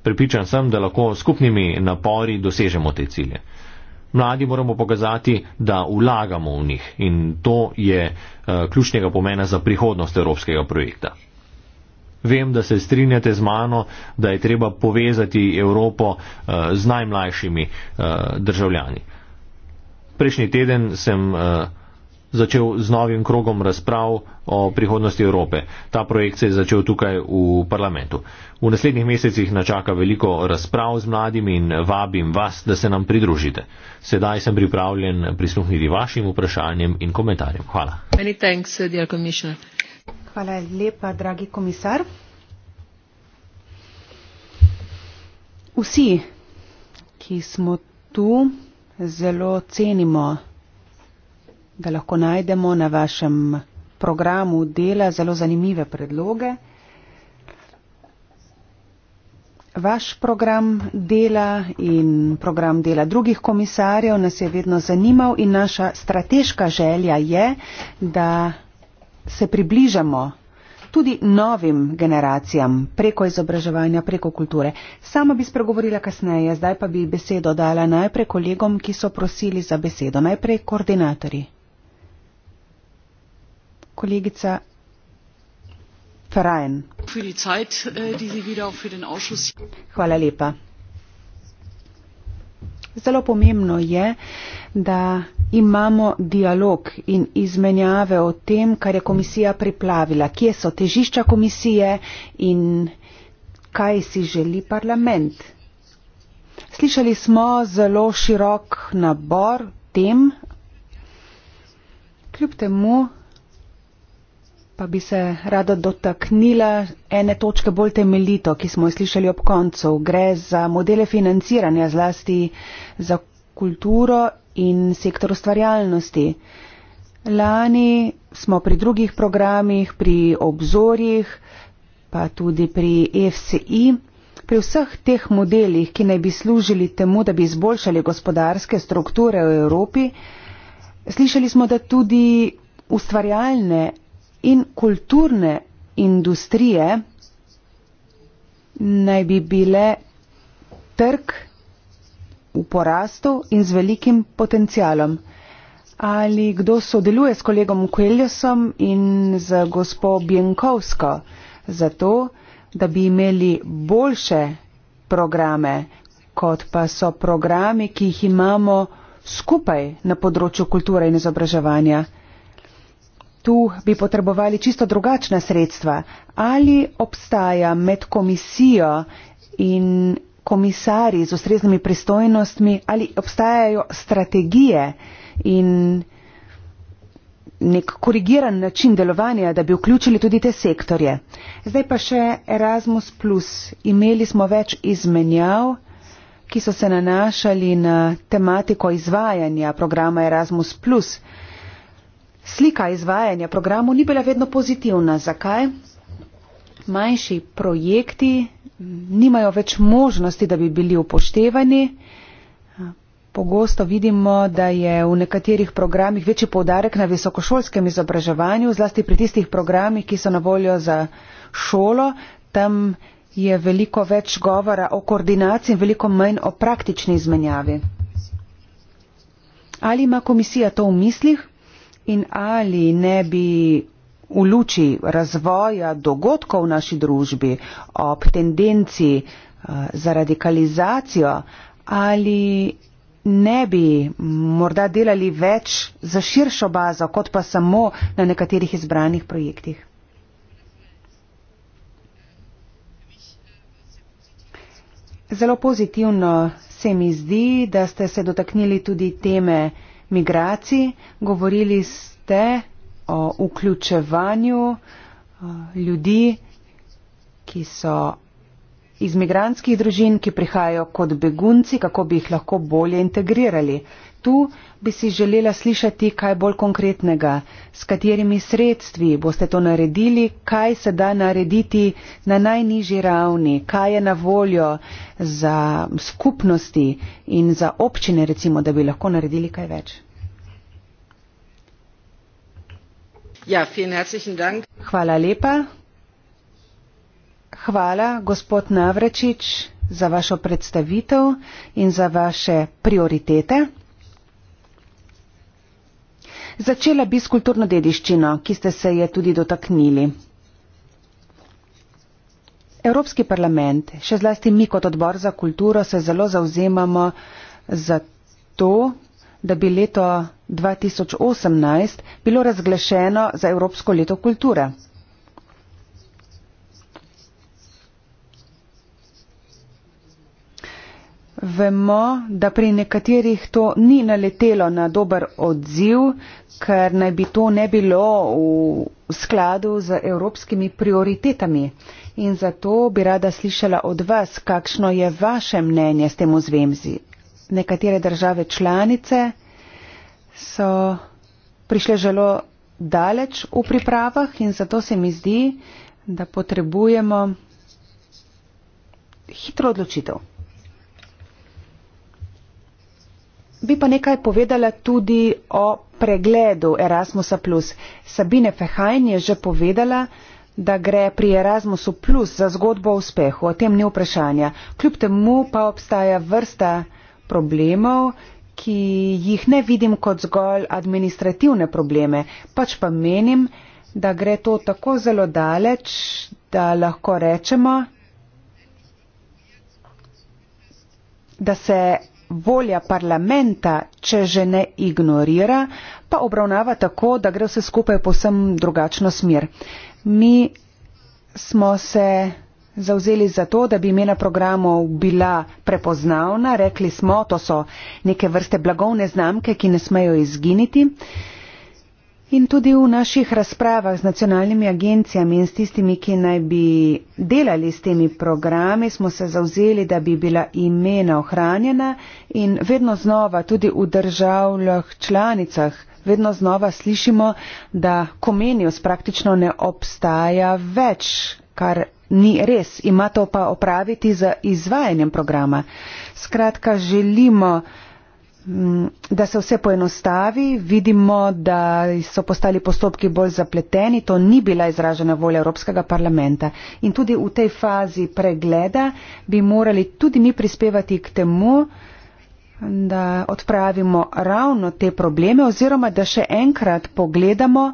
Pripričan sem, da lahko skupnimi napori dosežemo te cilje. Mladi moramo pokazati, da vlagamo v njih in to je uh, ključnega pomena za prihodnost evropskega projekta. Vem, da se strinjate z mano, da je treba povezati Evropo uh, z najmlajšimi uh, državljani. Prejšnji teden sem uh, začel z novim krogom razprav o prihodnosti Evrope. Ta projekt se je začel tukaj v parlamentu. V naslednjih mesecih načaka veliko razprav z mladimi in vabim vas, da se nam pridružite. Sedaj sem pripravljen prisluhniti vašim vprašanjem in komentarjem. Hvala. Thanks, uh, Hvala lepa, dragi komisar. Vsi, ki smo tu, zelo cenimo da lahko najdemo na vašem programu dela zelo zanimive predloge. Vaš program dela in program dela drugih komisarjev nas je vedno zanimal in naša strateška želja je, da se približamo tudi novim generacijam preko izobraževanja, preko kulture. Sama bi spregovorila kasneje, zdaj pa bi besedo dala najprej kolegom, ki so prosili za besedo, najprej koordinatorji kolegica Ferajn. Äh, Hvala lepa. Zelo pomembno je, da imamo dialog in izmenjave o tem, kar je komisija priplavila, kje so težišča komisije in kaj si želi parlament. Slišali smo zelo širok nabor tem, kljub temu Pa bi se rada dotaknila ene točke bolj temeljito, ki smo jo slišali ob koncu. Gre za modele financiranja zlasti za kulturo in sektor ustvarjalnosti. Lani smo pri drugih programih, pri obzorjih, pa tudi pri FCI, pri vseh teh modelih, ki naj bi služili temu, da bi izboljšali gospodarske strukture v Evropi, slišali smo, da tudi ustvarjalne in kulturne industrije naj bi bile trg v porastu in z velikim potencialom. Ali kdo sodeluje s kolegom Kueljosom in z gospo Bienkovsko za to, da bi imeli boljše programe, kot pa so programi, ki jih imamo skupaj na področju kulture in izobraževanja? tu bi potrebovali čisto drugačna sredstva. Ali obstaja med komisijo in komisarji z ustreznimi pristojnostmi, ali obstajajo strategije in nek korigiran način delovanja, da bi vključili tudi te sektorje. Zdaj pa še Erasmus. Imeli smo več izmenjav, ki so se nanašali na tematiko izvajanja programa Erasmus. Slika izvajanja programov ni bila vedno pozitivna. Zakaj? Manjši projekti nimajo več možnosti, da bi bili upoštevani. Pogosto vidimo, da je v nekaterih programih večji poudarek na visokošolskem izobraževanju, zlasti pri tistih programih, ki so na voljo za šolo. Tam je veliko več govora o koordinaciji in veliko manj o praktični izmenjavi. Ali ima komisija to v mislih? In ali ne bi v luči razvoja dogodkov v naši družbi ob tendenci eh, za radikalizacijo, ali ne bi morda delali več za širšo bazo, kot pa samo na nekaterih izbranih projektih? Zelo pozitivno se mi zdi, da ste se dotaknili tudi teme, migracij, govorili ste o vključevanju eh, ljudi, ki so iz migranskih družin, ki prihajajo kot begunci, kako bi jih lahko bolje integrirali tu bi si želela slišati kaj bolj konkretnega, s katerimi sredstvi boste to naredili, kaj se da narediti na najnižji ravni, kaj je na voljo za skupnosti in za občine, recimo, da bi lahko naredili kaj več. Ja, Hvala lepa. Hvala, gospod Navrečič, za vašo predstavitev in za vaše prioritete. Začela bi s kulturno dediščino, ki ste se je tudi dotaknili. Evropski parlament, še zlasti mi kot odbor za kulturo, se zelo zauzemamo za to, da bi leto 2018 bilo razglašeno za Evropsko leto kulture. Vemo, da pri nekaterih to ni naletelo na dober odziv, ker naj bi to ne bilo v skladu z evropskimi prioritetami. In zato bi rada slišala od vas, kakšno je vaše mnenje s tem v zvemzi. Nekatere države članice so prišle zelo daleč v pripravah in zato se mi zdi, da potrebujemo hitro odločitev. bi pa nekaj povedala tudi o pregledu Erasmusa. Sabine Fehajn je že povedala, da gre pri Erasmusu plus za zgodbo o uspehu, o tem ni vprašanja. Kljub temu pa obstaja vrsta problemov, ki jih ne vidim kot zgolj administrativne probleme, pač pa menim, da gre to tako zelo daleč, da lahko rečemo, da se volja parlamenta, če že ne ignorira, pa obravnava tako, da gre vse skupaj posem drugačno smer. Mi smo se zauzeli za to, da bi imena programov bila prepoznavna, rekli smo, to so neke vrste blagovne znamke, ki ne smejo izginiti. Uh, In tudi v naših razpravah z nacionalnimi agencijami in s tistimi, ki naj bi delali s temi programi, smo se zauzeli, da bi bila imena ohranjena in vedno znova tudi v državljah članicah, vedno znova slišimo, da komenijus praktično ne obstaja več, kar ni res. Ima to pa opraviti z izvajanjem programa. Skratka, želimo, Mm, da se vse poenostavi, vidimo, da so postali postopki bolj zapleteni, to ni bila izražena volja Evropskega parlamenta. In tudi v tej fazi pregleda bi morali tudi mi prispevati k temu, da odpravimo ravno te probleme oziroma da še enkrat pogledamo,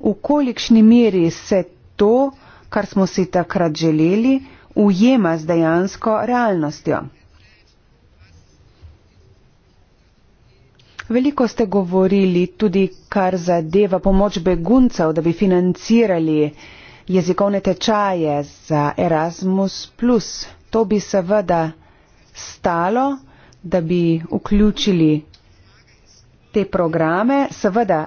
v kolikšni meri se to, kar smo si takrat želeli, ujema z dejansko realnostjo. Veliko ste govorili tudi, kar zadeva pomoč beguncev, da bi financirali jezikovne tečaje za Erasmus. To bi seveda stalo, da bi vključili te programe. Seveda,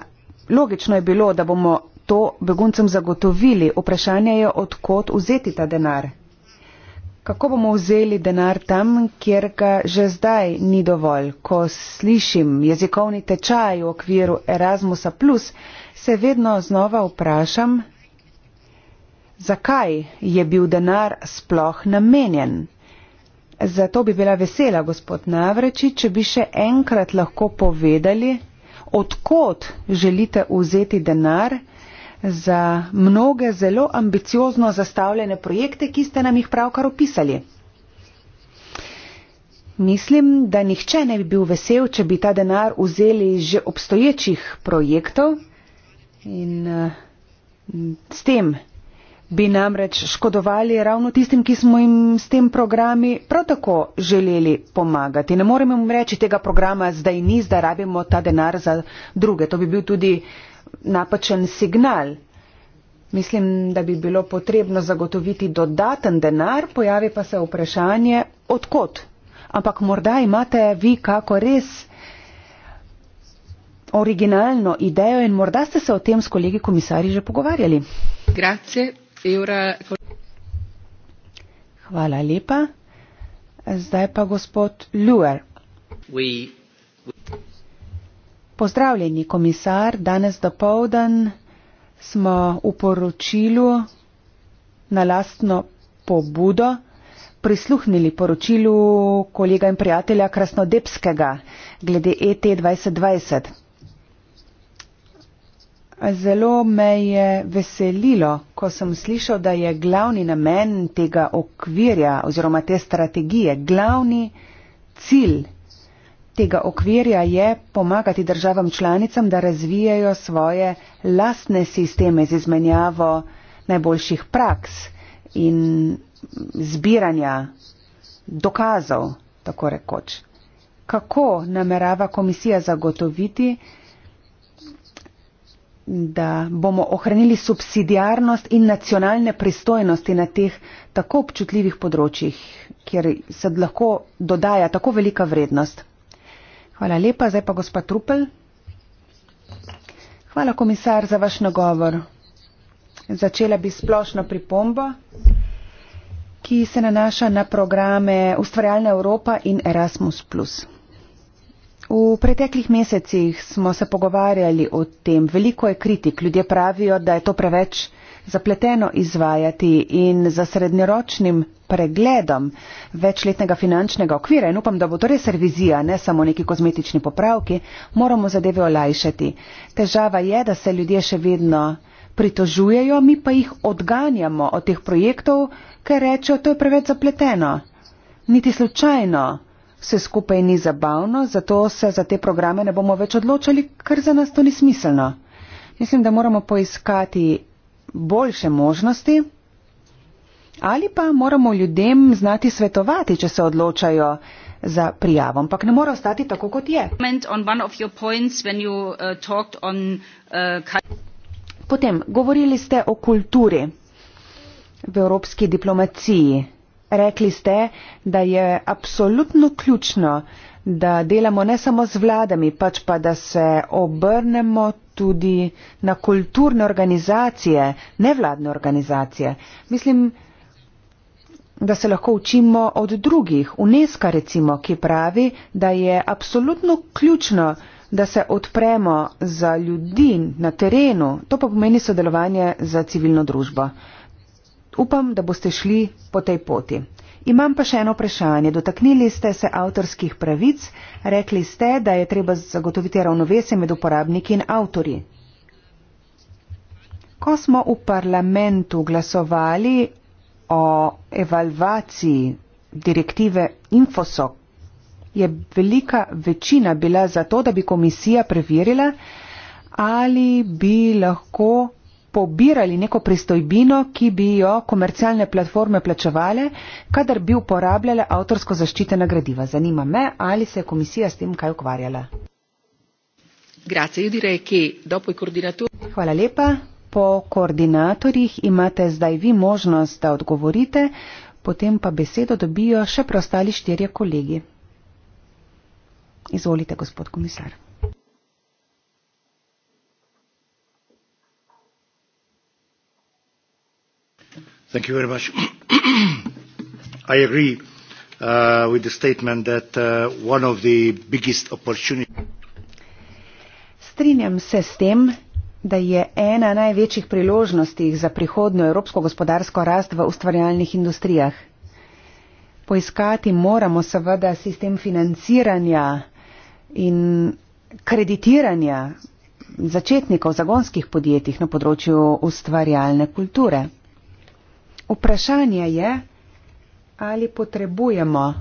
logično je bilo, da bomo to beguncem zagotovili. Vprašanje je, odkot vzeti ta denar. Kako bomo vzeli denar tam, kjer ga že zdaj ni dovolj? Ko slišim jezikovni tečaj v okviru Erasmusa, se vedno znova vprašam, zakaj je bil denar sploh namenjen. Zato bi bila vesela, gospod Navreči, če bi še enkrat lahko povedali, odkot želite vzeti denar, za mnoge zelo ambiciozno zastavljene projekte, ki ste nam jih pravkar opisali. Mislim, da nihče ne bi bil vesel, če bi ta denar vzeli iz že obstoječih projektov in uh, s tem bi namreč škodovali ravno tistim, ki smo jim s tem programi prav tako želeli pomagati. Ne moremo jim reči, tega programa zdaj ni, zdaj rabimo ta denar za druge. To bi bil tudi uh, napačen signal. Mislim, da bi bilo potrebno zagotoviti dodaten denar, pojavi pa se vprašanje, odkot. Ampak morda imate vi kako res originalno idejo in morda ste se o tem s kolegi komisarji že pogovarjali. Grazie, Eura. Hvala lepa. Zdaj pa gospod Luer. Pozdravljeni, komisar. Danes do povdan smo v poročilu na lastno pobudo prisluhnili poročilu kolega in prijatelja Krasnodebskega glede e ET2020. Zelo me je veselilo, ko sem slišal, da je glavni namen tega okvirja oziroma te strategije, glavni cilj tega okvirja je pomagati državam članicam, da razvijajo svoje lastne sisteme z izmenjavo najboljših praks in zbiranja dokazov, tako rekoč. Kako namerava komisija zagotoviti, da bomo ohranili subsidijarnost in nacionalne pristojnosti na teh tako občutljivih področjih, kjer se lahko dodaja tako velika vrednost? Hvala lepa. Zdaj pa gospod Trupel. Hvala, komisar, za vaš nagovor. Začela bi splošno pripombo, ki se nanaša na programe Ustvarjalna Evropa in Erasmus. V preteklih mesecih smo se pogovarjali o tem. Veliko je kritik. Ljudje pravijo, da je to preveč zapleteno izvajati in za srednjeročnim pregledom večletnega finančnega okvira, in upam, da bo to res revizija, ne samo neki kozmetični popravki, moramo zadeve olajšati. Težava je, da se ljudje še vedno pritožujejo, mi pa jih odganjamo od teh projektov, ker rečejo, to je preveč zapleteno. Niti slučajno se skupaj ni zabavno, zato se za te programe ne bomo več odločali, ker za nas to ni smiselno. Mislim, da moramo poiskati boljše možnosti. Ali pa moramo ljudem znati svetovati, če se odločajo za prijavo, ampak ne mora ostati tako, kot je. Uh, uh, Potem, govorili ste o kulturi v evropski diplomaciji. Rekli ste, da je absolutno ključno, da delamo ne samo z vladami, pač pa da se obrnemo tudi na kulturne organizacije, nevladne organizacije. Mislim, da se lahko učimo od drugih. UNESCO recimo, ki pravi, da je absolutno ključno, da se odpremo za ljudi na terenu. To pa pomeni sodelovanje za civilno družbo. Upam, da boste šli po tej poti. Imam pa še eno vprašanje. Dotaknili ste se avtorskih pravic. Rekli ste, da je treba zagotoviti ravnovesje med uporabniki in avtori. Ko smo v parlamentu glasovali o evalvaciji direktive Infosok, je velika večina bila za to, da bi komisija preverila, ali bi lahko pobirali neko pristojbino, ki bi jo komercialne platforme plačevale, kadar bi uporabljale avtorsko zaščitena gradiva. Zanima me, ali se je komisija s tem kaj ukvarjala. Hvala lepa. Po koordinatorjih imate zdaj vi možnost, da odgovorite, potem pa besedo dobijo še preostali štirje kolegi. Izvolite, gospod komisar. i agree uh, with the statement that uh, one of the biggest opportunities da je ena največjih priložnosti za prihodnjo evropsko gospodarsko rast v ustvarjalnih industrijah. Poiskati moramo seveda sistem financiranja in kreditiranja začetnikov zagonskih podjetij na področju ustvarjalne kulture. Vprašanje je, ali potrebujemo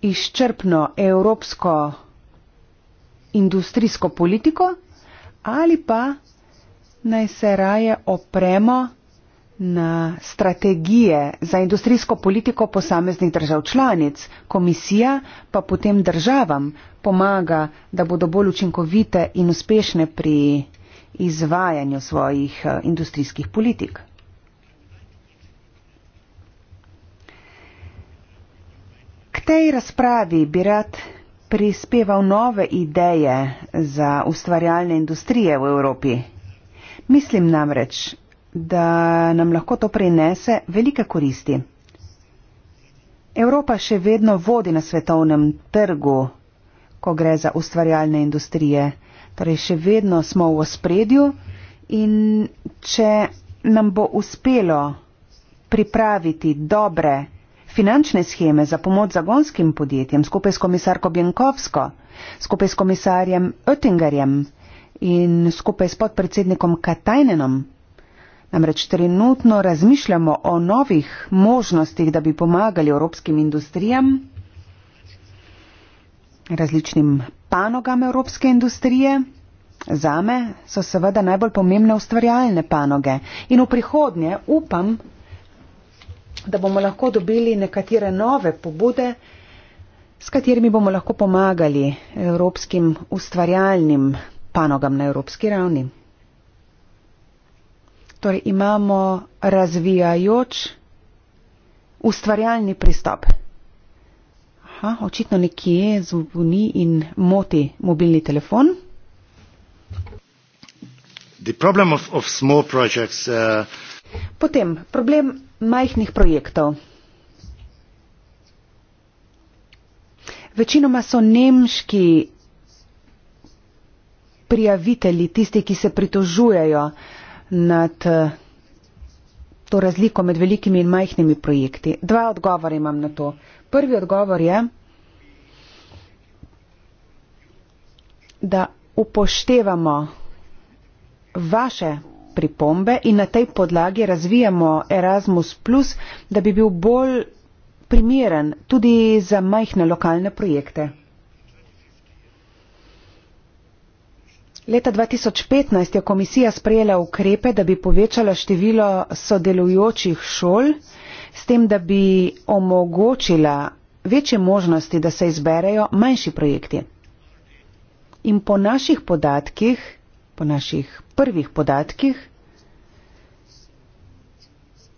izčrpno evropsko industrijsko politiko ali pa naj se raje opremo na strategije za industrijsko politiko posameznih držav članic. Komisija pa potem državam pomaga, da bodo bolj učinkovite in uspešne pri izvajanju svojih eh, industrijskih politik. tej razpravi bi rad prispeval nove ideje za ustvarjalne industrije v Evropi. Mislim namreč, da nam lahko to prinese velike koristi. Evropa še vedno vodi na svetovnem trgu, ko gre za ustvarjalne industrije, torej še vedno smo v ospredju in če nam bo uspelo pripraviti dobre finančne scheme za pomoč zagonskim podjetjem skupaj s komisarko Bjankovsko, skupaj s komisarjem Oettingerjem in skupaj s podpredsednikom Katajnenom. Namreč trenutno razmišljamo o novih možnostih, da bi pomagali evropskim industrijam, različnim panogam evropske industrije. Zame so seveda najbolj pomembne ustvarjalne panoge in v prihodnje upam, da bomo lahko dobili nekatere nove pobude, s katerimi bomo lahko pomagali evropskim ustvarjalnim panogam na evropski ravni. Torej imamo razvijajoč ustvarjalni pristop. Aha, očitno nekje zvoni in moti mobilni telefon. Of, of projects, uh... Potem, problem majhnih projektov. Večinoma so nemški prijavitelji tisti, ki se pritožujejo nad eh, to razliko med velikimi in majhnimi projekti. Dva odgovora imam na to. Prvi odgovor je, da upoštevamo vaše pripombe in na tej podlagi razvijamo Erasmus, da bi bil bolj primeren tudi za majhne lokalne projekte. Leta 2015 je komisija sprejela ukrepe, da bi povečala število sodelujočih šol, s tem, da bi omogočila večje možnosti, da se izberejo manjši projekti. In po naših podatkih po naših prvih podatkih,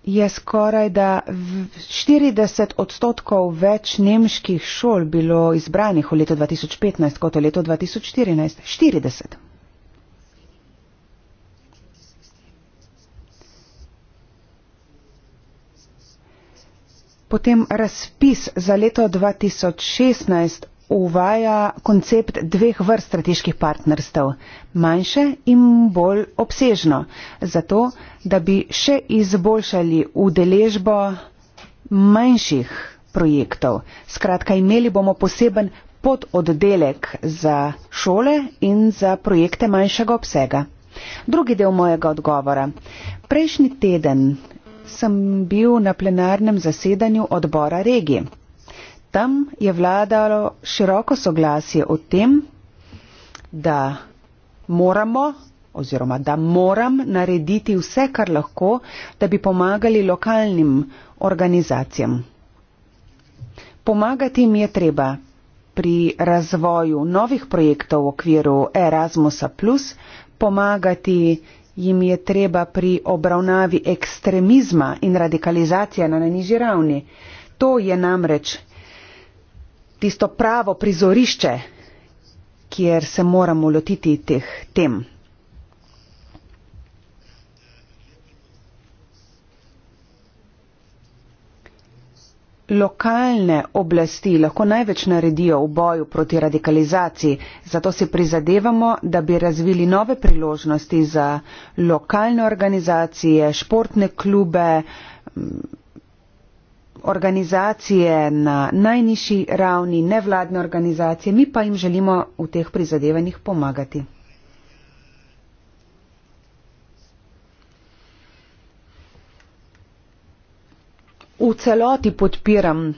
je skoraj da 40 odstotkov več nemških šol bilo izbranih v letu 2015 kot v letu 2014. 40. Potem razpis za leto 2016 uvaja koncept dveh vrst strateških partnerstv, manjše in bolj obsežno, zato da bi še izboljšali udeležbo manjših projektov. Skratka, imeli bomo poseben pododdelek za šole in za projekte manjšega obsega. Drugi del mojega odgovora. Prejšnji teden sem bil na plenarnem zasedanju odbora regije. Tam je vladalo široko soglasje o tem, da moramo oziroma da moram narediti vse, kar lahko, da bi pomagali lokalnim organizacijam. Pomagati jim je treba pri razvoju novih projektov v okviru Erasmusa, pomagati jim je treba pri obravnavi ekstremizma in radikalizacije na najnižji ravni. To je namreč tisto pravo prizorišče, kjer se moramo lotiti teh tem. Lokalne oblasti lahko največ naredijo v boju proti radikalizaciji, zato si prizadevamo, da bi razvili nove priložnosti za lokalne organizacije, športne klube, organizacije na najnižji ravni, nevladne organizacije, mi pa jim želimo v teh prizadevanjih pomagati. V celoti podpiram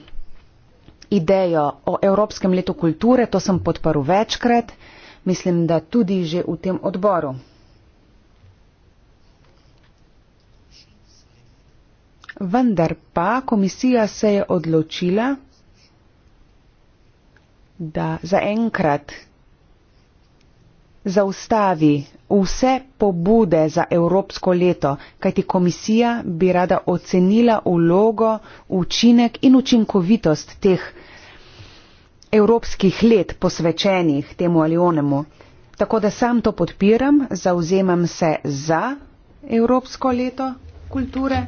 idejo o Evropskem letu kulture, to sem podparil večkrat, mislim, da tudi že v tem odboru. Vendar pa komisija se je odločila, da zaenkrat zaustavi vse pobude za Evropsko leto, kajti komisija bi rada ocenila ulogo, učinek in učinkovitost teh evropskih let posvečenih temu ali onemu. Tako da sam to podpiram, zauzemam se za Evropsko leto kulture.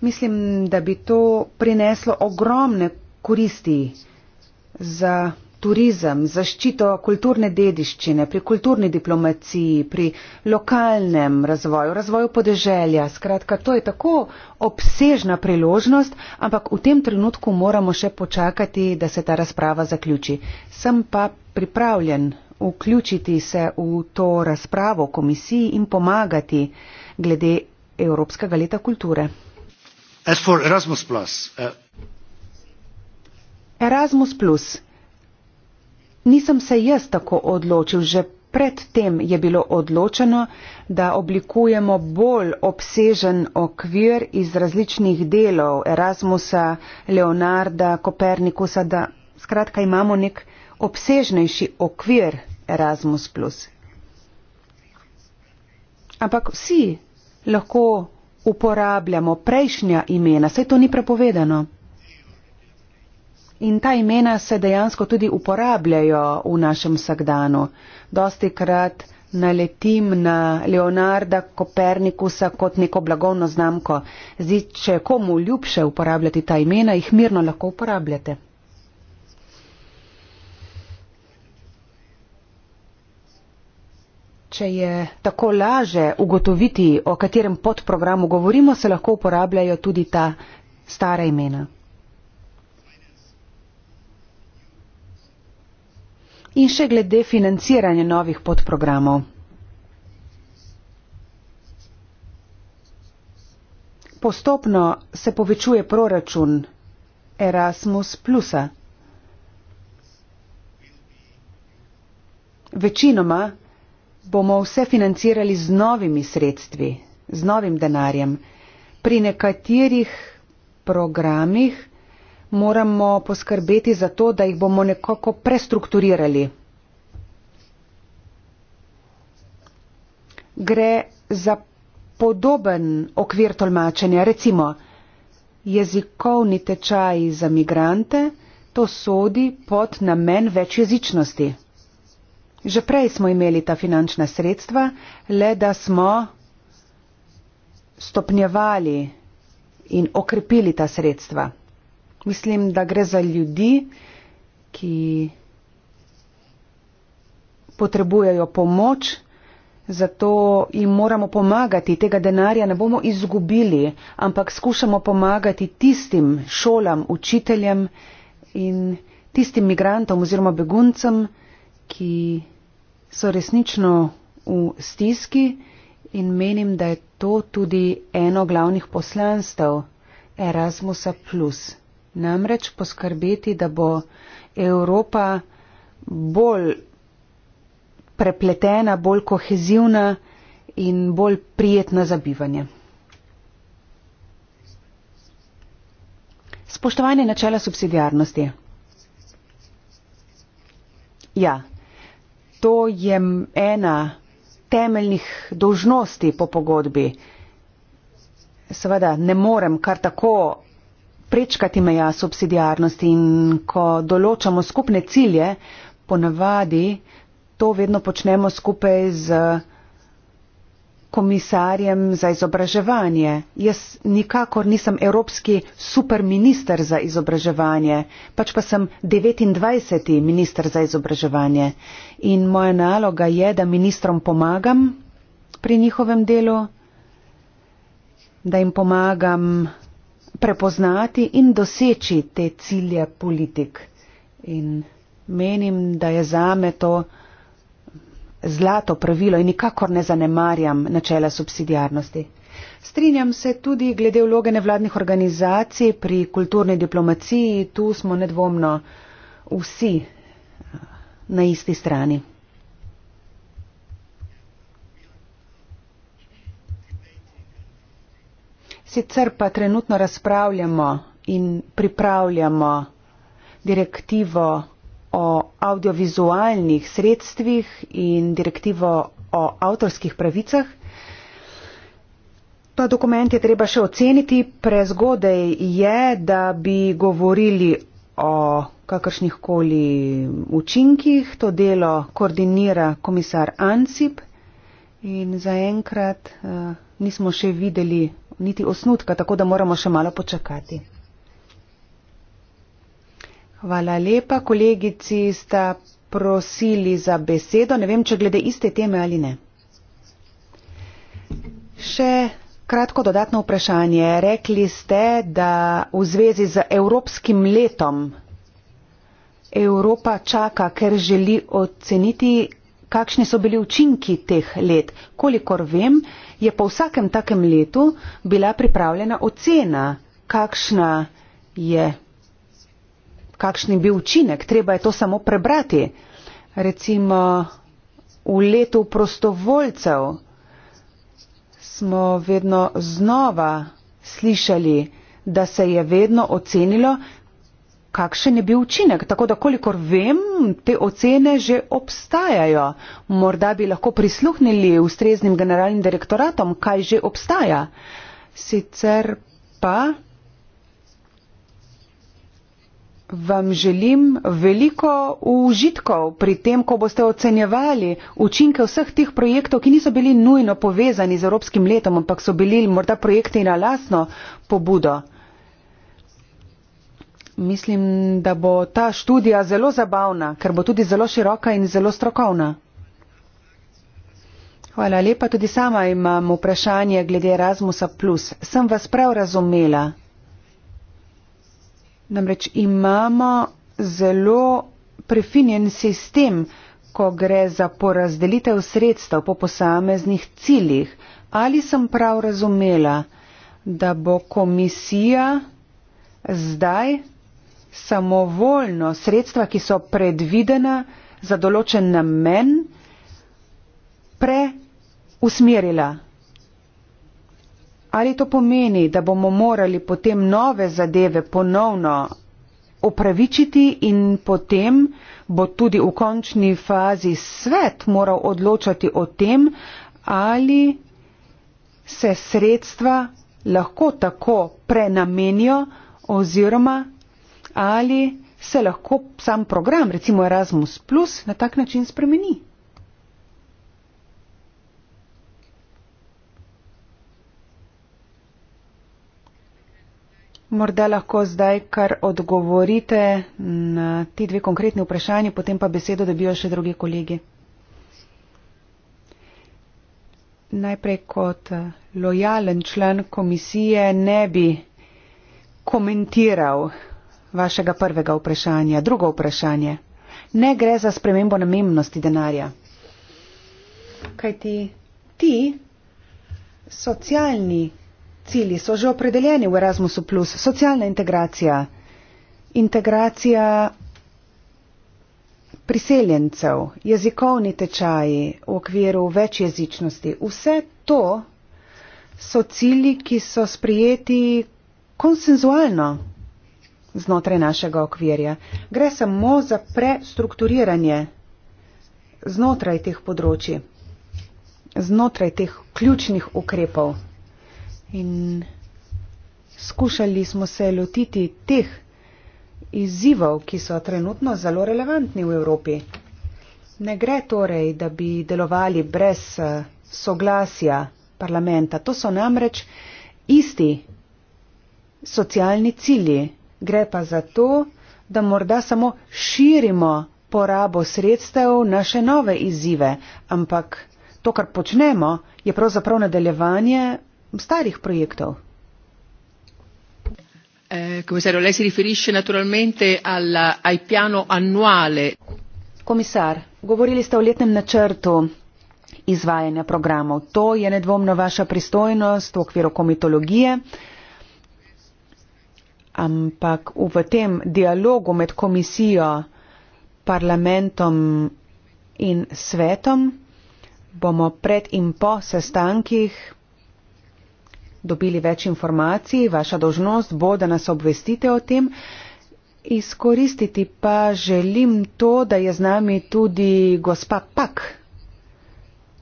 Mislim, da bi to prineslo ogromne koristi za turizem, zaščito kulturne dediščine, pri kulturni diplomaciji, pri lokalnem razvoju, razvoju podeželja. Skratka, to je tako obsežna priložnost, ampak v tem trenutku moramo še počakati, da se ta razprava zaključi. Sem pa pripravljen vključiti se v to razpravo komisiji in pomagati glede Evropskega leta kulture. Uh, erasmus plus nisem se jaz tako odločil že Predtem je bilo odločeno, da oblikujemo bolj obsežen okvir iz različnih delov Erasmusa, Leonarda, Kopernikusa, da skratka imamo nek obsežnejši okvir Erasmus. Ampak vsi lahko uporabljamo prejšnja imena, saj to ni prepovedano. In ta imena se dejansko tudi uporabljajo v našem vsakdanu. Dosti krat naletim na Leonarda Kopernikusa kot neko blagovno znamko. Zdi, če komu ljubše uporabljati ta imena, jih mirno lahko uporabljate. Če je tako laže ugotoviti, o katerem podprogramu govorimo, se lahko uporabljajo tudi ta stara imena. In še glede financiranja novih podprogramov. Postopno se povečuje proračun Erasmus plusa. Večinoma bomo vse financirali z novimi sredstvi, z novim denarjem. Pri nekaterih programih moramo poskrbeti za to, da jih bomo nekako prestrukturirali. Gre za podoben okvir tolmačenja, recimo jezikovni tečaji za migrante, to sodi pod namen večjezičnosti. Že prej smo imeli ta finančna sredstva, le da smo stopnjevali in okrepili ta sredstva. Mislim, da gre za ljudi, ki potrebujejo pomoč, zato jim moramo pomagati. Tega denarja ne bomo izgubili, ampak skušamo pomagati tistim šolam, učiteljem in tistim migrantom oziroma beguncem, ki so resnično v stiski in menim, da je to tudi eno glavnih poslanstev Erasmusa. Namreč poskrbeti, da bo Evropa bolj prepletena, bolj kohezivna in bolj prijetna za bivanje. Spoštovanje načela subsidiarnosti. Ja, To je ena temeljnih dožnosti po pogodbi. Seveda ne morem kar tako prečkati meja subsidijarnosti in ko določamo skupne cilje, ponavadi to vedno počnemo skupaj z komisarjem za izobraževanje. Jaz nikakor nisem evropski superminister za izobraževanje, pač pa sem 29. minister za izobraževanje. In moja naloga je, da ministrom pomagam pri njihovem delu, da jim pomagam prepoznati in doseči te cilje politik. In menim, da je zame to zlato pravilo in nikakor ne zanemarjam načela subsidijarnosti. Strinjam se tudi glede vloge nevladnih organizacij pri kulturni diplomaciji, tu smo nedvomno vsi eh, na isti strani. Sicer pa trenutno razpravljamo in pripravljamo direktivo o audiovizualnih sredstvih in direktivo o avtorskih pravicah. Ta dokument je treba še oceniti. Prezgodaj je, da bi govorili o kakršnih koli učinkih. To delo koordinira komisar Ansip in zaenkrat uh, nismo še videli niti osnutka, tako da moramo še malo počakati. Hvala lepa, kolegici sta prosili za besedo. Ne vem, če glede iste teme ali ne. Še kratko dodatno vprašanje. Rekli ste, da v zvezi z Evropskim letom Evropa čaka, ker želi oceniti, kakšni so bili učinki teh let. Kolikor vem, je po vsakem takem letu bila pripravljena ocena, kakšna je kakšen bi učinek, treba je to samo prebrati. Recimo v letu prostovoljcev smo vedno znova slišali, da se je vedno ocenilo, kakšen je bil učinek. Tako da kolikor vem, te ocene že obstajajo. Morda bi lahko prisluhnili ustreznim generalnim direktoratom, kaj že obstaja. Sicer pa vam želim veliko užitkov pri tem, ko boste ocenjevali učinke vseh tih projektov, ki niso bili nujno povezani z Evropskim letom, ampak so bili morda projekti na lasno pobudo. Mislim, da bo ta študija zelo zabavna, ker bo tudi zelo široka in zelo strokovna. Hvala lepa, tudi sama imam vprašanje glede Erasmusa. Sem vas prav razumela. Namreč imamo zelo prefinjen sistem, ko gre za porazdelitev sredstev po posameznih ciljih. Ali sem prav razumela, da bo komisija zdaj samovoljno sredstva, ki so predvidena za določen namen, preusmerila? Ali to pomeni, da bomo morali potem nove zadeve ponovno opravičiti in potem bo tudi v končni fazi svet moral odločati o tem, ali se sredstva lahko tako prenamenijo oziroma ali se lahko sam program, recimo Erasmus, na tak način spremeni. Morda lahko zdaj kar odgovorite na ti dve konkretni vprašanji, potem pa besedo dobijo še drugi kolegi. Najprej kot eh, lojalen član komisije ne bi komentiral vašega prvega vprašanja. Drugo vprašanje. Ne gre za spremembo namembnosti denarja. Kaj ti? Ti socialni cilji so že opredeljeni v Erasmusu plus. Socialna integracija, integracija priseljencev, jezikovni tečaji v okviru večjezičnosti. Vse to so cilji, ki so sprijeti konsenzualno znotraj našega okvirja. Gre samo za prestrukturiranje znotraj teh področji, znotraj teh ključnih ukrepov. In skušali smo se lotiti teh izzivov, ki so trenutno zelo relevantni v Evropi. Ne gre torej, da bi delovali brez eh, soglasja parlamenta. To so namreč isti socialni cilji. Gre pa za to, da morda samo širimo porabo sredstev na še nove izzive, ampak to, kar počnemo, je pravzaprav nadaljevanje starih projektov. Eh, Komisarjo, lei si riferisce naturalmente al, al piano annuale. Komisar, govorili ste o letnem načrtu izvajanja programov. To je nedvomno vaša pristojnost v okviru komitologije, ampak v tem dialogu med komisijo, parlamentom in svetom bomo pred in po sestankih dobili več informacij, vaša dožnost bo, da nas obvestite o tem. Izkoristiti pa želim to, da je z nami tudi gospa Pak,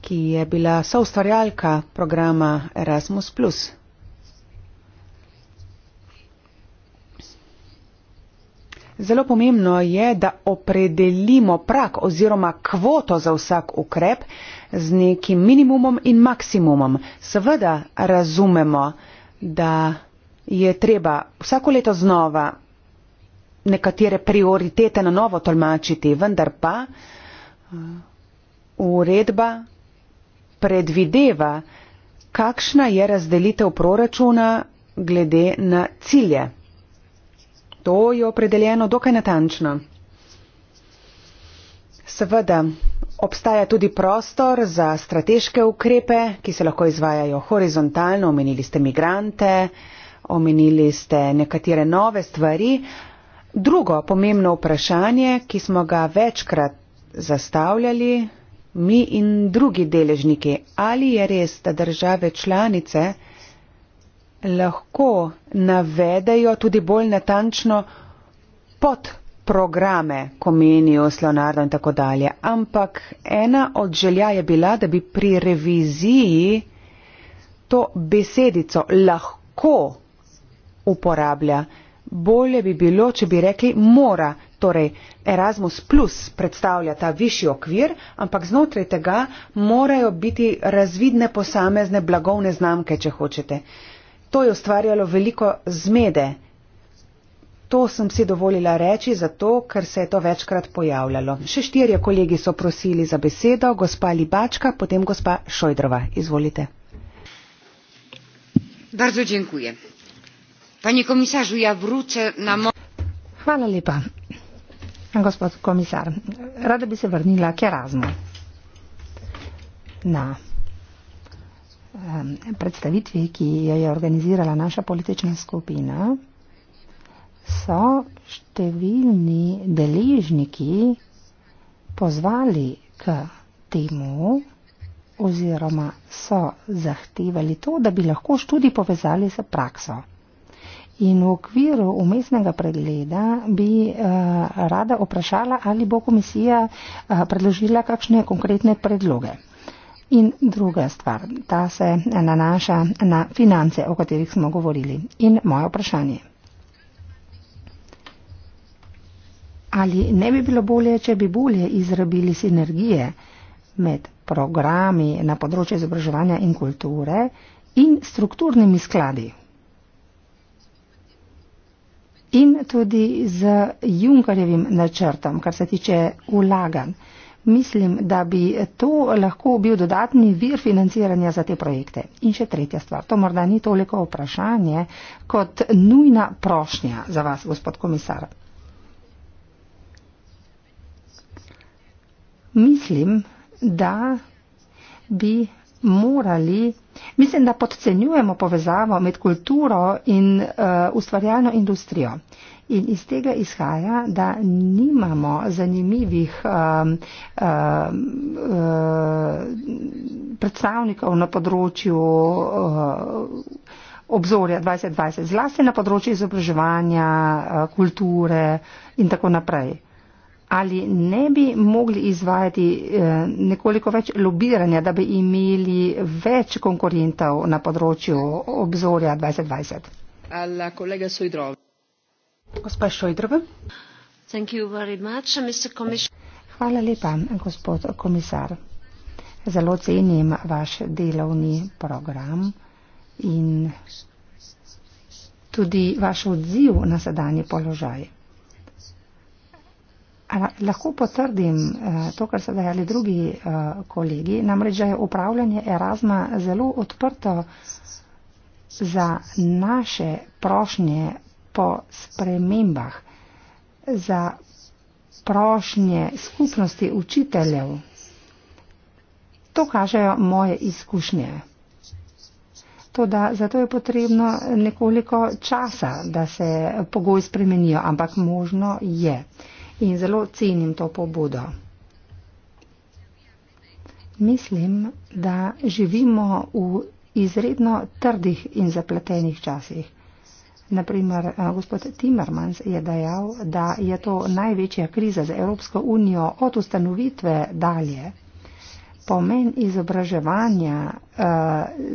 ki je bila soustvarjalka programa Erasmus. Zelo pomembno je, da opredelimo prak oziroma kvoto za vsak ukrep z nekim minimumom in maksimumom. Seveda razumemo, da je treba vsako leto znova nekatere prioritete na novo tolmačiti, vendar pa eh, uredba predvideva, kakšna je razdelitev proračuna glede na cilje to je opredeljeno dokaj natančno. Seveda obstaja tudi prostor za strateške ukrepe, ki se lahko izvajajo horizontalno, omenili ste migrante, omenili ste nekatere nove stvari. Drugo pomembno vprašanje, ki smo ga večkrat zastavljali, mi in drugi deležniki, ali je res, da države članice lahko navedejo tudi bolj natančno pod programe, ko menijo slonardo in tako dalje. Ampak ena od želja je bila, da bi pri reviziji to besedico lahko uporablja. Bolje bi bilo, če bi rekli mora. Torej, Erasmus plus predstavlja ta višji okvir, ampak znotraj tega morajo biti razvidne posamezne blagovne znamke, če hočete. Uh, To je ustvarjalo veliko zmede. To sem si dovolila reči zato, ker se je to večkrat pojavljalo. Še štirje kolegi so prosili za besedo, gospa Libačka, potem gospa Šojdrova. Izvolite. Komisar, ja mo- Hvala lepa, gospod komisar. Rada bi se vrnila k Erasmu. Na um, predstavitvi, ki jo je organizirala naša politična skupina, so številni deležniki pozvali k temu oziroma so zahtevali to, da bi lahko študij povezali s prakso. In v okviru umestnega pregleda bi uh, rada vprašala, ali bo komisija uh, predložila kakšne konkretne predloge. In druga stvar, ta se nanaša na finance, o katerih smo govorili. In moje vprašanje. Ali ne bi bilo bolje, če bi bolje izrabili sinergije med programi na področju izobraževanja in kulture in strukturnimi skladi? In tudi z Junkarjevim načrtom, kar se tiče vlaganj. Mislim, da bi to lahko bil dodatni vir financiranja za te projekte. In še tretja stvar, to morda ni toliko vprašanje kot nujna prošnja za vas, gospod komisar. Mislim, da bi morali, mislim, da podcenjujemo povezavo med kulturo in uh, ustvarjalno industrijo. In iz tega izhaja, da nimamo zanimivih um, um, um, predstavnikov na področju um, obzorja 2020, zlasti na področju izobraževanja, uh, kulture in tako naprej. Ali ne bi mogli izvajati nekoliko več lobiranja, da bi imeli več konkurentov na področju obzorja 2020? Gospa Šojdrova. Hvala lepa, gospod komisar. Zelo cenim vaš delovni program in tudi vaš odziv na sedanji položaj. Lahko potrdim eh, to, kar so dejali drugi eh, kolegi, namreč je upravljanje Erasma zelo odprto za naše prošnje po spremembah za prošnje skupnosti učiteljev. To kažejo moje izkušnje. Toda zato je potrebno nekoliko časa, da se pogoji spremenijo, ampak možno je. In zelo cenim to pobudo. Mislim, da živimo v izredno trdih in zapletenih časih. Naprimer, eh, gospod Timmermans je dejal, da je to največja kriza za Evropsko unijo od ustanovitve dalje. Pomen izobraževanja uh,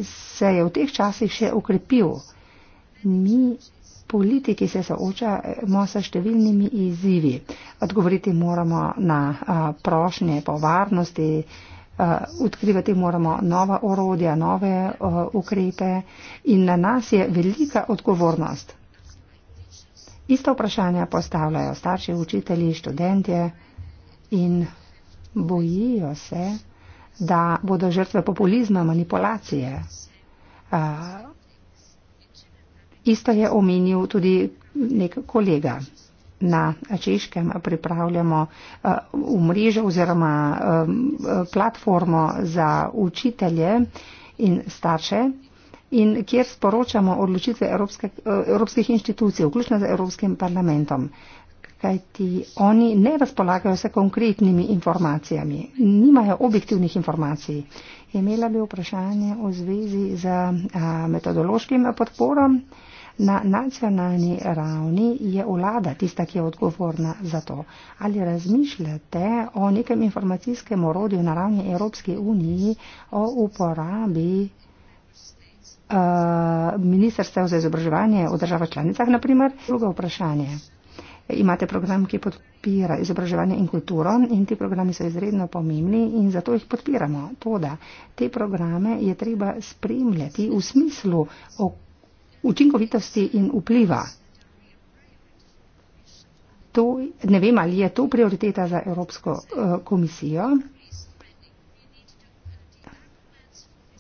se je v teh časih še ukrepil. Mi, politiki, se soočamo s številnimi izzivi. Odgovoriti moramo na uh, prošnje po varnosti, uh, Eh, odkrivati moramo nova orodja, nove eh, ukrepe in na nas je velika odgovornost. Ista vprašanja postavljajo starši, učitelji, študentje in bojijo se, da bodo žrtve populizma, manipulacije. Eh, isto je omenil tudi nek kolega na Češkem pripravljamo v eh, mrežo oziroma eh, platformo za učitelje in starše in kjer sporočamo odločitve evropske, eh, evropskih inštitucij, vključno z Evropskim parlamentom kajti oni ne razpolagajo se konkretnimi informacijami, nimajo objektivnih informacij. Imela bi vprašanje v zvezi z metodološkim podporom. Na nacionalni ravni je vlada tista, ki je odgovorna za to. Ali razmišljate o nekem informacijskem orodju na ravni Evropske unije o uporabi uh, ministrstev za izobraževanje v državah članicah, naprimer? Drugo vprašanje. Imate program, ki podpira izobraževanje in kulturo in ti programi so izredno pomembni in zato jih podpiramo. Toda te programe je treba spremljati v smislu okolja učinkovitosti in vpliva. To, ne vem, ali je to prioriteta za Evropsko eh, komisijo.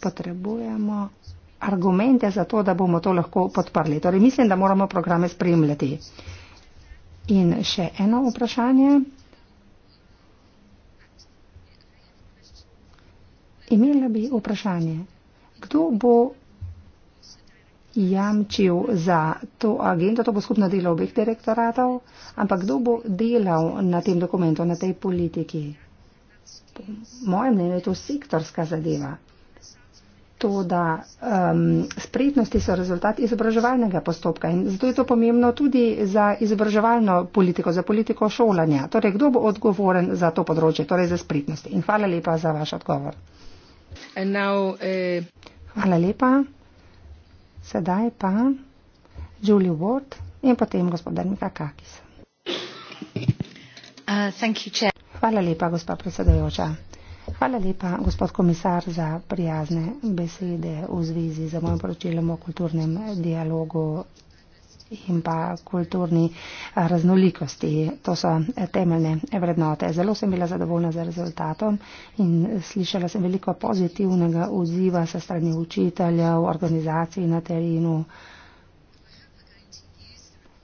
Potrebujemo argumente za to, da bomo to lahko podprli. Torej, mislim, da moramo programe spremljati. In še eno vprašanje. Imela bi vprašanje, kdo bo jamčil za to agendo, to bo skupno delo obeh direktoratov, ampak kdo bo delal na tem dokumentu, na tej politiki? Po mojem mnenju je to sektorska zadeva. To, da um, spretnosti so rezultat izobraževalnega postopka in zato je to pomembno tudi za izobraževalno politiko, za politiko šolanja. Torej, kdo bo odgovoren za to področje, torej za spretnosti? In hvala lepa za vaš odgovor. Now, uh... Hvala lepa. Sedaj pa Julie Ward in potem gospodar Mika Kakis. Uh, Hvala lepa, gospod predsedajoča. Hvala lepa, gospod komisar, za prijazne besede v zvezi z mojim poročilom o kulturnem dialogu in pa kulturni eh, raznolikosti. To so eh, temeljne vrednote. Zelo sem bila zadovoljna z rezultatom in slišala sem veliko pozitivnega odziva se strani učiteljev, organizacij na terenu.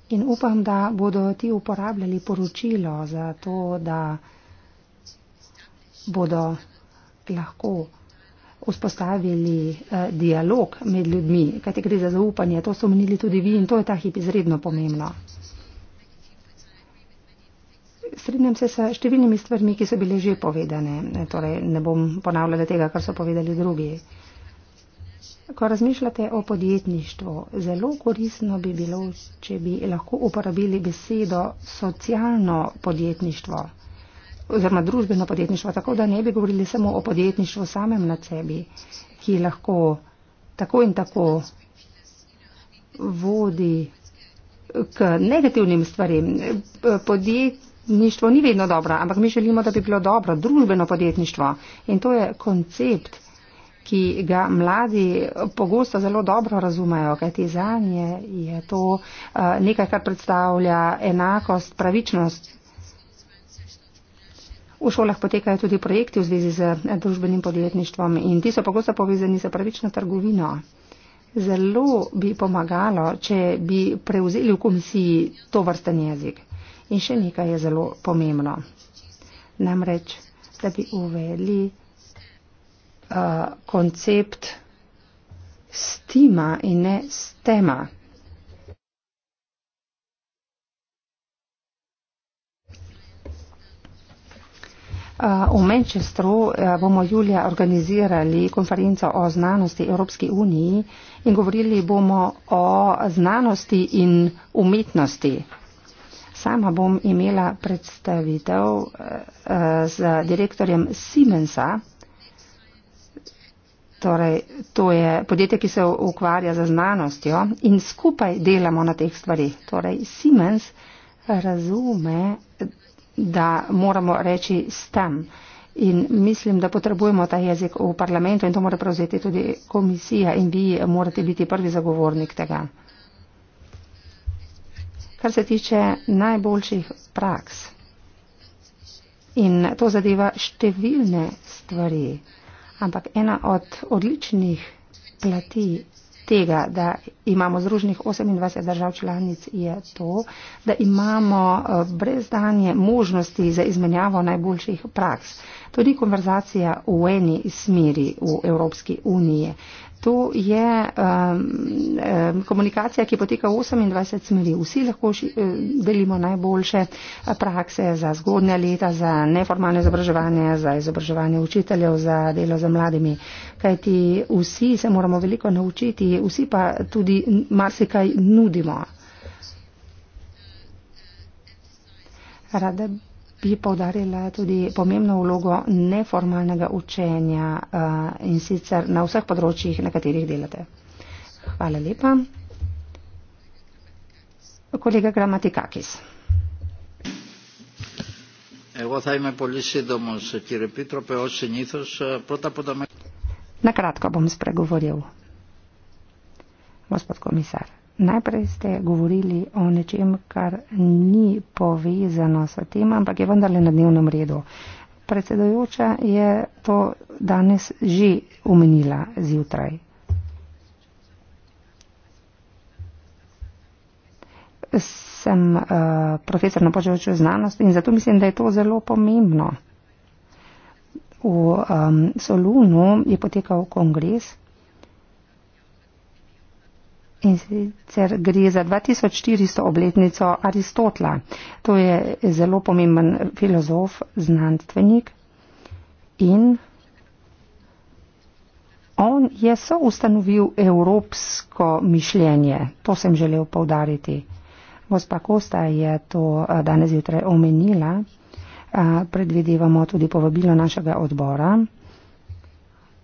In upam, da bodo ti uporabljali poročilo za to, da bodo lahko vzpostavili eh, dialog med ljudmi, kajte gre za zaupanje. To so omenili tudi vi in to je ta hip izredno pomembno. Strinjam se s številnimi stvarmi, ki so bile že povedane. Torej, ne bom ponavljala tega, kar so povedali drugi. Ko razmišljate o podjetništvu, zelo korisno bi bilo, če bi lahko uporabili besedo socialno podjetništvo oziroma družbeno podjetništvo, tako da ne bi govorili samo o podjetništvu samem na sebi, ki lahko tako in tako vodi k negativnim stvarem. Podjetništvo ni vedno dobro, ampak mi želimo, da bi bilo dobro družbeno podjetništvo in to je koncept ki ga mladi pogosto zelo dobro razumejo, kajti zanje je to eh, nekaj, kar predstavlja enakost, pravičnost, V šolah potekajo tudi projekti v zvezi z eh, družbenim podjetništvom in ti so pogosto povezani z pravično trgovino. Zelo bi pomagalo, če bi prevzeli v komisiji to vrsten jezik. In še nekaj je zelo pomembno. Namreč, da bi uvedli uh, eh, koncept stima in ne stema. Eh, v Manchesteru eh, bomo julija organizirali konferenco o znanosti Evropske unije in govorili bomo o znanosti in umetnosti. Sama bom imela predstavitev eh, z direktorjem Siemensa, torej to je podjetje, ki se ukvarja za znanostjo in skupaj delamo na teh stvarih. Torej Siemens razume da moramo reči stem. In mislim, da potrebujemo ta jezik v parlamentu in to mora prevzeti tudi komisija in vi morate biti prvi zagovornik tega. Kar se tiče najboljših praks in to zadeva številne stvari, ampak ena od odličnih plati tega, da imamo združnih 28 držav članic, je to, da imamo eh, brezdanje možnosti za izmenjavo najboljših praks. To ni konverzacija v eni smeri v Evropski uniji. To je um, um, komunikacija, ki poteka 28 smeri. Vsi lahko ši, eh, delimo najboljše prakse za zgodnja leta, za neformalno izobraževanje, za izobraževanje učiteljev, za delo z mladimi. Kajti vsi se moramo veliko naučiti, vsi pa tudi marsikaj nudimo. Rada bi bi podarila tudi pomembno vlogo neformalnega učenja eh, in sicer na vseh področjih, na katerih delate. Hvala lepa. Kolega Gramatikakis. Na kratko bom spregovoril, gospod komisar. Najprej ste govorili o nečem, kar ni povezano s tem, ampak je vendarle na dnevnem redu. Predsedojoča je to danes že omenila zjutraj. Sem uh, profesor na počevočju znanosti in zato mislim, da je to zelo pomembno. V um, Solunu je potekal kongres In sicer gre za 2400 obletnico Aristotla. To je zelo pomemben filozof, znanstvenik in on je soustanovil evropsko mišljenje. To sem želel povdariti. Gospa Kosta je to danes jutraj omenila. Predvidevamo tudi povabilo našega odbora.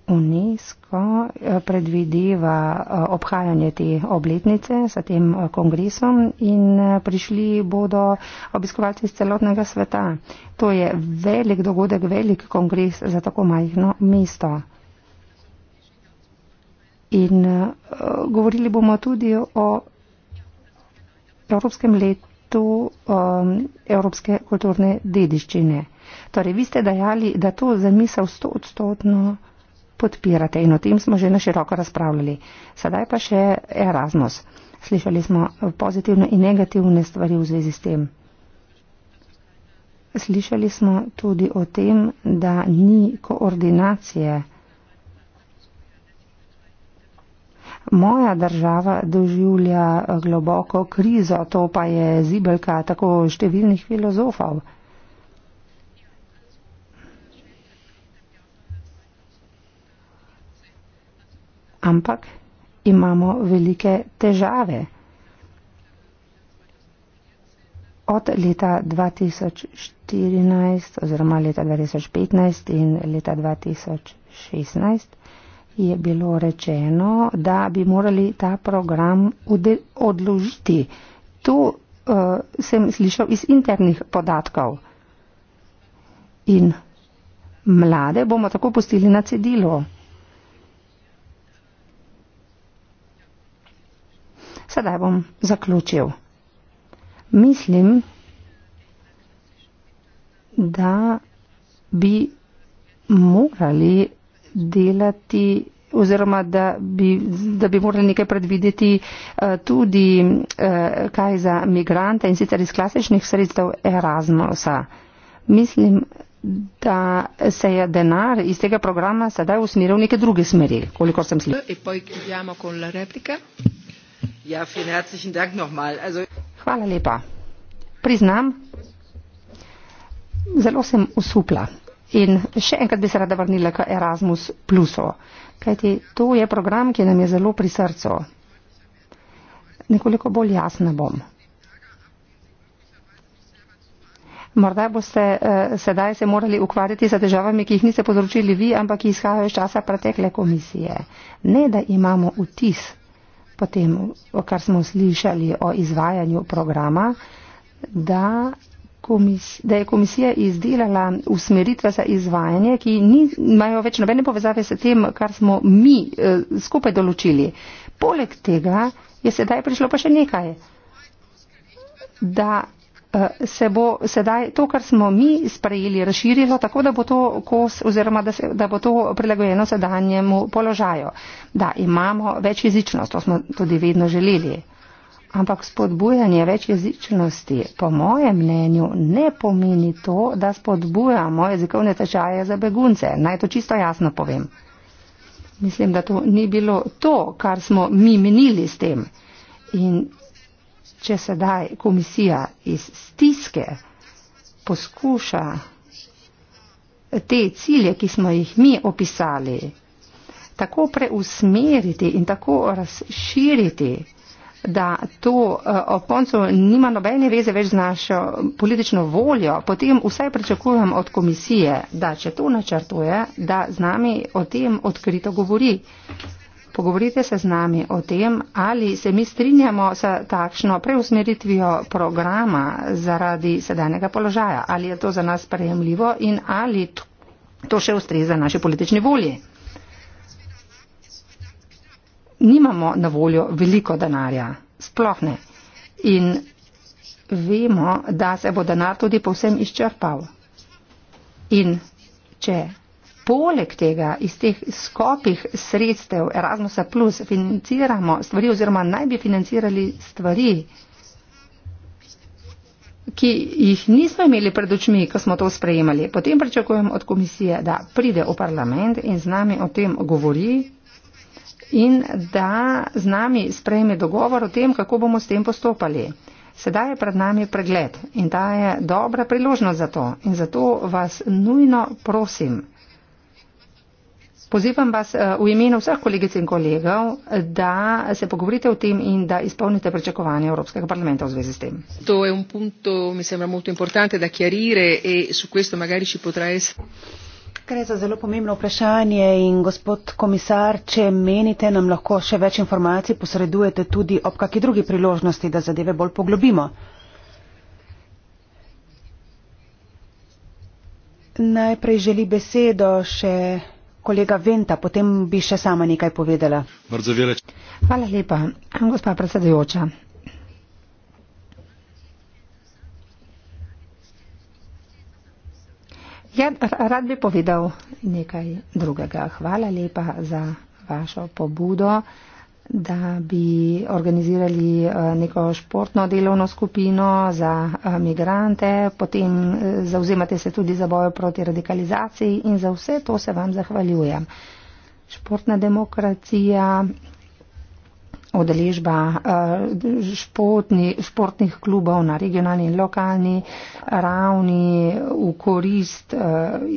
UNESCO eh, predvideva eh, obhajanje te obletnice s tem eh, kongresom in prišli bodo obiskovalci iz celotnega sveta. To je velik dogodek, velik kongres za tako majhno mesto. In govorili bomo tudi o evropskem letu evropske kulturne dediščine. Torej, vi ste dajali, da to zamisel stoodstotno. 100 podpirate in o tem smo že naširoko razpravljali. Sedaj pa še Erasmus. Slišali smo pozitivne in negativne stvari v zvezi s tem. Slišali smo tudi o tem, da ni koordinacije. Moja država doživlja globoko krizo, to pa je zibelka tako številnih filozofov. ampak imamo velike težave. Od leta 2014 oziroma leta 2015 in leta 2016 je bilo rečeno, da bi morali ta program odložiti. To uh, sem slišal iz internih podatkov. In mlade bomo tako pustili na cedilo. Sedaj bom zaključil. Mislim, da bi morali delati oziroma da bi, da bi morali nekaj predvideti eh, tudi eh, kaj za migrante in sicer iz klasičnih sredstev Erasmusa. Mislim, da se je denar iz tega programa sedaj usmeril v neke druge smeri, kolikor sem slišal. Ja, Hvala lepa. Priznam, zelo sem usupla in še enkrat bi se rada vrnila k Erasmus Plusu, kajti to je program, ki nam je zelo pri srcu. Nekoliko bolj jasna bom. Morda boste eh, sedaj se morali ukvarjati za težavami, ki jih niste področili vi, ampak ki izhajajo iz časa pretekle komisije. Ne, da imamo vtis, potem, kar smo slišali o izvajanju programa, da, komis, da je komisija izdelala usmeritve za izvajanje, ki nimajo več nobene povezave s tem, kar smo mi eh, skupaj določili. Poleg tega je sedaj prišlo pa še nekaj, da Eh, se bo sedaj to, kar smo mi sprejeli, razširilo, tako da bo to kos oziroma da, se, da bo to prilagojeno sedanjemu položaju. Da imamo več jezičnost, to smo tudi vedno želeli. Ampak spodbujanje več jezičnosti, po mojem mnenju, ne pomeni to, da spodbujamo jezikovne tečaje za begunce. Naj to čisto jasno povem. Mislim, da to ni bilo to, kar smo mi menili s tem. In če sedaj komisija iz stiske poskuša te cilje, ki smo jih mi opisali, tako preusmeriti in tako razširiti, da to eh, ob koncu nima nobene veze več z našo politično voljo, potem vsaj pričakujem od komisije, da če to načrtuje, da z nami o tem odkrito govori. Pogovorite se z nami o tem, ali se mi strinjamo s takšno preusmeritvijo programa zaradi sedanjega položaja, ali je to za nas prejemljivo in ali to še ustreza naše politične volje. Nimamo na voljo veliko denarja, sploh ne. In vemo, da se bo denar tudi povsem izčrpal. In če Poleg tega iz teh skopih sredstev Erasmusa Plus financiramo stvari oziroma naj bi financirali stvari, ki jih nismo imeli pred očmi, ko smo to sprejemali. Potem pričakujem od komisije, da pride v parlament in z nami o tem govori in da z nami sprejme dogovor o tem, kako bomo s tem postopali. Sedaj je pred nami pregled in ta je dobra priložnost za to. In zato vas nujno prosim, Pozivam vas eh, v imenu vseh kolegic in kolegov, da se pogovorite o tem in da izpolnite pričakovanje Evropskega parlamenta v zvezi s tem. To je un punto, mislim, da je zelo importante, da kjarire in e su questo magari ci potrà essere. Gre za zelo pomembno vprašanje in gospod komisar, če menite, nam lahko še več informacij posredujete tudi ob kaki drugi priložnosti, da zadeve bolj poglobimo. Najprej želi besedo še Kolega Venta, potem bi še sama nekaj povedala. Hvala lepa, gospa predsedujoča. Ja, rad bi povedal nekaj drugega. Hvala lepa za vašo pobudo da bi organizirali eh, neko športno delovno skupino za eh, migrante, potem eh, zauzemate se tudi za bojo proti radikalizaciji in za vse to se vam zahvaljujem. Športna demokracija udeležba eh, športni, športnih klubov na regionalni in lokalni ravni v korist eh,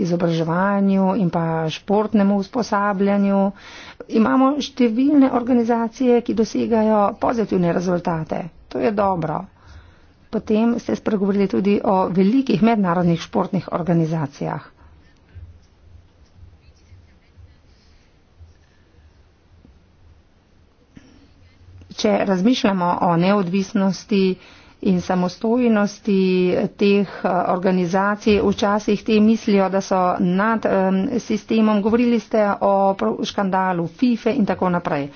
izobraževanju in pa športnemu usposabljanju. Imamo številne organizacije, ki dosegajo pozitivne rezultate. To je dobro. Potem ste spregovorili tudi o velikih mednarodnih športnih organizacijah. če razmišljamo o neodvisnosti in samostojnosti teh eh, organizacij, včasih te mislijo, da so nad um, sistemom. Govorili ste o škandalu FIFE in tako naprej.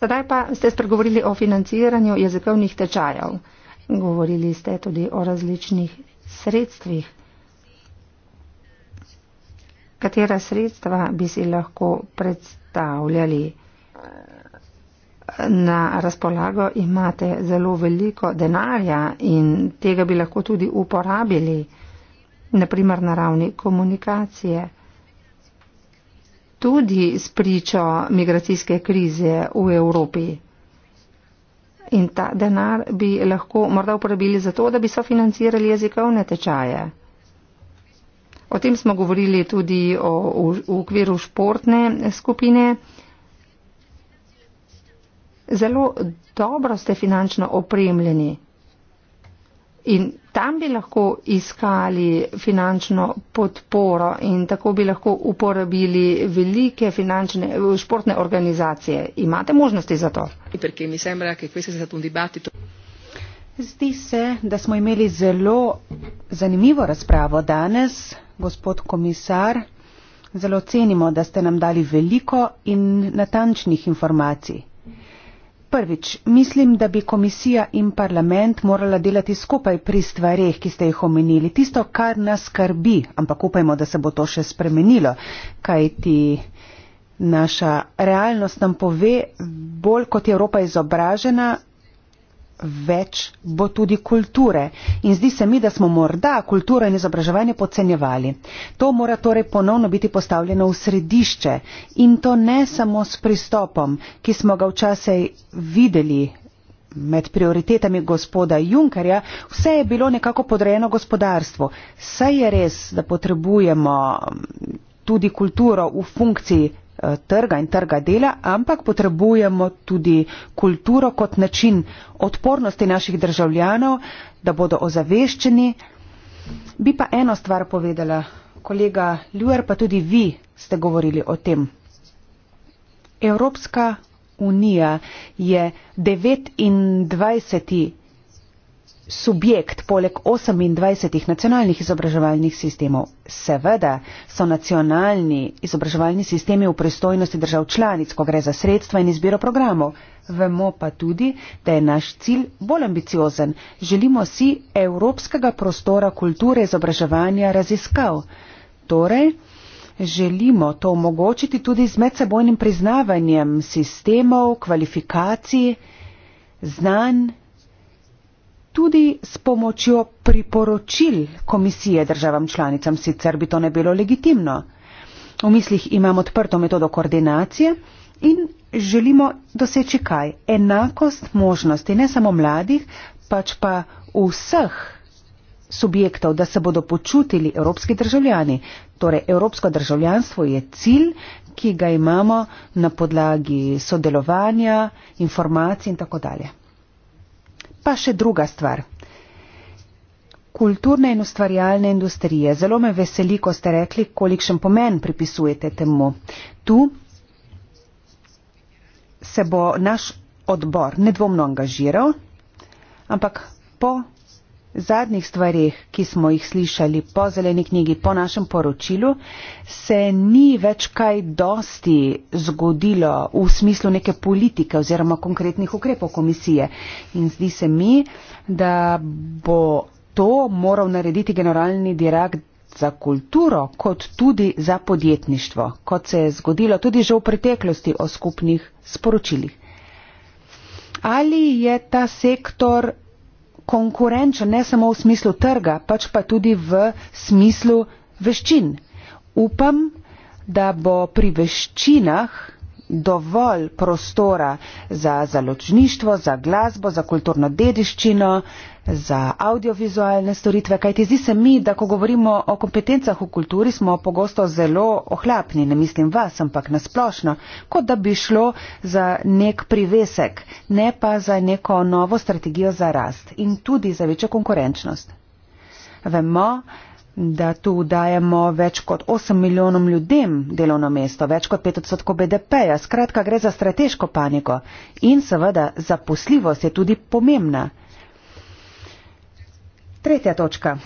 Sedaj pa ste spregovorili o financiranju jezikovnih tečajev. Govorili ste tudi o različnih sredstvih. Katera sredstva bi si lahko predstavljali? na razpolago imate zelo veliko denarja in tega bi lahko tudi uporabili, naprimer na ravni komunikacije. Tudi s pričo migracijske krize v Evropi. In ta denar bi lahko morda uporabili za to, da bi sofinancirali jezikovne tečaje. O tem smo govorili tudi o, v, v okviru športne skupine zelo dobro ste finančno opremljeni. In tam bi lahko iskali finančno podporo in tako bi lahko uporabili velike finančne športne organizacije. Imate možnosti za to? Zdi se, da smo imeli zelo zanimivo razpravo danes, gospod komisar. Zelo cenimo, da ste nam dali veliko in natančnih informacij. Prvič, mislim, da bi komisija in parlament morala delati skupaj pri stvarih, ki ste jih omenili. Tisto, kar nas skrbi, ampak upajmo, da se bo to še spremenilo, kaj ti naša realnost nam pove, bolj kot je Evropa izobražena, več bo tudi kulture. In zdi se mi, da smo morda kulturo in izobraževanje podcenjevali. To mora torej ponovno biti postavljeno v središče in to ne samo s pristopom, ki smo ga včasih videli med prioritetami gospoda Junkerja, vse je bilo nekako podrejeno gospodarstvu. Saj je res, da potrebujemo tudi kulturo v funkciji Eh, trga in trga dela, ampak potrebujemo tudi kulturo kot način odpornosti naših državljanov, da bodo ozaveščeni. Bi pa eno stvar povedala, kolega Ljuer, pa tudi vi ste govorili o tem. Evropska unija je 29 subjekt poleg 28 nacionalnih izobraževalnih sistemov. Seveda so nacionalni izobraževalni sistemi v pristojnosti držav članic, ko gre za sredstva in izbiro programov. Vemo pa tudi, da je naš cilj bolj ambiciozen. Želimo si evropskega prostora kulture izobraževanja raziskav. Torej, Želimo to omogočiti tudi z medsebojnim priznavanjem sistemov, kvalifikacij, znanj tudi s pomočjo priporočil komisije državam članicam, sicer bi to ne bilo legitimno. V mislih imam odprto metodo koordinacije in želimo doseči kaj? Enakost možnosti ne samo mladih, pač pa vseh subjektov, da se bodo počutili evropski državljani. Torej, evropsko državljanstvo je cilj, ki ga imamo na podlagi sodelovanja, informacij in tako dalje. Pa še druga stvar. Kulturne in ustvarjalne industrije. Zelo me veseli, ko ste rekli, kolikšen pomen pripisujete temu. Tu se bo naš odbor nedvomno angažiral, ampak po zadnjih stvarih, ki smo jih slišali po zeleni knjigi, po našem poročilu, se ni več kaj dosti zgodilo v smislu neke politike oziroma konkretnih ukrepov komisije. In zdi se mi, da bo to moral narediti generalni direkt za kulturo, kot tudi za podjetništvo, kot se je zgodilo tudi že v preteklosti o skupnih sporočilih. Ali je ta sektor konkurenčen ne samo v smislu trga, pač pa tudi v smislu veščin. Upam, da bo pri veščinah dovolj prostora za založništvo, za glasbo, za kulturno dediščino, za audiovizualne storitve, kajti zdi se mi, da ko govorimo o kompetencah v kulturi, smo pogosto zelo ohlapni, ne mislim vas, ampak nasplošno, kot da bi šlo za nek privesek, ne pa za neko novo strategijo za rast in tudi za večjo konkurenčnost. Vemo, da tu dajemo več kot 8 milijonom ljudem delovno mesto, več kot 5 odstotkov BDP-ja. Skratka, gre za strateško paniko in seveda zaposljivost je tudi pomembna. Tretja točka.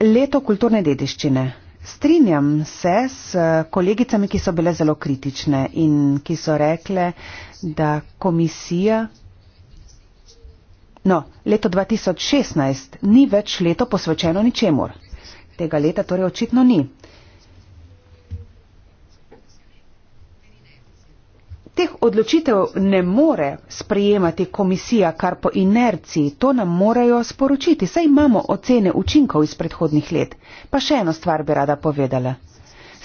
Leto kulturne dediščine. Strinjam se s eh, kolegicami, ki so bile zelo kritične in ki so rekle, da komisija No, leto 2016 ni več leto posvečeno ničemur. Tega leta torej očitno ni. Teh odločitev ne more sprejemati komisija kar po inerciji, to nam morajo sporočiti, saj imamo ocene učinkov iz predhodnih let. Pa še eno stvar bi rada povedala.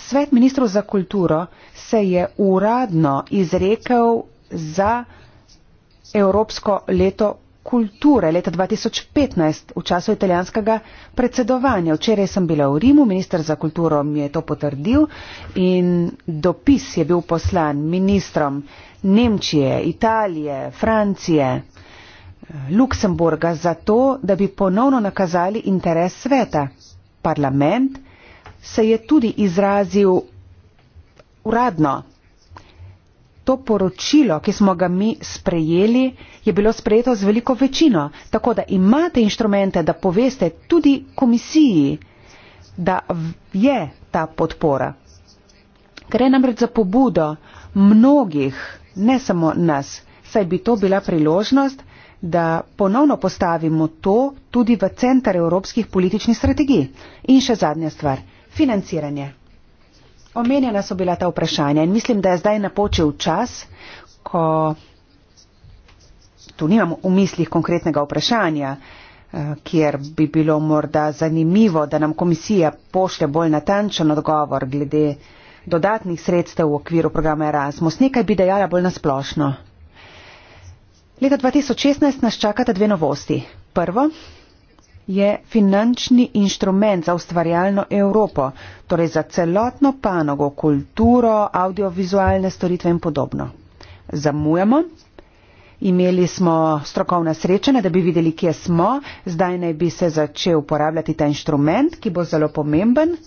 Svet ministrov za kulturo se je uradno izrekel za Evropsko leto kulture leta 2015 v času italijanskega predsedovanja. Včeraj sem bila v Rimu, minister za kulturo mi je to potrdil in dopis je bil poslan ministrom Nemčije, Italije, Francije, Luksemburga za to, da bi ponovno nakazali interes sveta. Parlament se je tudi izrazil uradno. To poročilo, ki smo ga mi sprejeli, je bilo sprejeto z veliko večino, tako da imate inštrumente, da poveste tudi komisiji, da je ta podpora. Gre namreč za pobudo mnogih, ne samo nas, saj bi to bila priložnost, da ponovno postavimo to tudi v centar evropskih političnih strategij. In še zadnja stvar, financiranje. Omenjena so bila ta vprašanja in mislim, da je zdaj napočil čas, ko tu nimam v mislih konkretnega vprašanja, eh, kjer bi bilo morda zanimivo, da nam komisija pošlje bolj natančen odgovor glede dodatnih sredstev v okviru programa Erasmus. Nekaj bi dejala bolj nasplošno. Leta 2016 nas čakata dve novosti. Prvo, je finančni inštrument za ustvarjalno Evropo, torej za celotno panogo, kulturo, audiovizualne storitve in podobno. Zamujamo. Imeli smo strokovna srečanja, da bi videli, kje smo. Zdaj naj bi se začel uporabljati ta inštrument, ki bo zelo pomemben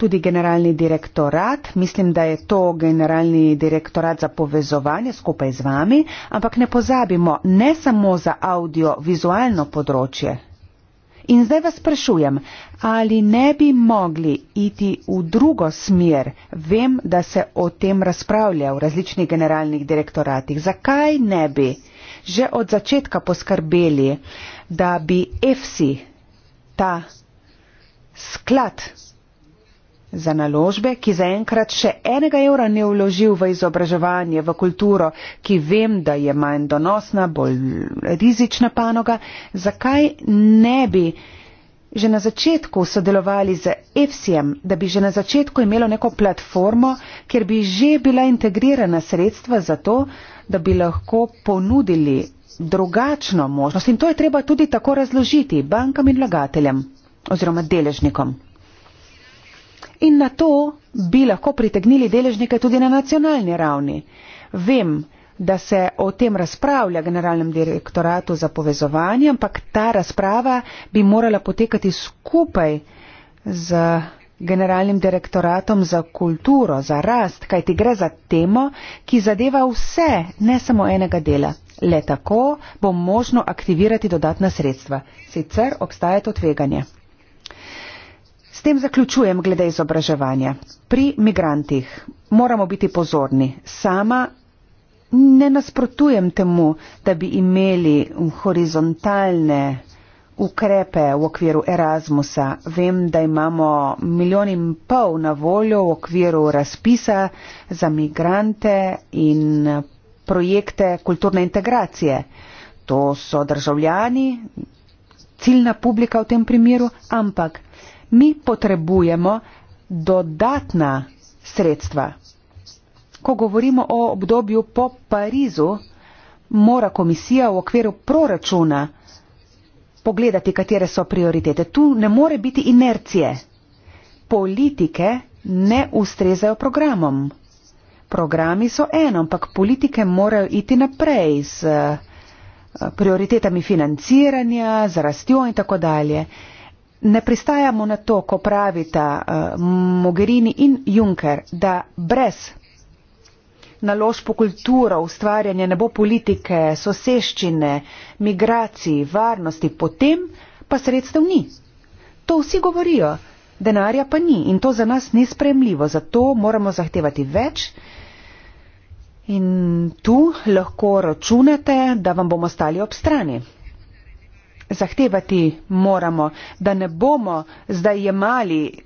tudi generalni direktorat, mislim, da je to generalni direktorat za povezovanje skupaj z vami, ampak ne pozabimo, ne samo za audio-vizualno področje. In zdaj vas sprašujem, ali ne bi mogli iti v drugo smer? Vem, da se o tem razpravlja v različnih generalnih direktoratih. Zakaj ne bi že od začetka poskrbeli, da bi EFSI ta sklad Za naložbe, ki zaenkrat še enega evra ne vložil v izobraževanje, v kulturo, ki vem, da je manj donosna, bolj rizična panoga, zakaj ne bi že na začetku sodelovali z EFSI-em, da bi že na začetku imelo neko platformo, kjer bi že bila integrirana sredstva za to, da bi lahko ponudili drugačno možnost. In to je treba tudi tako razložiti bankam in vlagateljem oziroma deležnikom in na to bi lahko pritegnili deležnike tudi na nacionalni ravni. Vem, da se o tem razpravlja generalnem direktoratu za povezovanje, ampak ta razprava bi morala potekati skupaj z generalnim direktoratom za kulturo, za rast, kajti gre za temo, ki zadeva vse, ne samo enega dela. Le tako bo možno aktivirati dodatna sredstva. Sicer obstaja to tveganje. S tem zaključujem glede izobraževanja. Pri migrantih moramo biti pozorni. Sama ne nasprotujem temu, da bi imeli horizontalne ukrepe v okviru Erasmusa. Vem, da imamo milijon in pol na voljo v okviru razpisa za migrante in projekte kulturne integracije. To so državljani, ciljna publika v tem primeru, ampak mi potrebujemo dodatna sredstva. Ko govorimo o obdobju po Parizu, mora komisija v okviru proračuna pogledati, katere so prioritete. Tu ne more biti inercije. Politike ne ustrezajo programom. Programi so eno, ampak politike morajo iti naprej z eh, prioritetami financiranja, z rastjo in tako dalje. Ne pristajamo na to, ko pravita uh, Mogherini in Juncker, da brez naložb v kulturo ustvarjanje ne bo politike, soseščine, migracij, varnosti, potem pa sredstev ni. To vsi govorijo, denarja pa ni in to za nas ni spremljivo, zato moramo zahtevati več. In tu lahko računate, da vam bomo stali ob strani zahtevati moramo, da ne bomo zdaj jemali,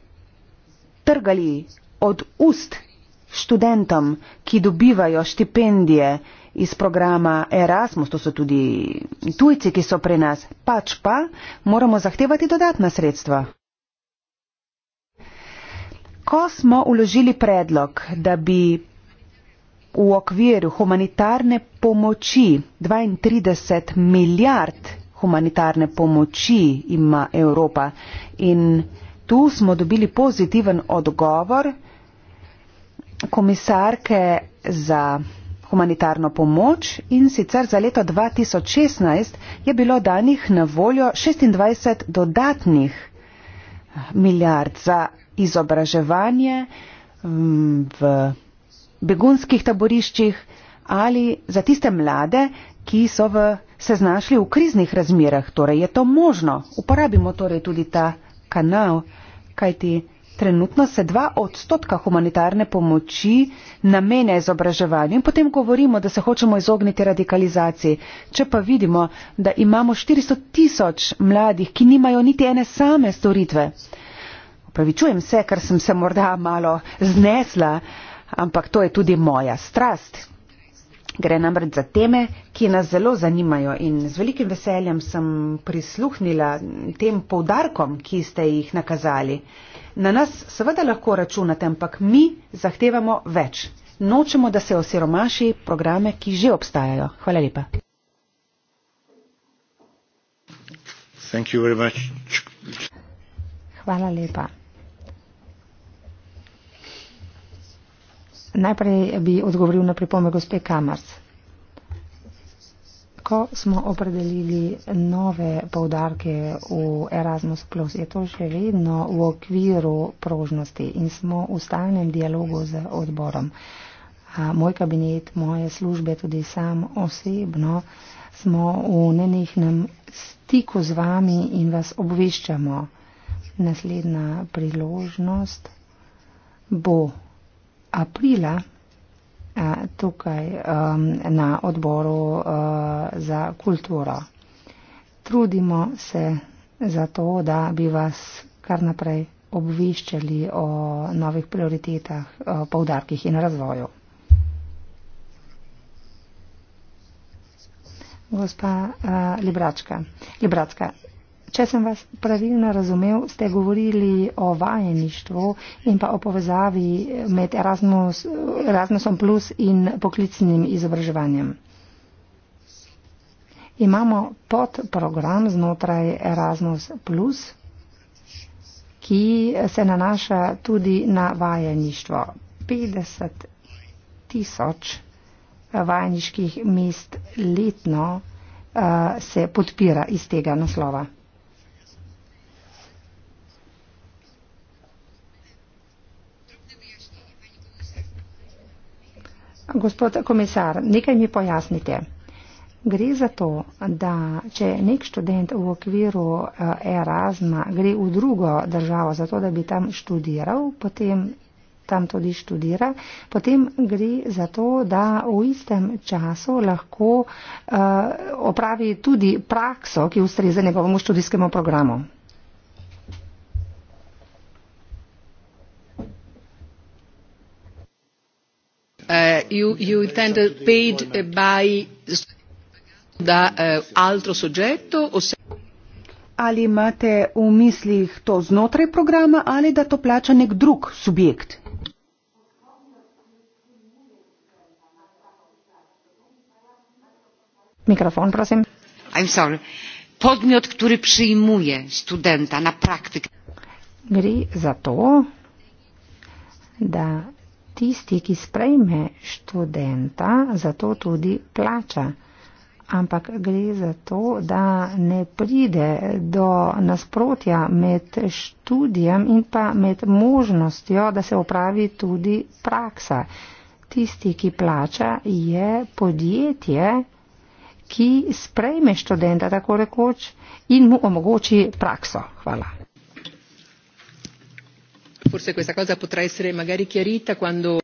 trgali od ust študentom, ki dobivajo štipendije iz programa Erasmus, to so tudi tujci, ki so pri nas, pač pa moramo zahtevati dodatna sredstva. Ko smo uložili predlog, da bi v okviru humanitarne pomoči 32 milijard humanitarne pomoči ima Evropa. In tu smo dobili pozitiven odgovor komisarke za humanitarno pomoč in sicer za leto 2016 je bilo danih na voljo 26 dodatnih milijard za izobraževanje mm, v begunskih taboriščih ali za tiste mlade, ki so v se znašli v kriznih razmerah, torej je to možno. Uporabimo torej tudi ta kanal, kajti trenutno se dva odstotka humanitarne pomoči namenja izobraževanju in potem govorimo, da se hočemo izogniti radikalizaciji. Če pa vidimo, da imamo 400 tisoč mladih, ki nimajo niti ene same storitve. Pravičujem se, ker sem se morda malo znesla, ampak to je tudi moja strast, Gre namreč za teme, ki nas zelo zanimajo in z velikim veseljem sem prisluhnila tem povdarkom, ki ste jih nakazali. Na nas seveda lahko računate, ampak mi zahtevamo več. Nočemo, da se osiromaši programe, ki že obstajajo. Hvala lepa. Hvala lepa. Najprej bi odgovoril na pripome gospe Kamars. Ko smo opredelili nove povdarke v Erasmus+, Plus, je to še vedno v okviru prožnosti in smo v stalnem dialogu z odborom. Moj kabinet, moje službe, tudi sam osebno smo v nenehnem stiku z vami in vas obveščamo. Naslednja priložnost bo aprila eh, tukaj na odboru eh, za kulturo. Trudimo se za to, da bi vas kar naprej obviščali o novih prioritetah, eh, poudarkih in razvoju. Gospa uh, Libračka. Libračka, Če sem vas pravilno razumel, ste govorili o vajeništvu in pa o povezavi med Erasmus, Erasmusom plus in poklicnim izobraževanjem. Imamo podprogram znotraj Erasmus plus, ki se nanaša tudi na vajeništvo. 50 tisoč eh, vajeniških mest letno uh, se podpira iz tega naslova. gospod komisar, nekaj mi pojasnite. Gre za to, da če nek študent v okviru eh, Erasma gre v drugo državo za to, da bi tam študiral, potem tam tudi študira, potem gre za to, da v istem času lahko uh, opravi tudi prakso, ki ustreza njegovemu študijskemu programu. you intend paid by da uh, altro soggetto o se ali imate v mislih to znotraj programa ali da to plača nek drug subjekt? Mikrofon, prosim. I'm sorry. Podmiot, ki prijmuje študenta na praktik. Gre za to, da tisti, ki sprejme študenta, zato tudi plača. Ampak gre za to, da ne pride do nasprotja med študijem in pa med možnostjo, da se opravi tudi praksa. Tisti, ki plača, je podjetje, ki sprejme študenta tako rekoč in mu omogoči prakso. Hvala forse questa cosa potrà essere magari chiarita quando.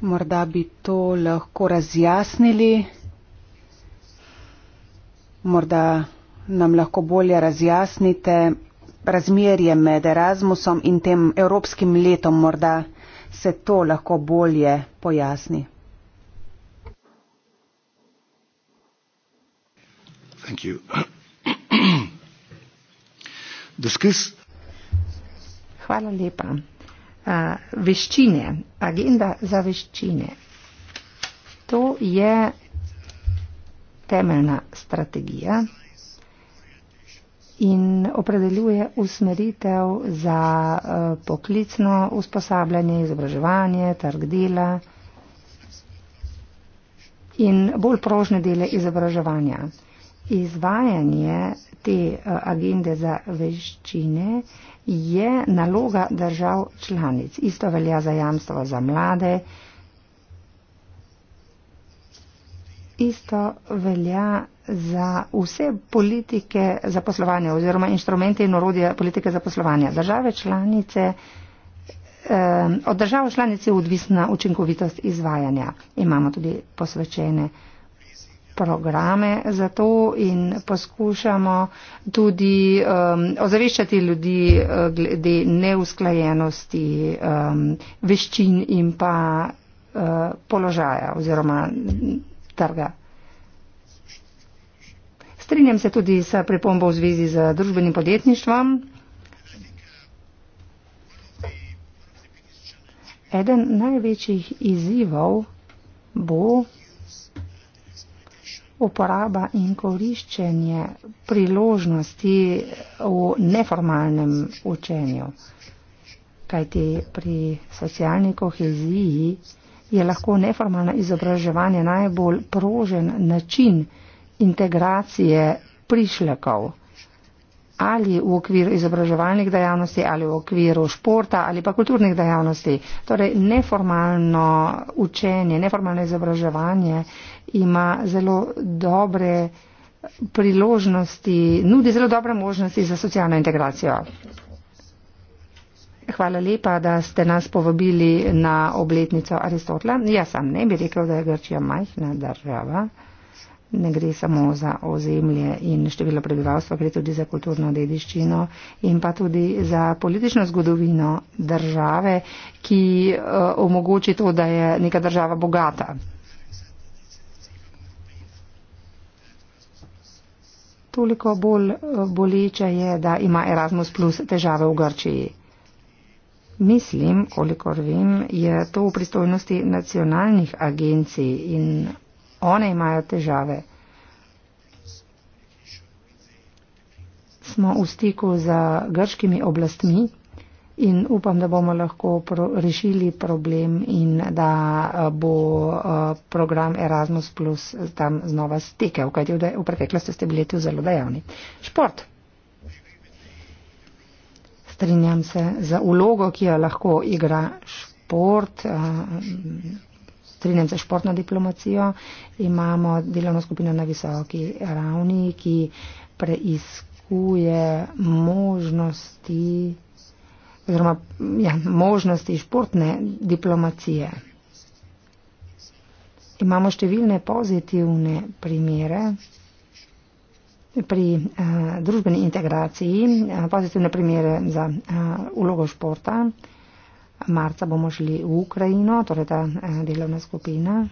Morda bi to lahko razjasnili. Morda nam lahko bolje razjasnite razmerje med Erasmusom in tem evropskim letom. Morda se to lahko bolje pojasni. Thank you. The skills Hvala lepa. Uh, veščine, agenda za veščine. To je temeljna strategija in opredeljuje usmeritev za uh, poklicno usposabljanje, izobraževanje, trg dela in bolj prožne dele izobraževanja. Izvajanje te eh, agende za veščine je naloga držav članic. Isto velja za jamstvo za mlade, isto velja za vse politike zaposlovanja oziroma inštrumente in orodje politike zaposlovanja. Države članice. Eh, od držav članic je odvisna učinkovitost izvajanja. Imamo tudi posvečene programe za to in poskušamo tudi um, ozaveščati ljudi uh, glede neusklajenosti um, veščin in pa uh, položaja oziroma trga. Strinjam se tudi s pripombo v zvezi z družbenim podjetništvom. Eden največjih izzivov bo uporaba in koriščenje priložnosti v neformalnem učenju. Kajti pri socialni koheziji je lahko neformalno izobraževanje najbolj prožen način integracije prišlekov ali v okviru izobraževalnih dejavnosti, ali v okviru športa, ali pa kulturnih dejavnosti. Torej, neformalno učenje, neformalno izobraževanje ima zelo dobre priložnosti, nudi zelo dobre možnosti za socialno integracijo. Hvala lepa, da ste nas povabili na obletnico Aristotela. Jaz sam ne bi rekel, da je Grčija majhna država ne gre samo za ozemlje in število prebivalstva, gre tudi za kulturno dediščino in pa tudi za politično zgodovino države, ki eh, omogoči to, da je neka država bogata. Toliko bolj eh, boleče je, da ima Erasmus plus težave v Grčiji. Mislim, kolikor vem, je to v pristojnosti nacionalnih agencij in one imajo težave. Smo v stiku z grškimi oblastmi in upam, da bomo lahko pro rešili problem in da eh, bo eh, program Erasmus Plus tam znova stekel, kajti v preteklosti ste bili tu zelo dejavni. Šport. Strinjam se za ulogo, ki jo lahko igra šport. Uh, strinjam za športno diplomacijo, imamo delovno skupino na visoki ravni, ki preiskuje možnosti, oziroma, ja, možnosti športne diplomacije. Imamo številne pozitivne primere pri uh, družbeni integraciji, uh, pozitivne primere za uh, eh, ulogo športa marca bomo šli v Ukrajino, torej ta eh, delovna skupina.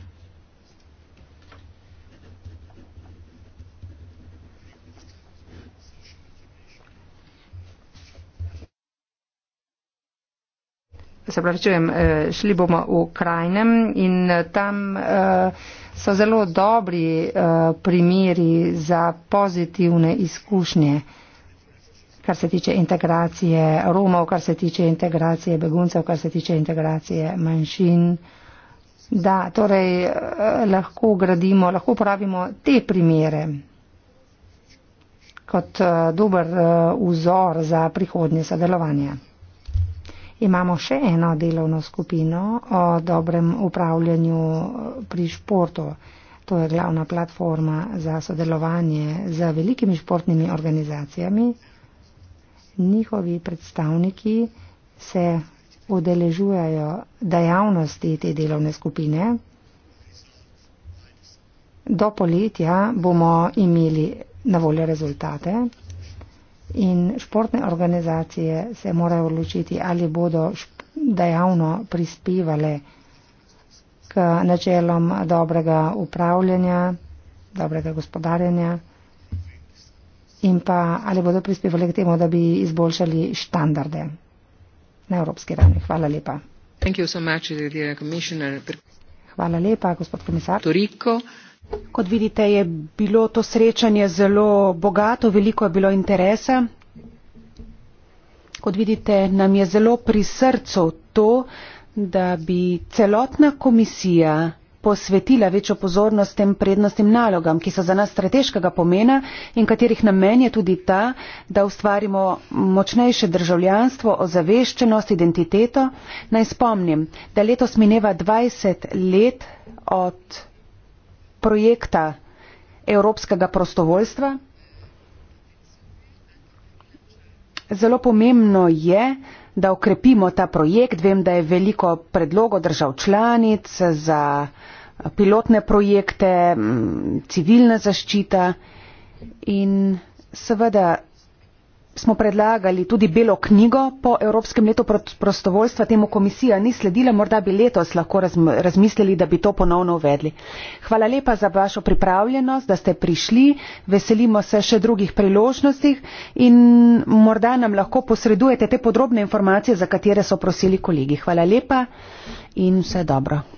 Se pravi, čujem, eh, šli bomo v krajnem in eh, tam so zelo dobri primeri za pozitivne izkušnje kar se tiče integracije Romov, kar se tiče integracije beguncev, kar se tiče integracije manjšin. Da, torej eh, lahko gradimo, lahko uporabimo te primere kot eh, dober eh, vzor za prihodnje sodelovanje. Imamo še eno delovno skupino o dobrem upravljanju pri športu. To je glavna platforma za sodelovanje z velikimi športnimi organizacijami njihovi predstavniki se odeležujejo dejavnosti te delovne skupine. Do poletja bomo imeli na voljo rezultate in športne organizacije se morajo odločiti, ali bodo dejavno prispevale k načelom dobrega upravljanja, dobrega gospodarjanja in pa ali bodo prispevali k temu, da bi izboljšali standarde na evropski ravni. Hvala lepa. So much, Hvala lepa, gospod komisar. Toriko. Kot vidite, je bilo to srečanje zelo bogato, veliko je bilo interesa. Kot vidite, nam je zelo pri srcu to, da bi celotna komisija posvetila večjo pozornost tem prednostnim nalogam, ki so za nas strateškega pomena in katerih namen je tudi ta, da ustvarimo močnejše državljanstvo, ozaveščenost, identiteto. Naj spomnim, da letos mineva 20 let od projekta evropskega prostovoljstva. Zelo pomembno je, da okrepimo ta projekt. Vem, da je veliko predlogov držav članic za pilotne projekte, civilna zaščita in seveda smo predlagali tudi belo knjigo po evropskem letu prostovoljstva temu komisija ni sledila morda bi letos lahko razmislili da bi to ponovno uvedli hvala lepa za vašo pripravljenost da ste prišli veselimo se še drugih priložnostih in morda nam lahko posredujete te podrobne informacije za katere so prosili kolegi hvala lepa in vse dobro